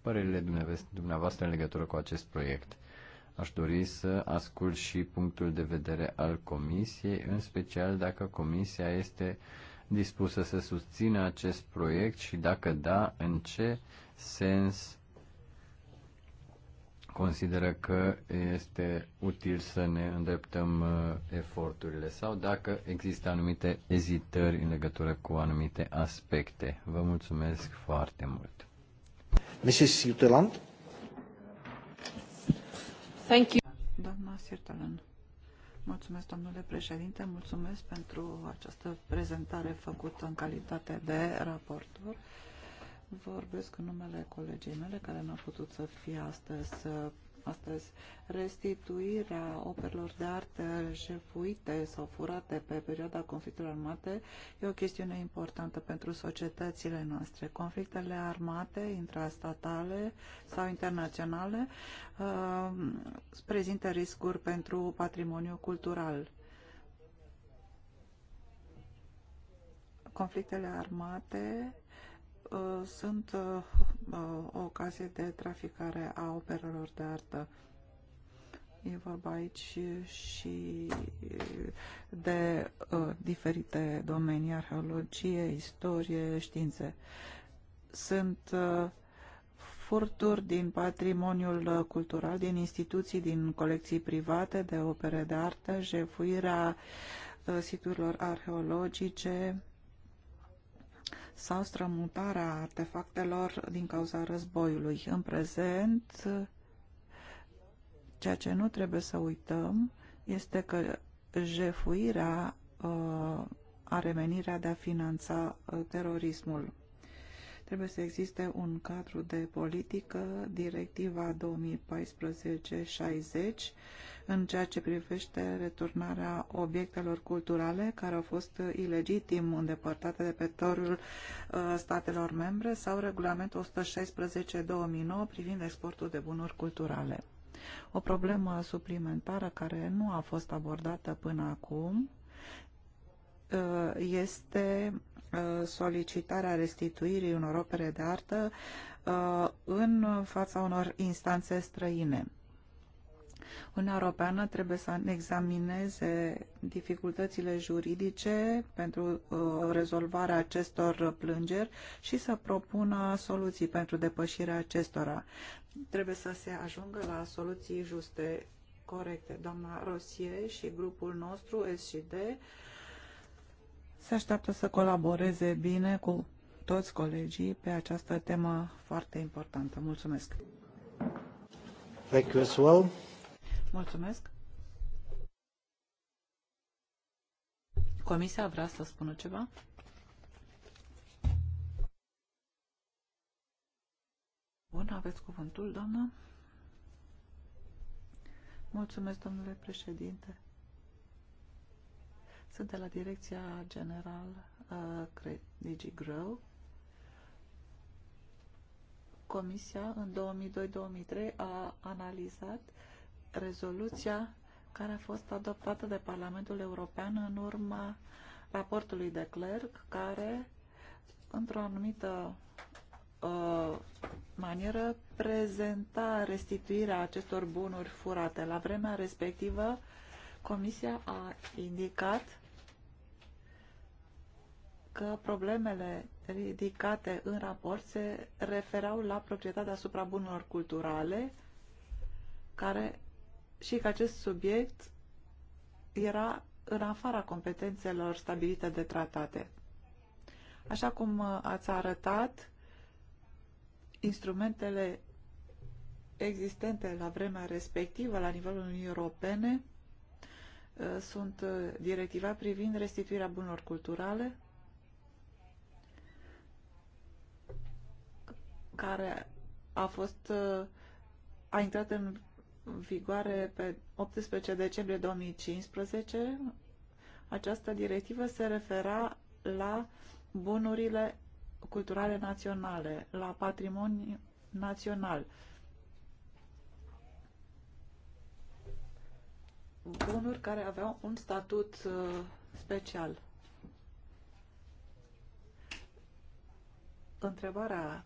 părerile dumneavoastră în legătură cu acest proiect. Aș dori să ascult și punctul de vedere al Comisiei, în special dacă Comisia este dispusă să susțină acest proiect și dacă da, în ce sens consideră că este util să ne îndreptăm uh, eforturile sau dacă există anumite ezitări în legătură cu anumite aspecte. Vă mulțumesc foarte mult. Mrs. Juteland? Doamna Mulțumesc, domnule președinte, mulțumesc pentru această prezentare făcută în calitate de raportor. Vorbesc în numele colegii mele care n-a putut să fie astăzi astăzi. Restituirea operelor de artă jefuite sau furate pe perioada conflictelor armate e o chestiune importantă pentru societățile noastre. Conflictele armate, intrastatale sau internaționale, uh, prezintă riscuri pentru patrimoniul cultural. Conflictele armate Uh, sunt uh, uh, o ocazie de traficare a operelor de artă. E vorba aici și de diferite domenii, arheologie, istorie, științe. Sunt furturi din patrimoniul cultural, din instituții, din colecții private de opere de artă, jefuirea siturilor arheologice, sau strămutarea artefactelor din cauza războiului. În prezent, ceea ce nu trebuie să uităm este că jefuirea uh, are menirea de a finanța uh, terorismul. Trebuie să existe un cadru de politică, directiva 2014-60, în ceea ce privește returnarea obiectelor culturale care au fost ilegitim îndepărtate de pe teritoriul uh, statelor membre sau regulamentul 116-2009 privind exportul de bunuri culturale. O problemă suplimentară care nu a fost abordată până acum uh, este Uh, solicitarea restituirii unor opere de artă uh, în fața unor instanțe străine. Uniunea Europeană trebuie să examineze dificultățile juridice pentru uh, rezolvarea acestor plângeri și să propună soluții pentru depășirea acestora. Trebuie să se ajungă la soluții juste, corecte. Doamna Rosie și grupul nostru SCD se așteaptă să colaboreze bine cu toți colegii pe această temă foarte importantă. Mulțumesc! Thank you as well. Mulțumesc! Comisia vrea să spună ceva? Bun, aveți cuvântul, doamnă? Mulțumesc, domnule președinte. Sunt de la Direcția General uh, Grow. Comisia în 2002-2003 a analizat rezoluția care a fost adoptată de Parlamentul European în urma raportului de Clerc, care, într-o anumită uh, manieră, prezenta restituirea acestor bunuri furate. La vremea respectivă, Comisia a indicat că problemele ridicate în raport se referau la proprietatea asupra bunurilor culturale care, și că acest subiect era în afara competențelor stabilite de tratate. Așa cum uh, ați arătat, instrumentele existente la vremea respectivă la nivelul Uniunii Europene uh, sunt uh, directiva privind restituirea bunurilor culturale, care a fost uh, a intrat în vigoare pe 18 decembrie 2015. Această directivă se refera la bunurile culturale naționale, la patrimoniu național. Bunuri care aveau un statut uh, special. Întrebarea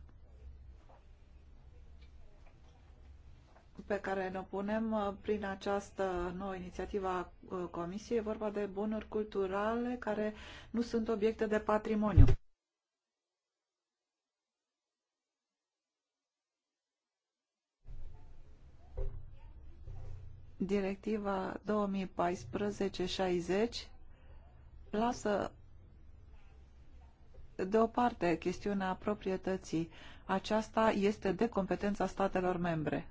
pe care ne punem uh, prin această nouă inițiativă a uh, Comisiei. E vorba de bunuri culturale care nu sunt obiecte de patrimoniu. Directiva 2014-60 lasă deoparte chestiunea proprietății. Aceasta este de competența statelor membre.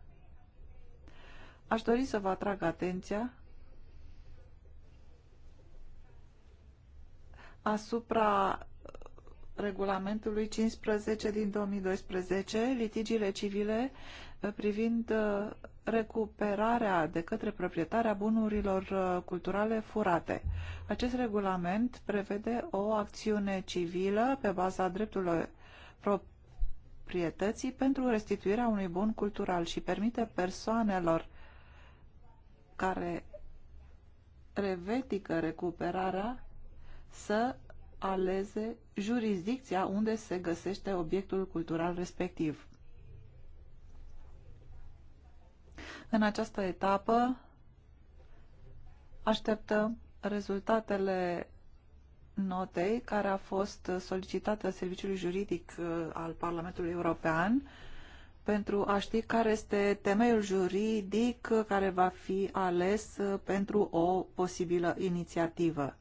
Aș dori să vă atrag atenția asupra regulamentului 15 din 2012, litigiile civile uh, privind uh, recuperarea de către proprietarea bunurilor uh, culturale furate. Acest regulament prevede o acțiune civilă pe baza dreptului proprietății pentru restituirea unui bun cultural și permite persoanelor care revetică recuperarea să aleze jurisdicția unde se găsește obiectul cultural respectiv. În această etapă așteptăm rezultatele notei care a fost solicitată Serviciului Juridic uh, al Parlamentului European pentru a ști care este temeiul juridic care va fi ales pentru o posibilă inițiativă.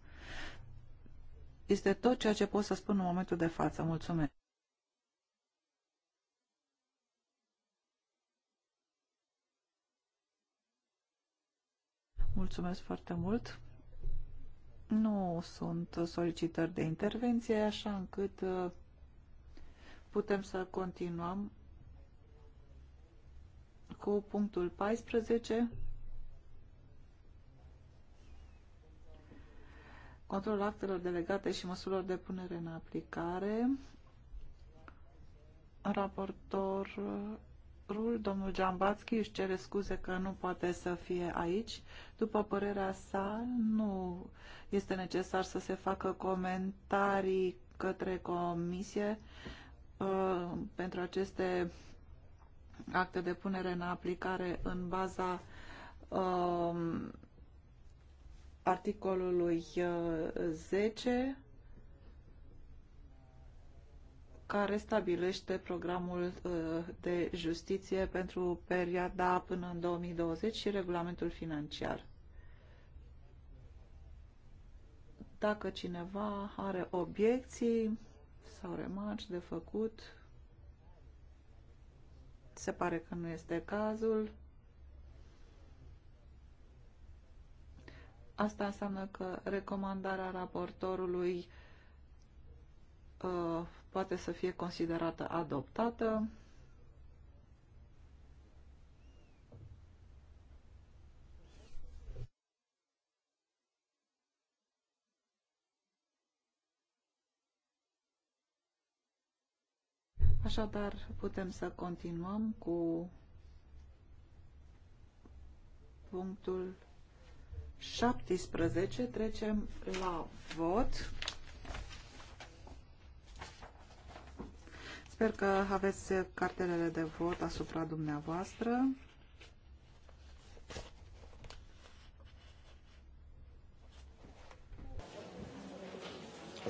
Este tot ceea ce pot să spun în momentul de față. Mulțumesc! Mulțumesc foarte mult! Nu sunt solicitări de intervenție, așa încât uh, putem să continuăm cu punctul 14. Controlul actelor delegate și măsurilor de punere în aplicare. Raportorul, domnul Giambatski, își cere scuze că nu poate să fie aici. După părerea sa, nu este necesar să se facă comentarii către comisie uh, pentru aceste acte de punere în aplicare în baza um, uh, articolului 10 care stabilește programul uh, de justiție pentru perioada până în 2020 și regulamentul financiar. Dacă cineva are obiecții sau remarci de făcut, se pare că nu este cazul. Asta înseamnă că recomandarea raportorului uh, poate să fie considerată adoptată. Așadar, putem să continuăm cu punctul 17. Trecem la vot. Sper că aveți cartelele de vot asupra dumneavoastră.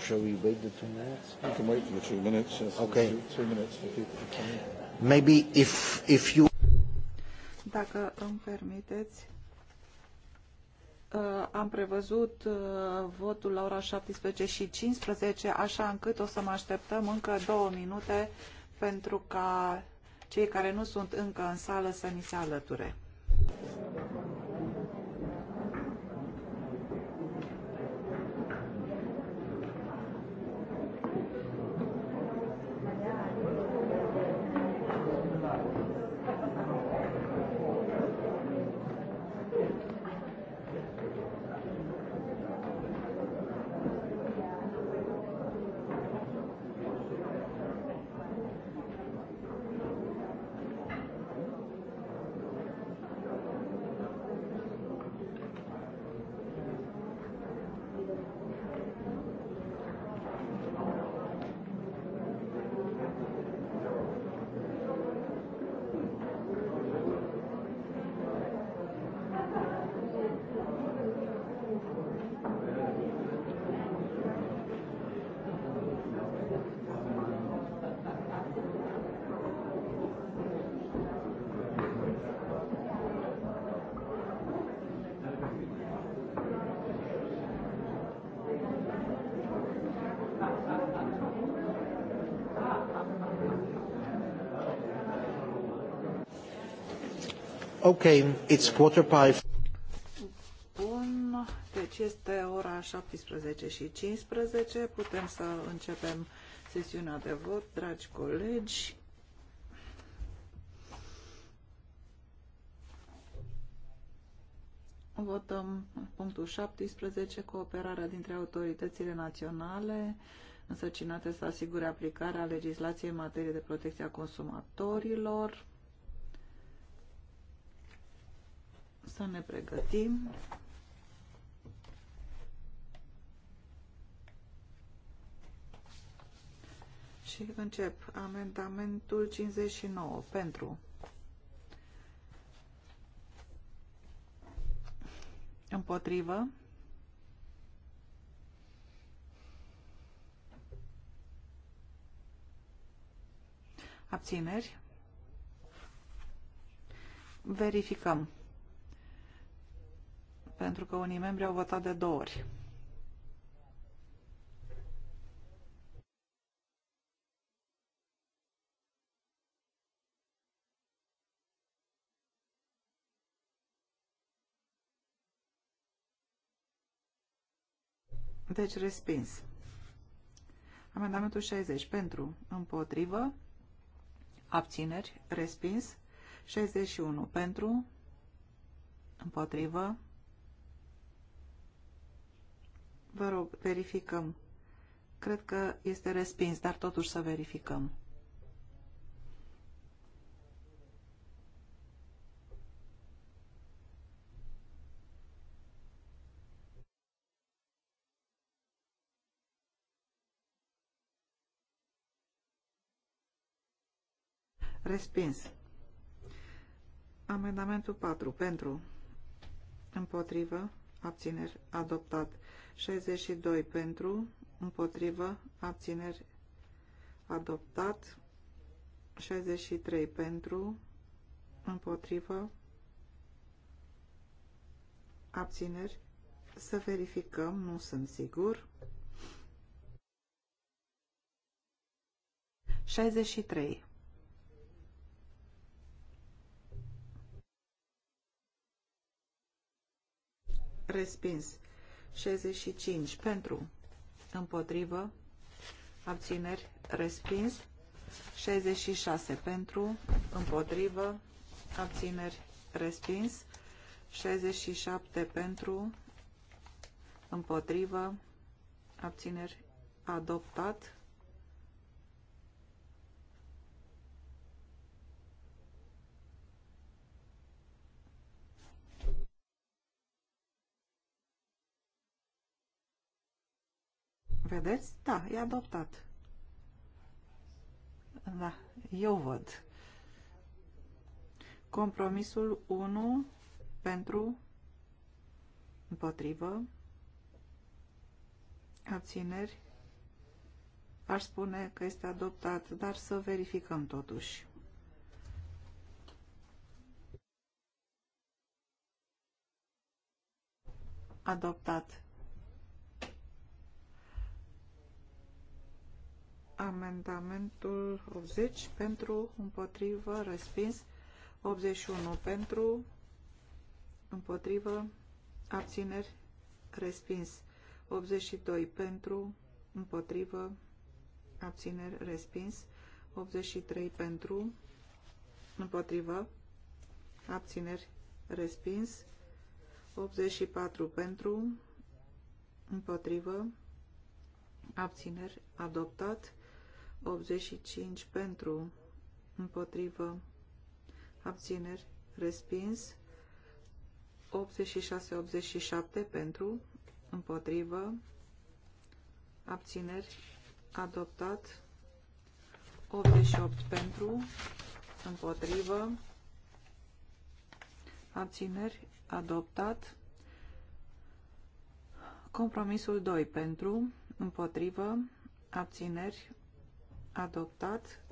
shall we wait the two minutes? We can wait for the two minutes. Yes. Okay. Two, two minutes for people to come Maybe if, if you... Dacă îmi permiteți, uh, am prevăzut uh, votul la ora 17 și 15, așa încât o să mă așteptăm încă două minute pentru ca cei care nu sunt încă în sală să ni se alăture. Okay, it's quarter Bun, deci este ora 17 și 15. Putem să începem sesiunea de vot, dragi colegi. Votăm punctul 17, cooperarea dintre autoritățile naționale însăcinate să asigure aplicarea legislației în materie de protecție a consumatorilor. să ne pregătim. Și încep. Amendamentul 59 pentru împotrivă abțineri verificăm pentru că unii membri au votat de două ori. Deci respins. Amendamentul 60 pentru, împotrivă, abțineri, respins. 61 pentru, împotrivă, Vă rog, verificăm. Cred că este respins, dar totuși să verificăm. Respins. Amendamentul 4. Pentru. Împotrivă abțineri, adoptat. 62 pentru, împotrivă, abțineri, adoptat. 63 pentru, împotrivă, abțineri. Să verificăm, nu sunt sigur. 63. respins. 65 pentru, împotrivă, abțineri, respins. 66 pentru, împotrivă, abțineri, respins. 67 pentru, împotrivă, abțineri, adoptat. Vedeți? Da, e adoptat. Da, eu văd. Compromisul 1 pentru, împotrivă, abțineri. Aș spune că este adoptat, dar să verificăm totuși. Adoptat. Amendamentul 80 pentru, împotrivă, respins. 81 pentru, împotrivă, abțineri, respins. 82 pentru, împotrivă, abțineri, respins. 83 pentru, împotrivă, abțineri, respins. 84 pentru, împotrivă, abțineri, adoptat. 85 pentru, împotrivă, abțineri, respins. 86-87 pentru, împotrivă, abțineri, adoptat. 88 pentru, împotrivă, abțineri, adoptat. Compromisul 2 pentru, împotrivă, abțineri, adoptat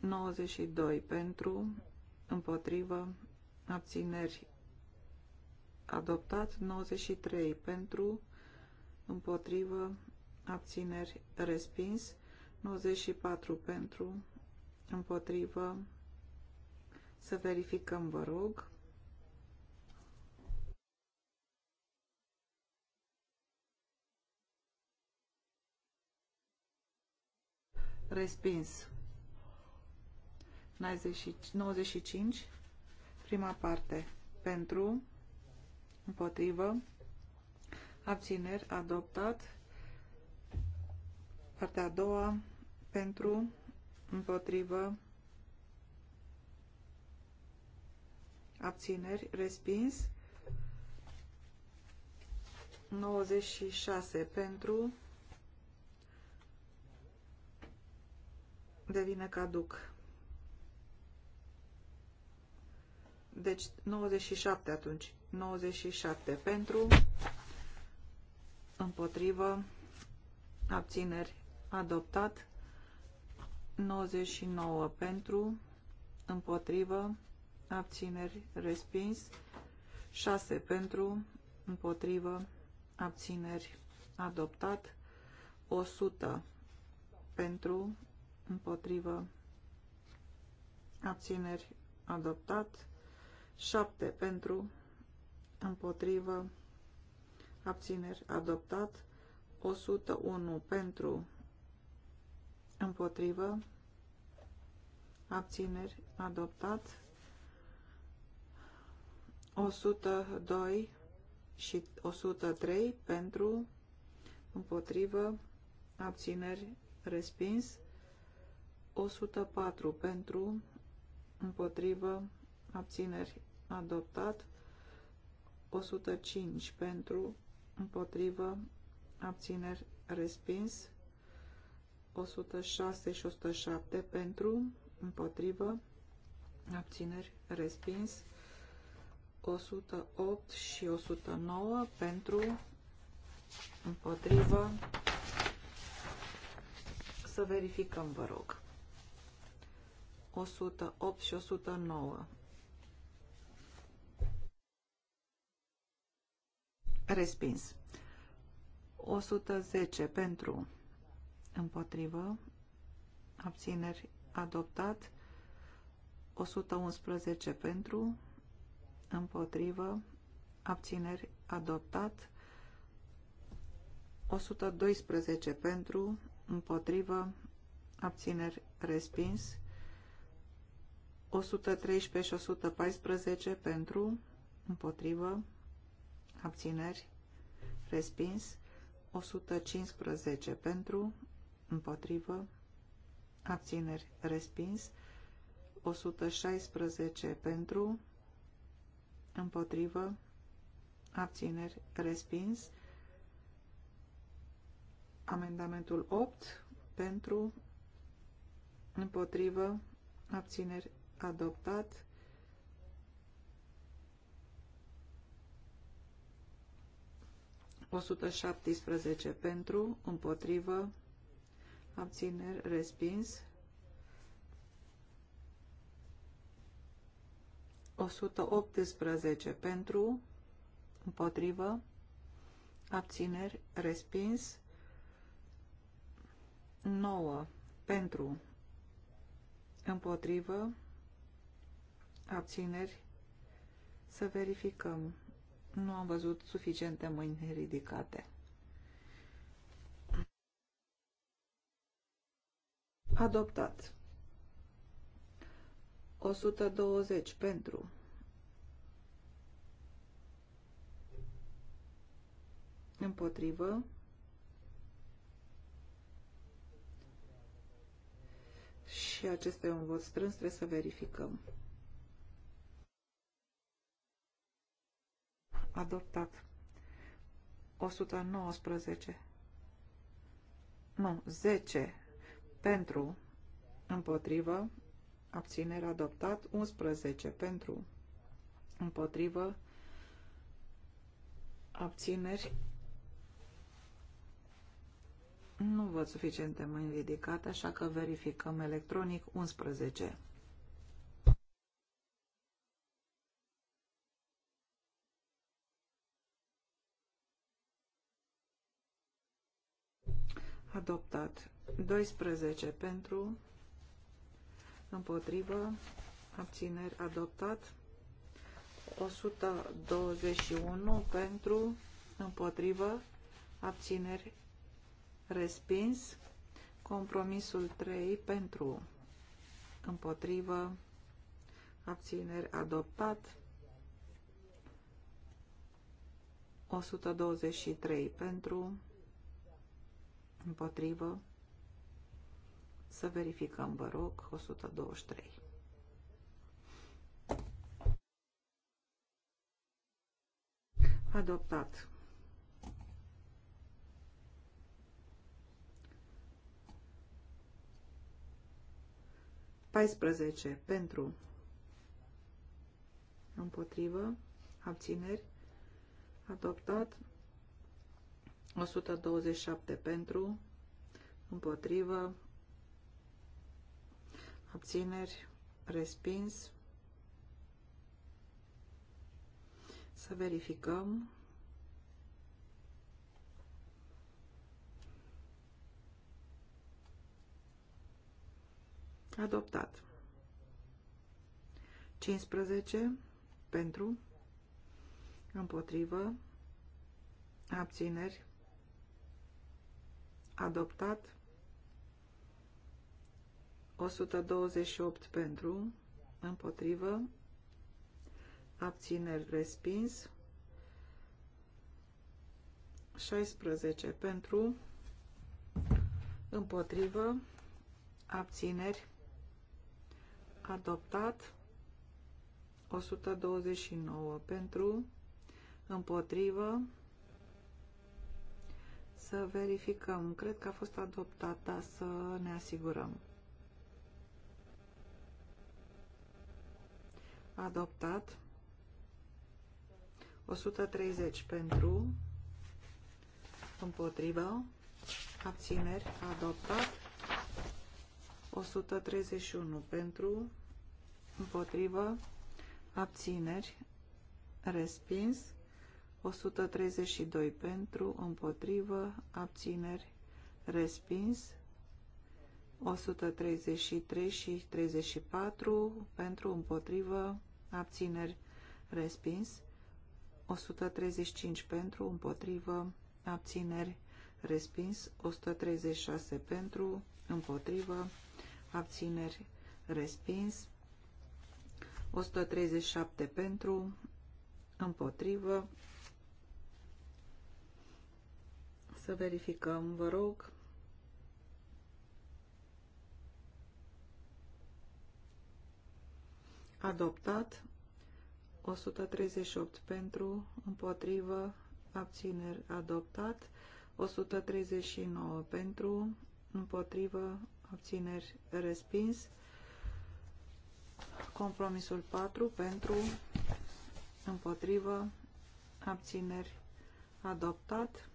92 pentru, împotrivă, abțineri adoptat 93 pentru, împotrivă, abțineri respins 94 pentru, împotrivă, să verificăm, vă rog. Respins. 95. Prima parte. Pentru. Împotrivă. Abțineri. Adoptat. Partea a doua. Pentru. Împotrivă. Abțineri. Respins. 96 pentru, devine caduc. Deci 97 atunci. 97 pentru, împotrivă, abțineri, adoptat. 99 pentru, împotrivă, abțineri, respins. 6 pentru, împotrivă, abțineri, adoptat. 100 pentru, împotrivă, abțineri, adoptat. 7 pentru, împotrivă, abțineri, adoptat. 101 pentru, împotrivă, abțineri, adoptat. 102 și 103 pentru, împotrivă, abțineri, respins. 104 pentru, împotrivă, abțineri adoptat, 105 pentru, împotrivă, abțineri respins, 106 și 107 pentru, împotrivă, abțineri respins, 108 și 109 pentru, împotrivă, să verificăm, vă rog. 108 și 109. Respins. 110 pentru împotrivă, abțineri adoptat, 111 pentru, împotrivă, abțineri adoptat, 112 pentru, împotrivă, abțineri respins, 113 și 114 pentru, împotrivă, abțineri, respins. 115 pentru, împotrivă, abțineri, respins. 116 pentru, împotrivă, abțineri, respins. Amendamentul 8 pentru, împotrivă, abțineri, adoptat. șaptesprezece pentru, împotrivă, abțineri, respins. 118 pentru, împotrivă, abțineri, respins, 9 pentru, împotrivă, abțineri, să verificăm. Nu am văzut suficiente mâini ridicate. Adoptat. 120 pentru. Împotrivă. Și acesta e un vot strâns, trebuie să verificăm. adoptat. 119. Nu, 10 pentru, împotrivă, abținere adoptat, 11 pentru, împotrivă, abțineri. Nu văd suficiente mâini ridicate, așa că verificăm electronic 11. adoptat. 12 pentru, împotrivă, abțineri, adoptat. 121 pentru, împotrivă, abțineri, respins. Compromisul 3 pentru, împotrivă, abțineri, adoptat. 123 pentru, împotrivă, să verificăm, vă rog, 123. Adoptat. Paisprezece pentru împotrivă, abțineri, adoptat, 127 pentru, împotrivă, abțineri, respins. Să verificăm. Adoptat. 15 pentru, împotrivă, abțineri, adoptat 128 pentru, împotrivă, abțineri respins, 16 pentru, împotrivă, abțineri, adoptat, 129 pentru, împotrivă, să verificăm. Cred că a fost adoptat, dar să ne asigurăm. Adoptat. 130 pentru, împotrivă, abțineri, adoptat. 131 pentru, împotrivă, abțineri, respins. 132 pentru, împotrivă, abțineri, respins. 133 și 34 pentru, împotrivă, abțineri, respins. 135 pentru, împotrivă, abțineri, respins. 136 pentru, împotrivă, abțineri, respins. 137 pentru, împotrivă, Să verificăm, vă rog. Adoptat. 138 pentru, împotrivă, abțineri. Adoptat. 139 pentru, împotrivă, abțineri. Respins. Compromisul 4 pentru, împotrivă, abțineri. Adoptat.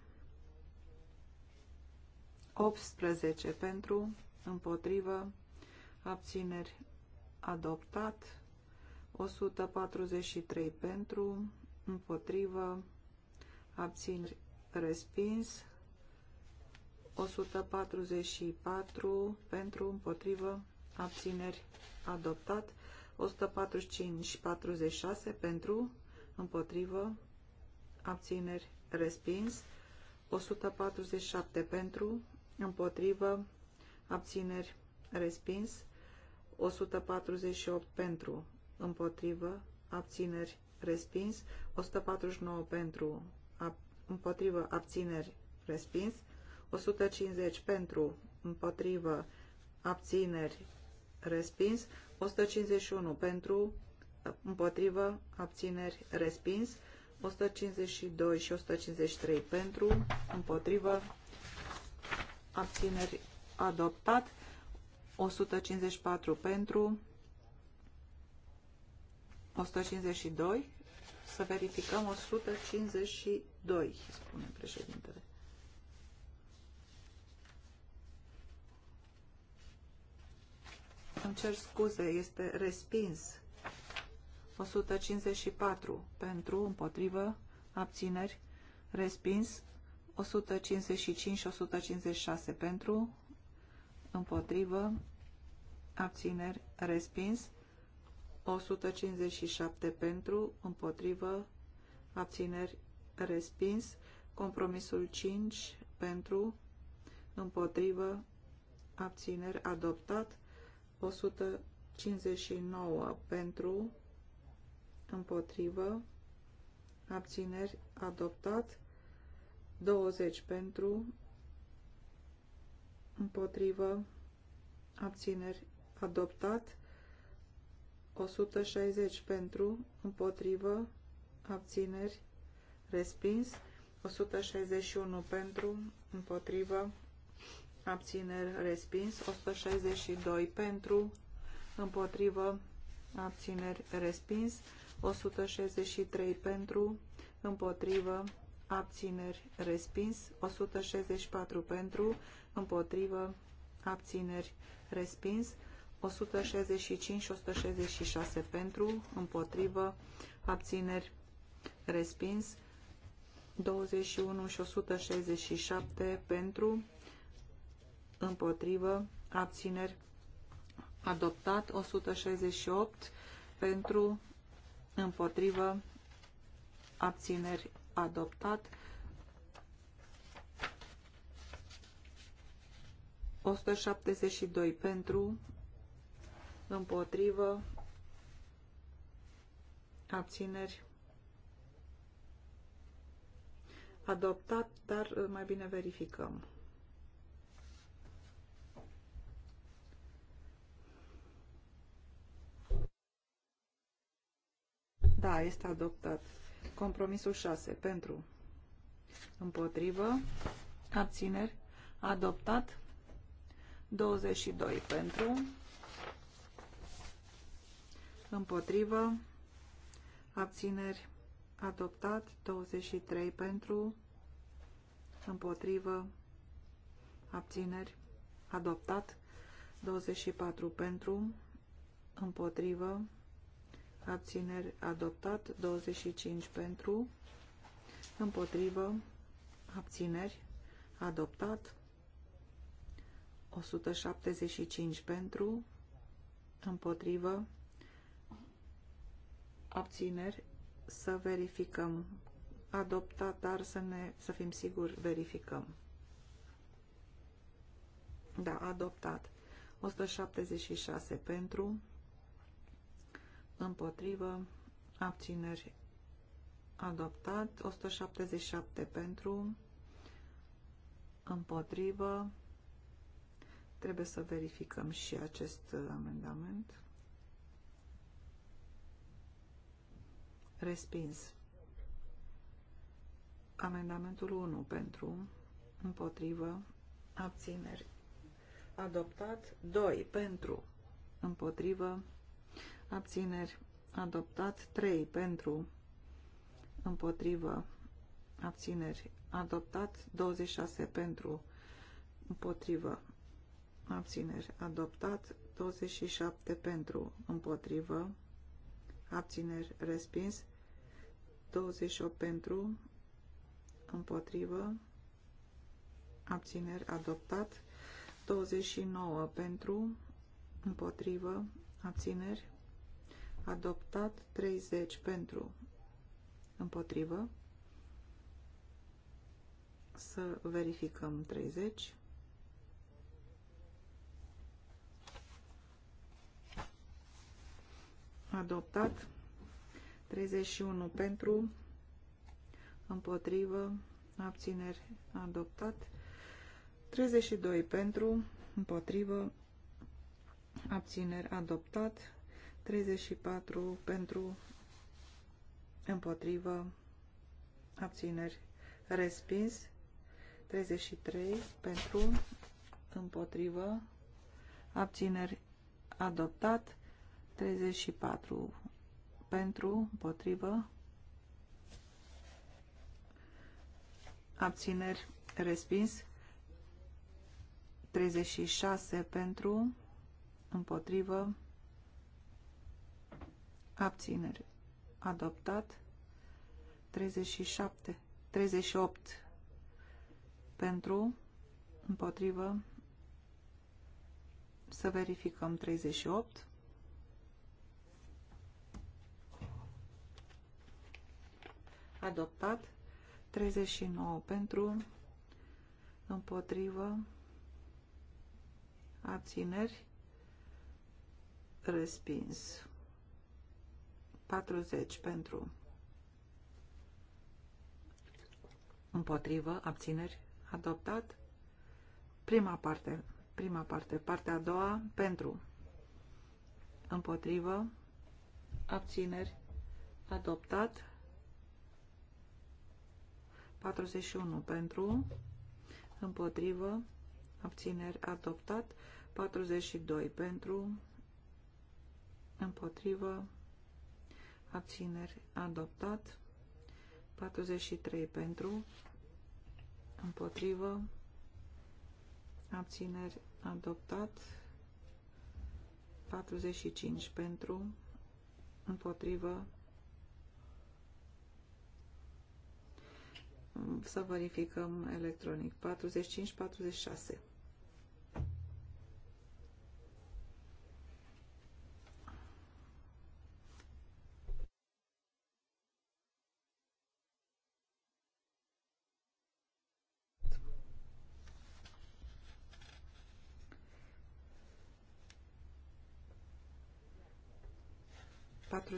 18 pentru, împotrivă, abțineri adoptat, 143 pentru, împotrivă, abțineri respins, 144 pentru, împotrivă, abțineri adoptat, 145-46 pentru, împotrivă, abțineri respins, 147 pentru, împotrivă, abțineri, respins, 148 pentru, împotrivă, abțineri, respins, 149 pentru, ab, împotrivă, abțineri, respins, 150 pentru, împotrivă, abțineri, respins, 151 pentru, împotrivă, abțineri, respins, 152 și 153 pentru, împotrivă, abțineri adoptat, 154 pentru, 152, să verificăm 152, spune președintele. Îmi cer scuze, este respins. 154 pentru, împotrivă, abțineri, respins. 155 și 156 pentru, împotrivă, abțineri, respins. 157 pentru, împotrivă, abțineri, respins. Compromisul 5 pentru, împotrivă, abțineri, adoptat. 159 pentru, împotrivă, abțineri, adoptat. 20 pentru, împotrivă, abțineri, adoptat, 160 pentru, împotrivă, abțineri, respins, 161 pentru, împotrivă, abțineri, respins, 162 pentru, împotrivă, abțineri, respins, 163 pentru, împotrivă, abțineri, respins, 164 pentru, împotrivă, abțineri, respins, 165 și 166 pentru, împotrivă, abțineri, respins, 21 și 167 pentru, împotrivă, abțineri, adoptat, 168 pentru, împotrivă, abțineri, adoptat 172 pentru, împotrivă, abțineri, adoptat, dar uh, mai bine verificăm. Da, este adoptat. Compromisul 6. Pentru. Împotrivă. Abțineri. Adoptat. 22. Pentru. Împotrivă. Abțineri. Adoptat. 23. Pentru. Împotrivă. Abțineri. Adoptat. 24. Pentru. Împotrivă abțineri adoptat, 25 pentru, împotrivă, abțineri adoptat, 175 pentru, împotrivă, abțineri, să verificăm, adoptat, dar să, ne, să fim siguri, verificăm. Da, adoptat. 176 pentru, împotrivă, abțineri adoptat, 177 pentru, împotrivă, trebuie să verificăm și acest uh, amendament. Respins. Amendamentul 1 pentru, împotrivă, abțineri. Adoptat. 2 pentru, împotrivă, abțineri, adoptat. 3 pentru, împotrivă, abțineri, adoptat. 26 pentru, împotrivă, abțineri, adoptat. 27 pentru, împotrivă, abțineri, respins. 28 pentru, împotrivă, abțineri, adoptat. 29 pentru, împotrivă, abțineri, adoptat 30 pentru împotrivă. Să verificăm 30. Adoptat 31 pentru împotrivă, abțineri adoptat 32 pentru împotrivă, abțineri adoptat 34 pentru împotrivă abțineri respins 33 pentru împotrivă abțineri adoptat 34 pentru împotrivă abțineri respins 36 pentru împotrivă abțineri, adoptat. 37, 38 pentru, împotrivă, să verificăm 38. Adoptat. 39 pentru, împotrivă, abțineri, respins. 40 pentru împotrivă, abțineri, adoptat. Prima parte, prima parte, partea a doua, pentru împotrivă, abțineri, adoptat. 41 pentru împotrivă, abțineri, adoptat. 42 pentru împotrivă, abțineri, adoptat. 43 pentru, împotrivă, abțineri, adoptat. 45 pentru, împotrivă, să verificăm electronic. 45-46.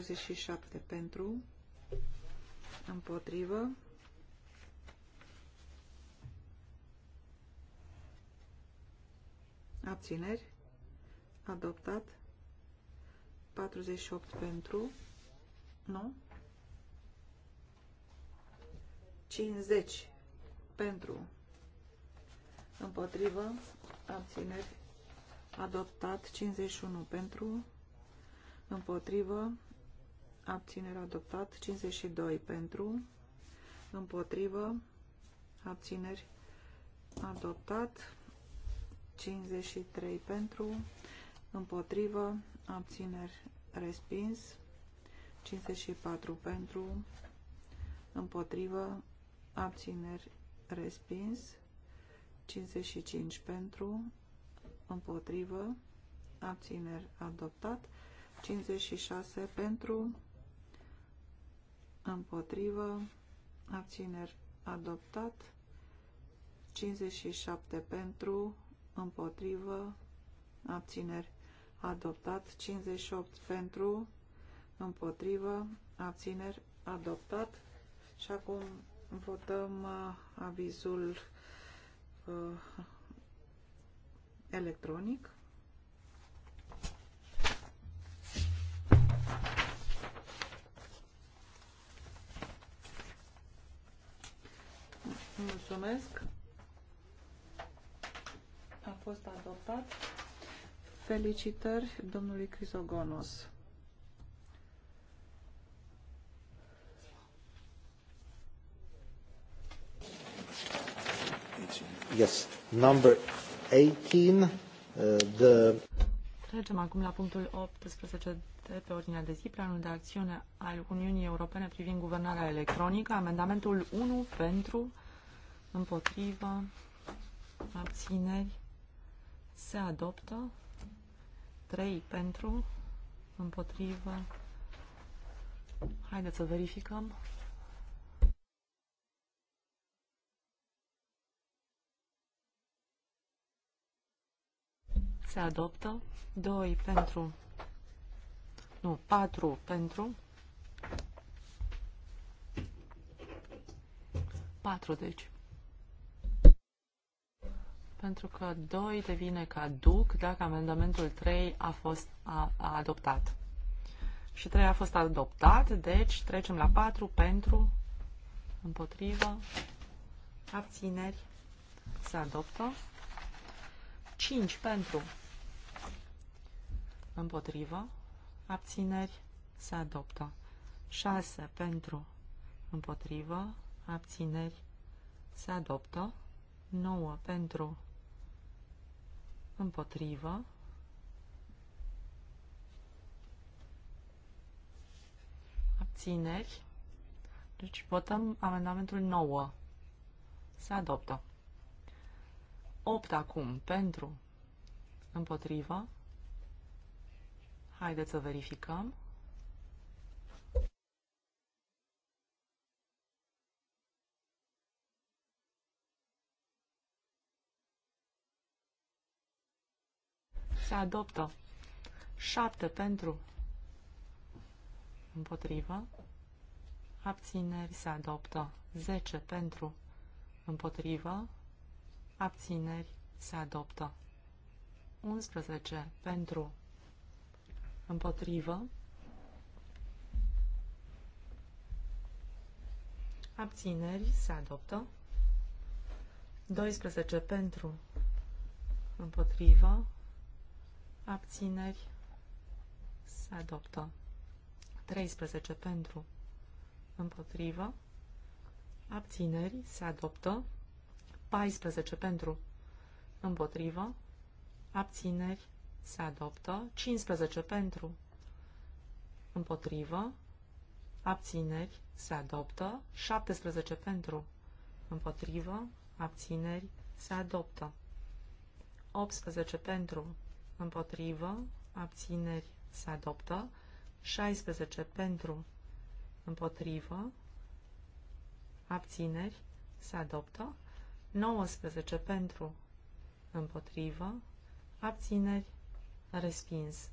47 pentru, împotrivă, abțineri, adoptat, 48 pentru, nu, 50 pentru, împotrivă, abțineri, adoptat, 51 pentru, împotrivă, abținere adoptat, 52 pentru, împotrivă, abțineri adoptat, 53 pentru, împotrivă, abțineri respins, 54 pentru, împotrivă, abțineri respins, 55 pentru, împotrivă, abțineri adoptat, 56 pentru, împotrivă, abțineri adoptat, 57 pentru, împotrivă, abțineri adoptat, 58 pentru, împotrivă, abțineri adoptat și acum votăm uh, avizul uh, electronic. Mulțumesc. A fost adoptat. Felicitări domnului Crisogonos. Yes, number 18, uh, the... Trecem acum la punctul 18 de pe ordinea de zi, planul de acțiune al Uniunii Europene privind guvernarea electronică, amendamentul 1 pentru, împotrivă, abțineri, se adoptă, 3 pentru, împotrivă, haideți să verificăm. Se adoptă, 2 pentru, nu, 4 pentru, 4 deci pentru că 2 devine caduc dacă amendamentul 3 a fost a, a adoptat. Și 3 a fost adoptat, deci trecem la 4 pentru, împotrivă, abțineri, se adoptă. 5 pentru, împotrivă, abțineri, se adoptă. 6 pentru, împotrivă, abțineri, se adoptă. 9 pentru, împotrivă, abțineri, deci votăm amendamentul 9, se adoptă. 8 acum, pentru, împotrivă, haideți să verificăm. se adoptă. 7 pentru, împotrivă, abțineri se adoptă. 10 pentru, împotrivă, abțineri se adoptă. 11 pentru, împotrivă, abțineri se adoptă. 12 pentru, împotrivă, abțineri, se adoptă. 13 pentru, împotrivă, abțineri, se adoptă. 14 pentru, împotrivă, abțineri, se adoptă. 15 pentru, împotrivă, abțineri, se adoptă. 17 pentru, împotrivă, abțineri, se adoptă. 18 pentru, împotrivă, abțineri se adoptă, 16 pentru, împotrivă, abțineri se adoptă, 19 pentru, împotrivă, abțineri, respins.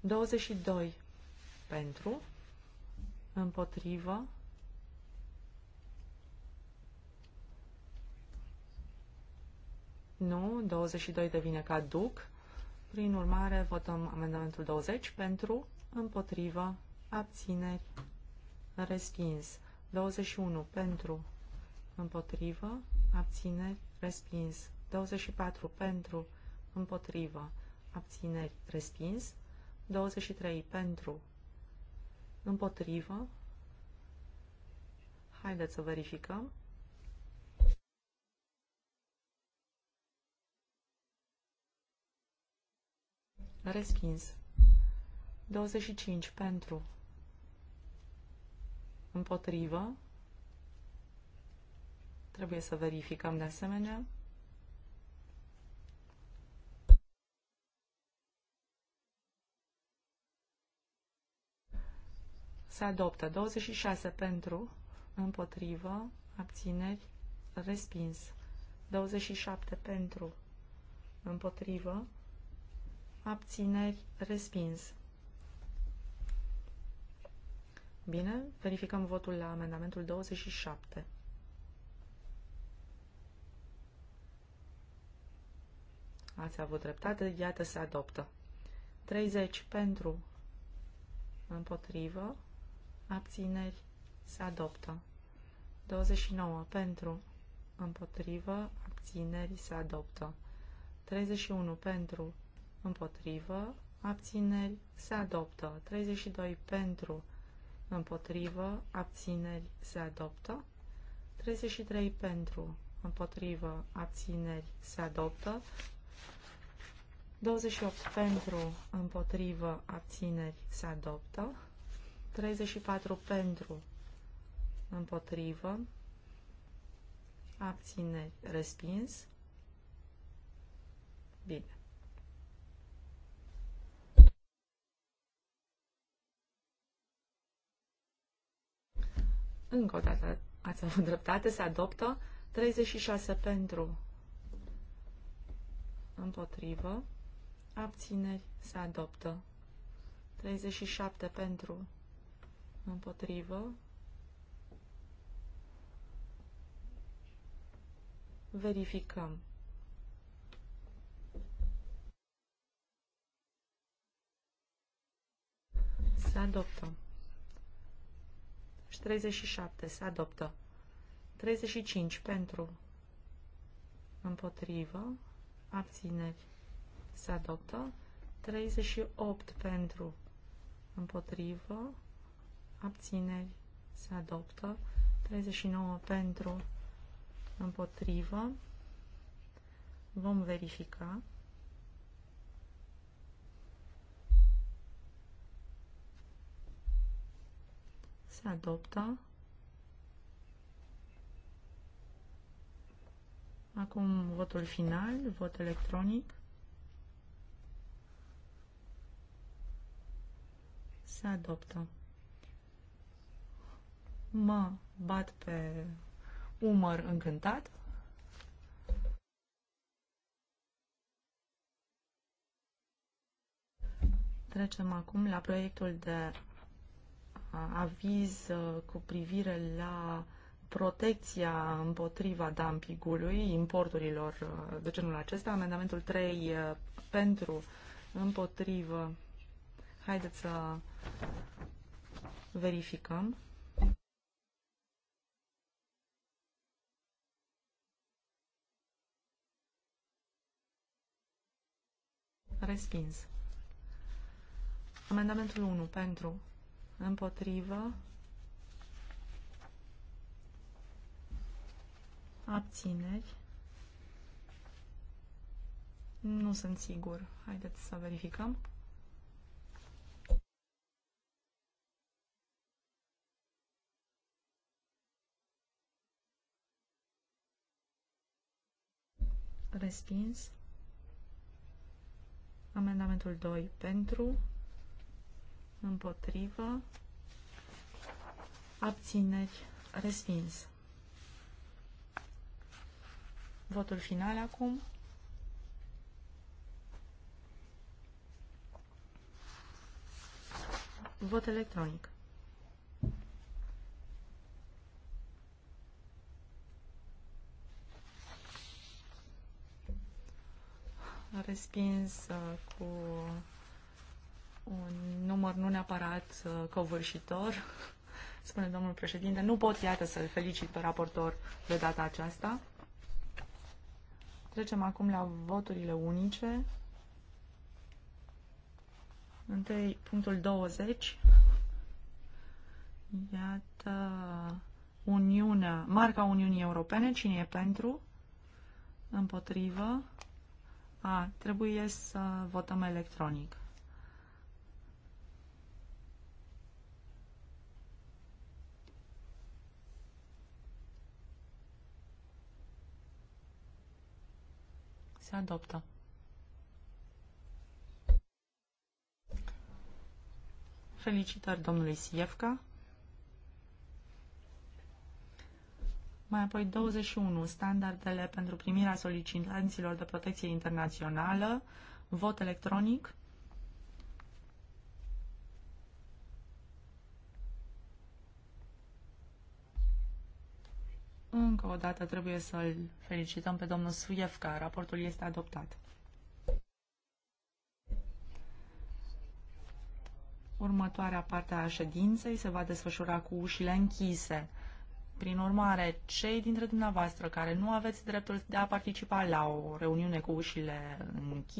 22 pentru, împotrivă, Nu, 22 devine caduc. Prin urmare, votăm amendamentul 20 pentru, împotrivă, abțineri, respins. 21 pentru, împotrivă, abțineri, respins. 24 pentru, împotrivă, abțineri, respins. 23 pentru, împotrivă. Haideți să verificăm. Respins. 25 pentru. Împotrivă. Trebuie să verificăm de asemenea. Se adoptă 26 pentru, împotrivă, abțineri, respins. 27 pentru, împotrivă, abțineri, respins. Bine, verificăm votul la amendamentul 27. Ați avut dreptate, iată se adoptă. 30 pentru, împotrivă, abțineri, se adoptă. 29 pentru, împotrivă, abțineri, se adoptă. 31 pentru, împotrivă, abțineri, se adoptă. 32 pentru, împotrivă, abțineri, se adoptă. 33 pentru, împotrivă, abțineri, se adoptă. 28 pentru, împotrivă, abțineri, se adoptă. 34 pentru, împotrivă, abțineri, respins. Bine. Încă o dată ați avut dreptate, se adoptă 36 pentru împotrivă, abțineri se adoptă 37 pentru împotrivă, verificăm. Se adoptă și 37 se adoptă. 35 pentru, împotrivă, abțineri se adoptă. 38 pentru, împotrivă, abțineri se adoptă. 39 pentru, împotrivă, vom verifica. se adoptă. Acum votul final, vot electronic. Se adoptă. Mă bat pe umăr încântat. Trecem acum la proiectul de aviz uh, cu privire la protecția împotriva dumpingului, importurilor uh, de genul acesta, amendamentul 3 uh, pentru împotrivă. Haideți să verificăm. Respins. Amendamentul 1 pentru împotrivă, abțineri, nu sunt sigur, haideți să verificăm. Respins. Amendamentul 2 pentru, împotrivă, abțineri, respins. Votul final acum. Vot electronic. Respins uh, cu un număr nu neapărat uh, covârșitor, spune domnul președinte. Nu pot, iată, să-l felicit pe raportor de data aceasta. Trecem acum la voturile unice. Întâi, punctul 20. Iată, Uniunea, marca Uniunii Europene, cine e pentru? Împotrivă. A, trebuie să votăm electronic. se adoptă. Felicitări domnului Siefka. Mai apoi 21. Standardele pentru primirea solicitanților de protecție internațională. Vot electronic. Încă o dată trebuie să-l felicităm pe domnul Suievca. Raportul este adoptat. Următoarea parte a ședinței se va desfășura cu ușile închise. Prin urmare, cei dintre dumneavoastră care nu aveți dreptul de a participa la o reuniune cu ușile închise,